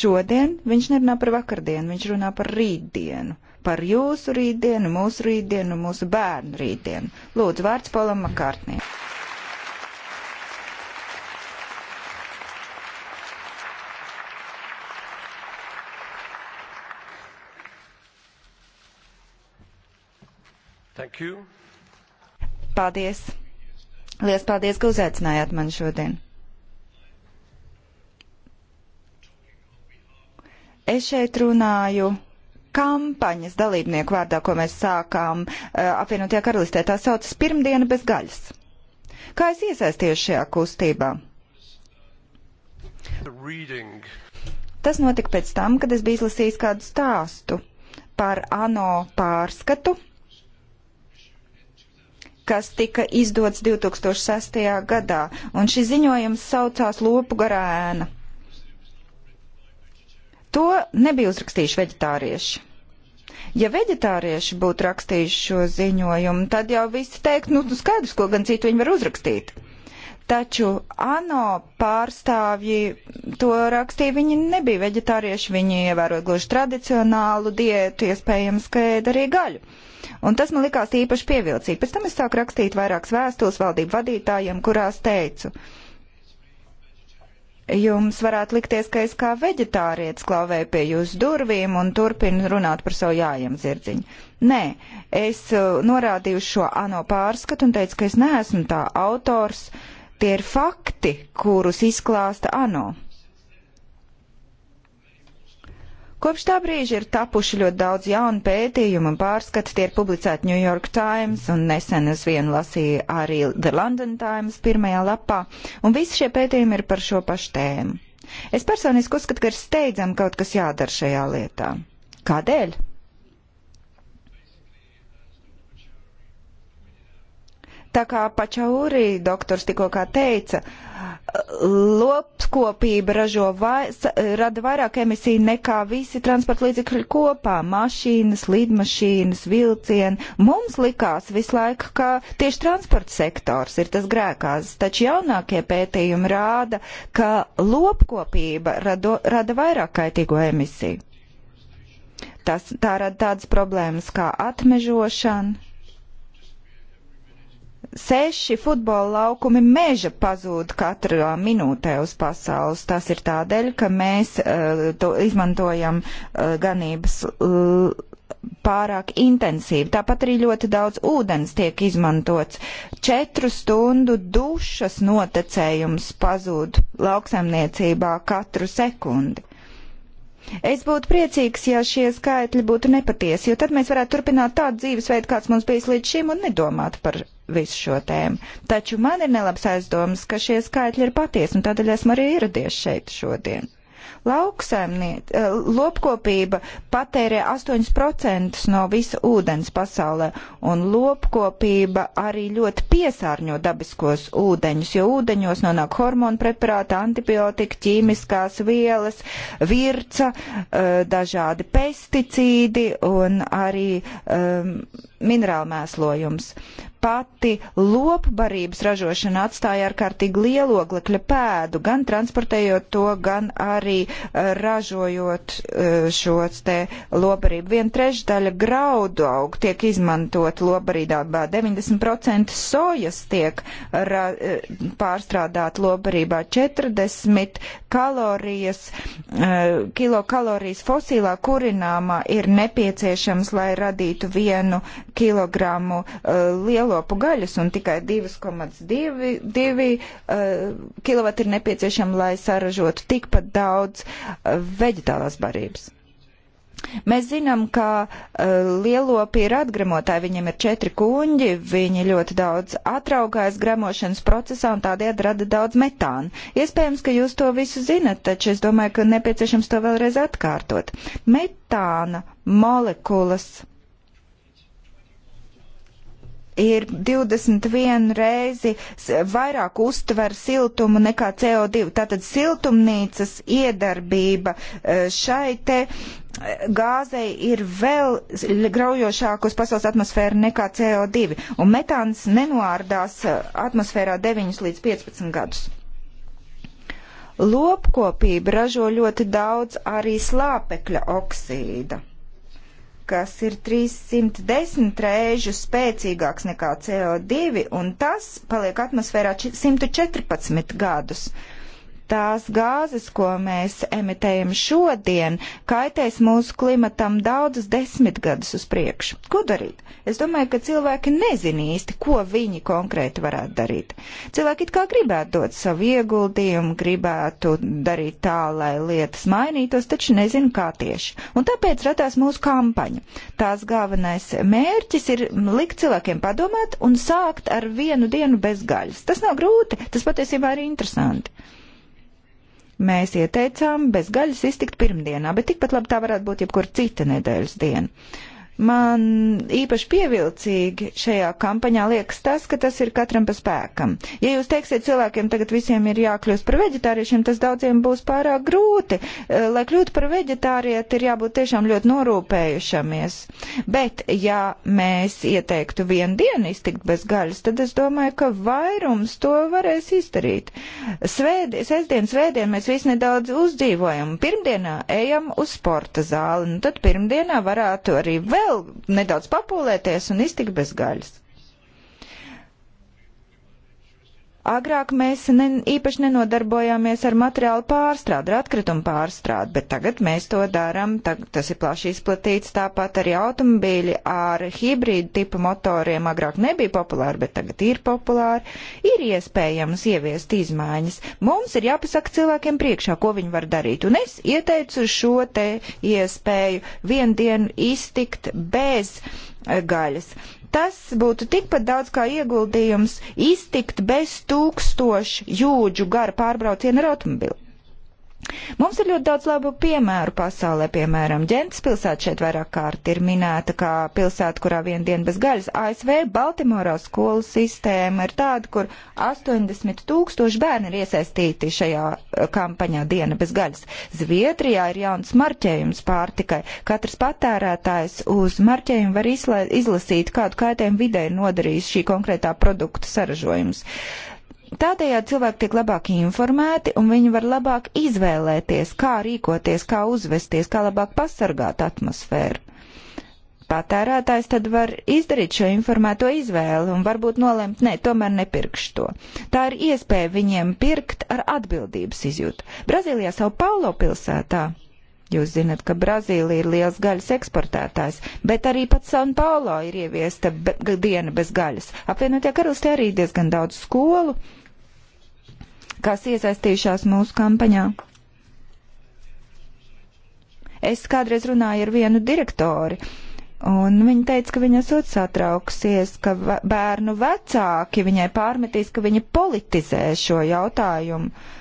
Šodien viņš nerunā par vakardienu, viņš runā par rītdienu, par jūsu rītdienu, mūsu rītdienu, mūsu bērnu rītdienu. Lūdzu, vārds Polam Makārtniem. Thank you. Paldies. Lielas paldies, ka uzaicinājāt mani šodien. Es šeit runāju kampaņas dalībnieku vārdā, ko mēs sākām uh, apvienotajā karalistē. Tā saucas pirmdiena bez gaļas. Kā es iesaistījos šajā kustībā? Tas notika pēc tam, kad es biju izlasījis kādu stāstu par ANO pārskatu kas tika izdots 2006. gadā, un šis ziņojums saucās Lopu garēna. To nebija uzrakstījuši veģetārieši. Ja veģetārieši būtu rakstījuši šo ziņojumu, tad jau visi teikt, nu, nu, skaidrs, ko gan citu viņi var uzrakstīt. Taču ANO pārstāvji to rakstīja, viņi nebija veģetārieši, viņi ievēroja gluži tradicionālu diētu, iespējams, ka ēda arī gaļu. Un tas man likās īpaši pievilcīgi. Pēc tam es sāku rakstīt vairākas vēstules valdību vadītājiem, kurās teicu. Jums varētu likties, ka es kā veģetārietis klauvēju pie jūsu durvīm un turpinu runāt par savu jājam zirdziņu. Nē, es uh, norādīju šo ANO pārskatu un teicu, ka es neesmu tā autors, tie ir fakti, kurus izklāsta ANO. Kopš tā brīža ir tapuši ļoti daudz jaunu pētījumu un pārskatu. Tie ir publicēti New York Times un nesen es vienu lasīju arī The London Times pirmajā lapā. Un visi šie pētījumi ir par šo pašu tēmu. Es personiski uzskatu, ka ir steidzami kaut kas jādara šajā lietā. Kādēļ? Tā kā Pačaurī doktors tikko teica, lopkopība ražo vai, rada vairāk emisiju nekā visi transporta līdzekļi kopā - mašīnas, lidmašīnas, vilcieni. Mums likās visu laiku, ka tieši transporta sektors ir tas grēkās, taču jaunākie pētījumi rāda, ka lopkopība rado, rada vairāk kaitīgo emisiju. Tas, tā rada tādas problēmas kā atmežošana seši futbola laukumi meža pazūd katrā minūtē uz pasaules. Tas ir tādēļ, ka mēs uh, to izmantojam uh, ganības. Uh, pārāk intensīvi. Tāpat arī ļoti daudz ūdens tiek izmantots. Četru stundu dušas notekējums pazūd lauksaimniecībā katru sekundi. Es būtu priecīgs, ja šie skaitļi būtu nepatiesi, jo tad mēs varētu turpināt tādu dzīvesveidu, kāds mums bijis līdz šim, un nedomāt par visu šo tēmu. Taču man ir nelabs aizdomas, ka šie skaitļi ir patiesi, un tādēļ esmu arī ieradies šeit šodien. Lauksaimniec, eh, lopkopība patērē 8% no visa ūdens pasaulē, un lopkopība arī ļoti piesārņo dabiskos ūdeņus, jo ūdeņos nonāk hormonu preparāti, antibiotika, ķīmiskās vielas, virca, eh, dažādi pesticīdi un arī um, eh, minerāla mēslojums pati lopbarības ražošana atstāja ārkārtīgi lielu oglekļa pēdu, gan transportējot to, gan arī eh, ražojot eh, šos te lopbarību. Viena trešdaļa graudu aug tiek izmantot lopbarībā, 90% sojas tiek eh, pārstrādāt lopbarībā, 40 kalorijas, kilokalorijas fosilā kurināmā ir nepieciešams, lai radītu vienu kilogramu lielu lielopu gaļas un tikai 2,2 uh, kW ir nepieciešama, lai saražotu tikpat daudz uh, veģetālās barības. Mēs zinām, ka uh, lielopi ir atgremotāji, viņiem ir četri kuņģi, viņi ļoti daudz atraugājas gremošanas procesā un tādējādi rada daudz metāna. Iespējams, ka jūs to visu zinat, taču es domāju, ka nepieciešams to vēlreiz atkārtot. Metāna molekulas ir 21 reizi vairāk uztver siltumu nekā CO2. Tātad siltumnīcas iedarbība e, šai te e, gāzei ir vēl graujošāk uz pasaules atmosfēru nekā CO2, un metāns nenoārdās e, atmosfērā 9 līdz 15 gadus. Lopkopība ražo ļoti daudz arī slāpekļa oksīda kas ir 310 reižu spēcīgāks nekā CO2, un tas paliek atmosfērā 114 gadus. Uh, tās gāzes, ko mēs emitējam šodien, kaitēs mūsu klimatam daudzas desmitgadus uz priekšu. Ko darīt? Es domāju, ka cilvēki nezin īsti, ko viņi konkrēti varētu darīt. Cilvēki it kā gribētu dot savu ieguldījumu, gribētu darīt tā, lai lietas mainītos, taču nezin, kā tieši. Un tāpēc radās mūsu kampaņa. Tās galvenais mērķis ir likt cilvēkiem padomāt un sākt ar vienu dienu bez gaļas. Tas nav grūti, tas patiesībā ir interesanti. Mēs ieteicām bez gaļas iztikt pirmdienā, bet tikpat labi tā varētu būt jebkur cita nedēļas diena. Man īpaši pievilcīgi šajā kampaņā liekas tas, ka tas ir katram pa spēkam. Ja jūs teiksiet cilvēkiem tagad visiem ir jākļūst par veģetāriešiem, tas daudziem būs pārāk grūti. Eh, lai kļūtu par veģetārieti, ir jābūt tiešām ļoti norūpējušamies. Bet, ja mēs ieteiktu vienu dienu iztikt bez gaļas, tad es domāju, ka vairums to varēs izdarīt. Svēdi, sestdien, svētdien mēs visi nedaudz uzdzīvojam. Pirmdienā ejam uz sporta zāli, nu tad pirmdienā varētu arī vēl vēl nedaudz papūlēties un iztikt bez gaļas. Agrāk mēs ne, īpaši nenodarbojāmies ar materiālu pārstrādi, ar atkritumu pārstrādi, bet tagad mēs to darām, tas ir plaši izplatīts, tāpat arī automobīļi ar hibrīdu tipu motoriem agrāk nebija populāri, bet tagad ir populāri, ir iespējams ieviest izmaiņas. Mums ir jāpasaka cilvēkiem priekšā, ko viņi var darīt, un es ieteicu šo te iespēju vienu dienu iztikt bez eh, gaļas. Tas būtu tikpat daudz kā ieguldījums iztikt bez tūkstošu jūdžu gara pārbrauciena ar automobili. Mums ir ļoti daudz labu piemēru pasaulē, piemēram, Džentas pilsēta šeit vairāk kārt ir minēta kā pilsēta, kurā viena diena bez gaļas. ASV Baltimorā skolu sistēma ir tāda, kur 80 tūkstoši bērni ir iesaistīti šajā eh, kampaņā diena bez gaļas. Zviedrijā ir jauns marķējums pārtikai. Katrs patērētājs uz marķējumu var izlasīt, kādu kaitējumu vidē ir nodarījis šī konkrētā produkta saražojums. Uh, Tādējādi cilvēki tiek labāk informēti un viņi var labāk izvēlēties, kā rīkoties, kā uzvesties, kā labāk pasargāt atmosfēru patērētājs tad var izdarīt šo informēto izvēli un varbūt nolemt, nē, ne, tomēr nepirkšu to. Tā ir iespēja viņiem pirkt ar atbildības izjūtu. Brazīlijā savu Paulo pilsētā. Jūs zinat, ka Brazīlija ir liels gaļas eksportētājs, bet arī pat San Paulo ir ieviesta be, diena bez gaļas. Apvienotie karalistē arī diezgan daudz skolu. Uh, kas iesaistījušās mūsu kampaņā. Es kādreiz runāju ar vienu direktori, un viņa teica, ka viņa sot satrauksies, ka bērnu vecāki viņai pārmetīs, ka viņa politizē šo jautājumu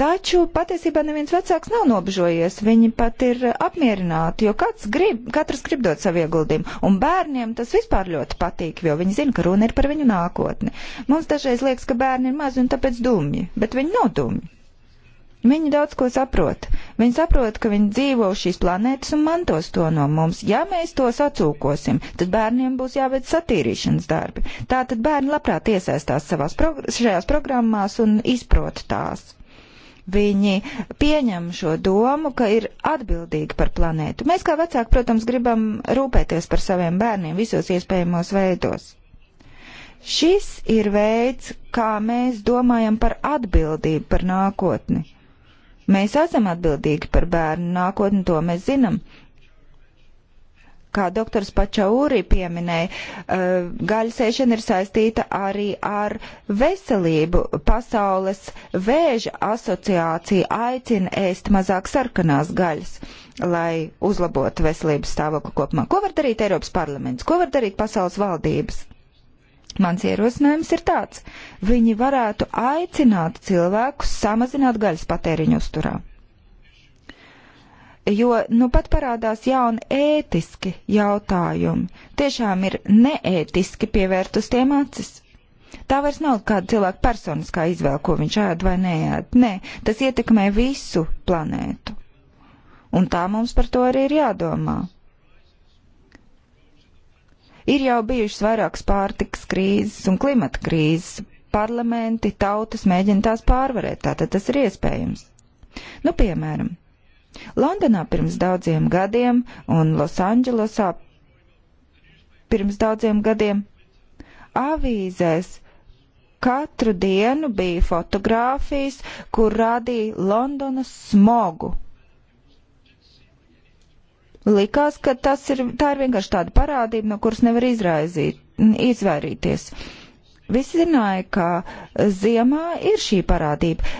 Taču patiesībā neviens vecāks nav nobežojies, viņi pat ir apmierināti, jo kāds grib, katrs grib dot savu ieguldījumu, un bērniem tas vispār ļoti patīk, jo viņi zina, ka runa ir par viņu nākotni. Mums dažreiz liekas, ka bērni ir mazi un tāpēc dumji, bet viņi nav dumji. Viņi daudz ko saprot. Viņi saprot, ka viņi dzīvo uz šīs planētas un mantos to no mums. Ja mēs tos atsūkosim, tad bērniem būs jāveic satīrīšanas darbi. Tātad bērni labprāt iesaistās savās progr šajās programmās un izprot tās. Viņi pieņem šo domu, ka ir atbildīgi par planētu. Mēs kā vecāki, protams, gribam rūpēties par saviem bērniem visos iespējamos veidos. Šis ir veids, kā mēs domājam par atbildību par nākotni. Mēs esam atbildīgi par bērnu nākotni, to mēs zinām, kā doktors Pačaūri pieminēja, eh, gaļasēšana ir saistīta arī ar veselību. Pasaules vēža asociācija aicina ēst mazāk sarkanās gaļas lai uzlabotu veselības stāvokli kopumā. Ko var darīt Eiropas parlaments? Ko var darīt pasaules valdības? Mans ierosinājums ir tāds. Viņi varētu aicināt cilvēkus samazināt gaļas patēriņu uzturā jo nu pat parādās jauni ētiski jautājumi. Tiešām ir neētiski pievērt uz tiem acis. Tā vairs nav kāda cilvēka personiskā izvēle, ko viņš ēd vai neēd. Nē, tas ietekmē visu planētu. Un tā mums par to arī ir jādomā. Ir jau bijušas vairākas pārtikas krīzes un klimata krīzes. Parlamenti, tautas mēģina tās pārvarēt, tātad tas ir iespējams. Nu, piemēram, Londonā pirms daudziem gadiem un Losandželosā pirms daudziem gadiem avīzēs katru dienu bija fotogrāfijas, kur rādīja Londonas smogu. Likās, ka tas ir, tā ir vienkārši tāda parādība, no kuras nevar izraizīt, izvairīties. Visi zināja, ka ziemā ir šī parādība.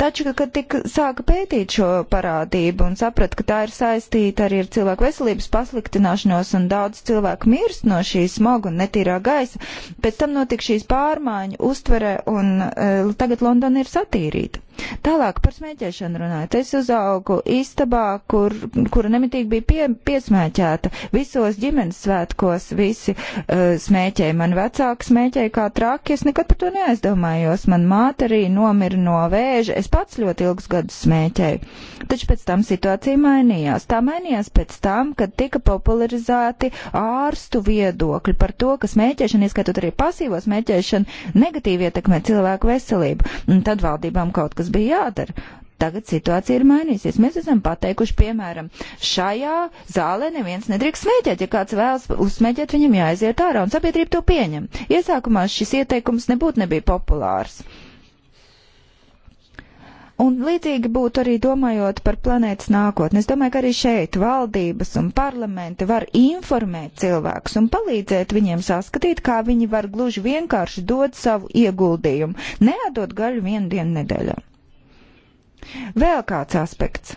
Taču, kad tik sāka pētīt šo parādību un saprata, ka tā ir saistīta arī ar cilvēku veselības pasliktināšanos un daudz cilvēku mirst no šī smoga un netīrā gaisa, pēc tam notika šīs pārmaiņu uztvere un e, tagad Londona ir satīrīta. Tālāk par smēķēšanu runājot. Es uzaugu istabā, kur, kura nemitīgi bija pie, piesmēķēta. Visos ģimenes svētkos visi uh, smēķēja. Man vecāki smēķēja kā traki. Es nekad par to neaizdomājos. Man māte arī nomira no vēža. Es pats ļoti ilgus gadus smēķēju. Taču pēc tam situācija mainījās. Tā mainījās pēc tam, kad tika popularizēti ārstu viedokļi par to, ka smēķēšana, ieskaitot arī pasīvo smēķēšanu, negatīvi ietekmē cilvēku veselību. Un tad valdībām kaut kas tas bija jādara. Tagad situācija ir mainīsies. Mēs esam pateikuši, piemēram, šajā zālē neviens nedrīkst smēķēt. Ja kāds vēlas uzsmēķēt, viņam jāaiziet ārā, un sabiedrība to pieņem. Iesākumā šis ieteikums nebūtu nebija populārs. Un līdzīgi būtu arī domājot par planētas nākotni. Es domāju, ka arī šeit valdības un parlamenti var informēt cilvēkus un palīdzēt viņiem saskatīt, kā viņi var gluži vienkārši dot savu ieguldījumu, neadot gaļu vienu dienu nedēļā. Vēl kāds aspekts.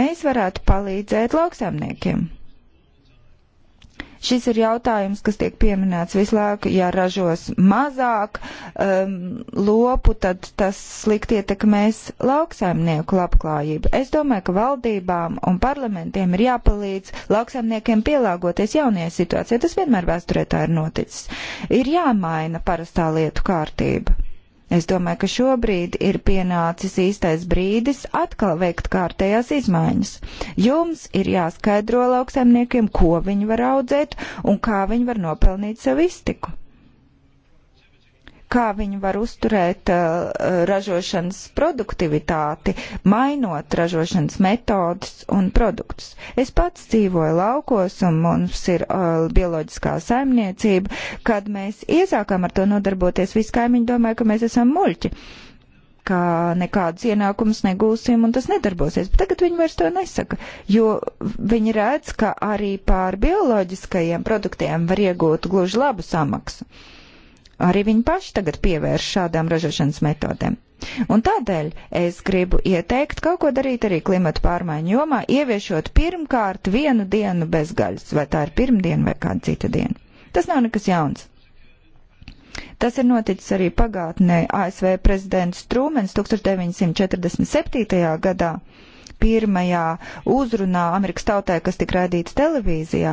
Mēs varētu palīdzēt lauksaimniekiem. Šis ir jautājums, kas tiek pieminēts visu laiku. Ja ražos mazāk um, lopu, tad tas slikti ietekmēs lauksaimnieku labklājību. Es domāju, ka valdībām un parlamentiem ir jāpalīdz lauksaimniekiem pielāgoties jaunajai situācijai. Tas vienmēr vēsturē tā ir noticis. Ir jāmaina parastā lietu kārtība Es domāju, ka šobrīd ir pienācis īstais brīdis atkal veikt kārtējās izmaiņas. Jums ir jāskaidro lauksaimniekiem, ko viņi var audzēt un kā viņi var nopelnīt sev iztiku kā viņi var uzturēt uh, ražošanas produktivitāti, mainot ražošanas metodus un produktus. Es pats dzīvoju laukos un mums ir uh, bioloģiskā saimniecība. Kad mēs iesākām ar to nodarboties, visi kaimiņi domāja, ka mēs esam muļķi ka nekādus ienākumus negūsim un tas nedarbosies. Bet tagad viņi vairs to nesaka, jo viņi redz, ka arī pār bioloģiskajiem produktiem var iegūt gluži labu samaksu. Uh, arī viņi paši tagad pievērš šādām ražošanas metodēm. Un tādēļ es gribu ieteikt kaut ko darīt arī klimata pārmaiņu jomā, ieviešot pirmkārt vienu dienu bezgaļas, vai tā ir pirmdiena vai kāda cita diena. Tas nav nekas jauns. Tas ir noticis arī pagātnē. ASV prezidents Trūmens 1947. gadā pirmajā uzrunā Amerikas tautai, kas tika raidīts televīzijā,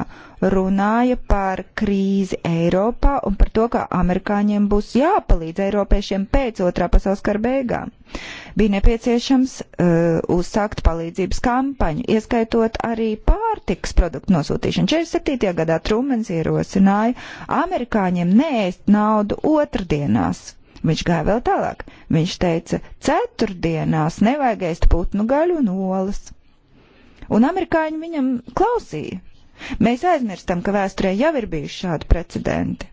runāja par krīzi Eiropā un par to, kā amerikāņiem būs jāpalīdz eiropiešiem pēc otrā pasaules kara beigām. Bija nepieciešams uh, uzsākt palīdzības kampaņu, ieskaitot arī pārtiks produktu nosūtīšanu. 47. gadā Trumens ierosināja amerikāņiem neēst naudu otrdienās Viņš gāja vēl tālāk. Viņš teica, ceturtdienās nevajag ēst putnu gaļu un olas. Un amerikāņi viņam klausīja. Mēs aizmirstam, ka vēsturē jau ir bijuši šādi precedenti.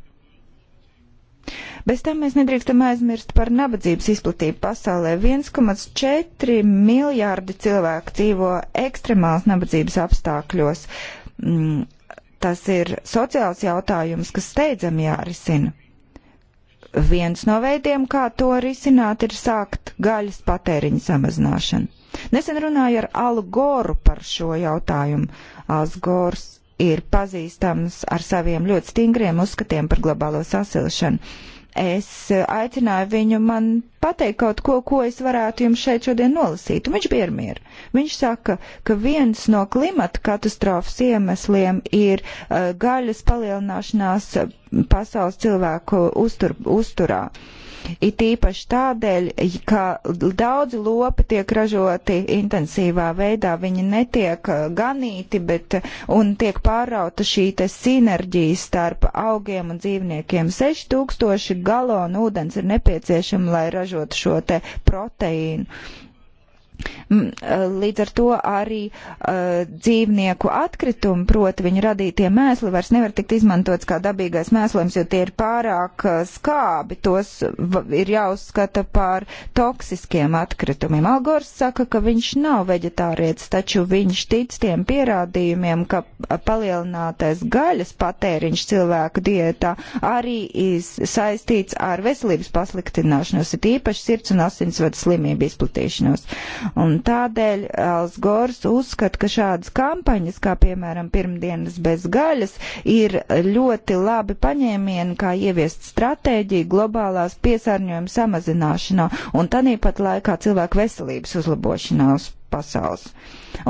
Bez tam mēs nedrīkstam aizmirst par nabadzības izplatību pasaulē. 1,4 miljārdi cilvēku dzīvo ekstremāls nabadzības apstākļos. Mm, tas ir sociāls jautājums, kas steidzami jārisina viens no veidiem, kā to risināt, ir sākt gaļas patēriņa samazināšanu. Nesen runāju ar Alu Goru par šo jautājumu. Als Gors ir pazīstams ar saviem ļoti stingriem uzskatiem par globālo sasilšanu Es aicināju viņu man pateikt kaut ko, ko es varētu jums šeit šodien nolasīt, un viņš bija mierā. Viņš saka, ka viens no klimata katastrofas iemesliem ir uh, gaļas palielināšanās uh, pasaules cilvēku uztur, uzturā. Uh, It īpaši tādēļ, ka daudzi lopi tiek ražoti intensīvā veidā, viņi netiek uh, ganīti, bet uh, un tiek pārauta šī te sinerģija starp augiem un dzīvniekiem. 6000 galonu ūdens ir nepieciešama, lai ražotu šo te proteīnu Eh, līdz ar to arī uh, dzīvnieku atkritumi, proti viņu radītie mēsli, vairs nevar tikt izmantots kā dabīgais mēslojums, jo tie ir pārāk uh, skābi, tos ir jāuzskata par toksiskiem atkritumiem. Algors saka, ka viņš nav veģetārietis, taču viņš tic tiem pierādījumiem, ka palielinātais gaļas patēriņš cilvēku diētā arī ir saistīts ar veselības pasliktināšanos, ir īpaši sirds un asinsvadu slimību izplatīšanos. Un tādēļ Els Gors uzskata, ka šādas kampaņas, kā piemēram pirmdienas bez gaļas, ir ļoti labi paņēmieni, kā ieviest stratēģiju globālās piesārņojuma samazināšanā un tanīpat laikā cilvēku veselības uzlabošanā uz pasaules.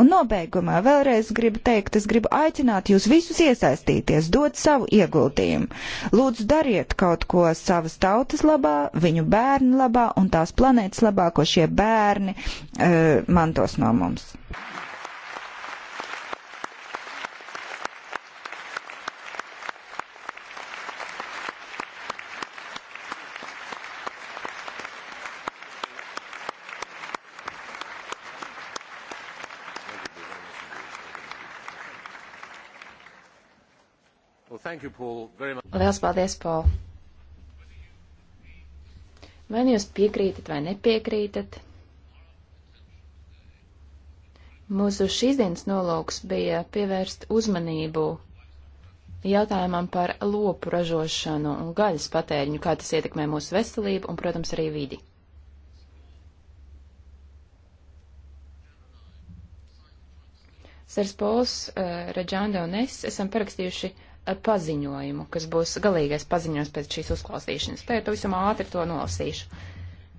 Un nobeigumā vēlreiz gribu teikt, es gribu aicināt jūs visus iesaistīties, dot savu ieguldījumu. Lūdzu, dariet kaut ko savas tautas labā, viņu bērnu labā un tās planētas labā, ko šie bērni uh, mantos no mums. You, Paul, Liels paldies, Paul! Vai nu jūs piekrītat vai nepiekrītat? Mūsu šīsdienas nolūks bija pievērst uzmanību jautājumam par lopu ražošanu un gaļas patēriņu, kā tas ietekmē mūsu veselību un, protams, arī vidi. Sars Pols, uh, Reģanda un es esam parakstījuši paziņojumu, kas būs galīgais paziņojums pēc šīs uzklausīšanas. Tagad pavisam ātri to nolasīšu.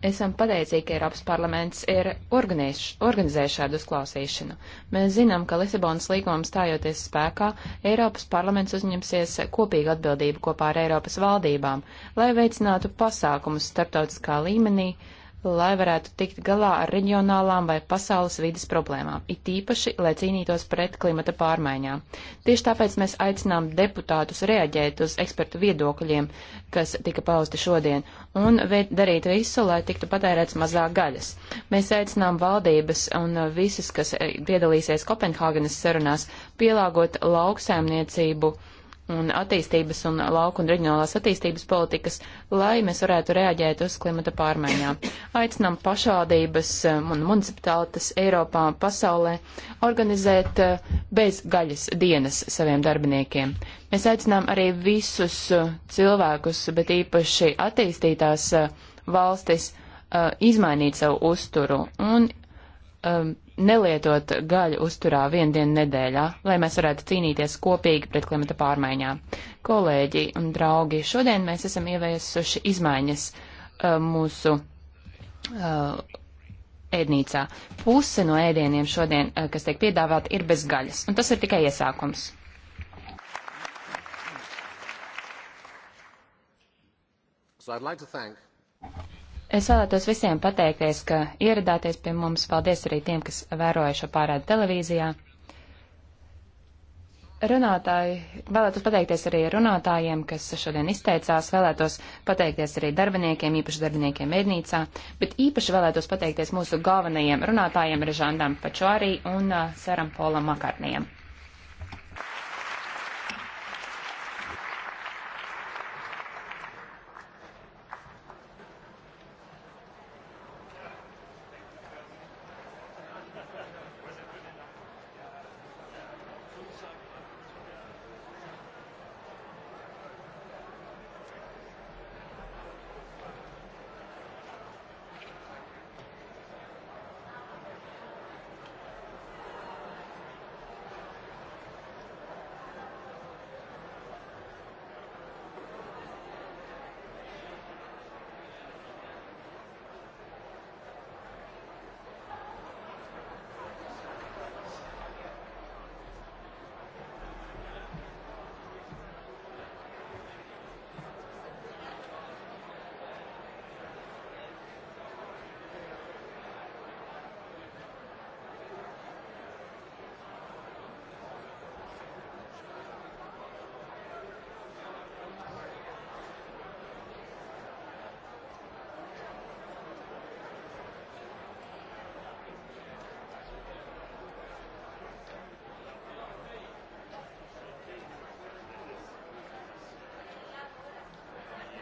Esam pateicīgi, ka Eiropas parlaments ir organizējis šādu uzklausīšanu. Mēs zinām, ka Lisabonas līgumam stājoties spēkā, Eiropas parlaments uzņemsies kopīgu atbildību kopā ar Eiropas valdībām, lai veicinātu pasākumus starptautiskā līmenī, lai varētu tikt galā ar reģionālām vai pasaules vidas problēmām, it īpaši, lai cīnītos pret klimata pārmaiņām. Tieši tāpēc mēs aicinām deputātus reaģēt uz ekspertu viedokļiem, kas tika pausti šodien, un darīt visu, lai tiktu patērēts mazāk gaļas. Mēs aicinām valdības un visus, kas eh, piedalīsies Kopenhāgenes sarunās, pielāgot lauksēmniecību un attīstības un lauku un reģionālās attīstības politikas, lai mēs varētu reaģēt uz klimata pārmaiņām. Aicinām pašvaldības un municipalitātes Eiropā un pasaulē organizēt eh, bez gaļas dienas saviem darbiniekiem. Mēs aicinām arī visus eh, cilvēkus, bet īpaši attīstītās eh, valstis, izmainīt savu uzturu un um, nelietot gaļu uzturā vienu dienu nedēļā, lai mēs varētu cīnīties kopīgi pret klimata pārmaiņām. Kolēģi un draugi, šodien mēs esam ieviesuši izmaiņas uh, mūsu uh, ēdnīcā. Puse no ēdieniem šodien, uh, kas tiek piedāvāti, ir bez gaļas, un tas ir tikai iesākums. So I'd like to thank Es vēlētos visiem pateikties, ka ieradāties pie mums. Paldies arī tiem, kas vēroja šo pārādu televīzijā. Runātāji, vēlētos pateikties arī runātājiem, kas šodien izteicās, vēlētos pateikties arī darbiniekiem, īpaši darbiniekiem mēdnīcā, bet īpaši vēlētos pateikties mūsu galvenajiem runātājiem Režandam Pačuārī un uh, Saram Polam Makarnijam.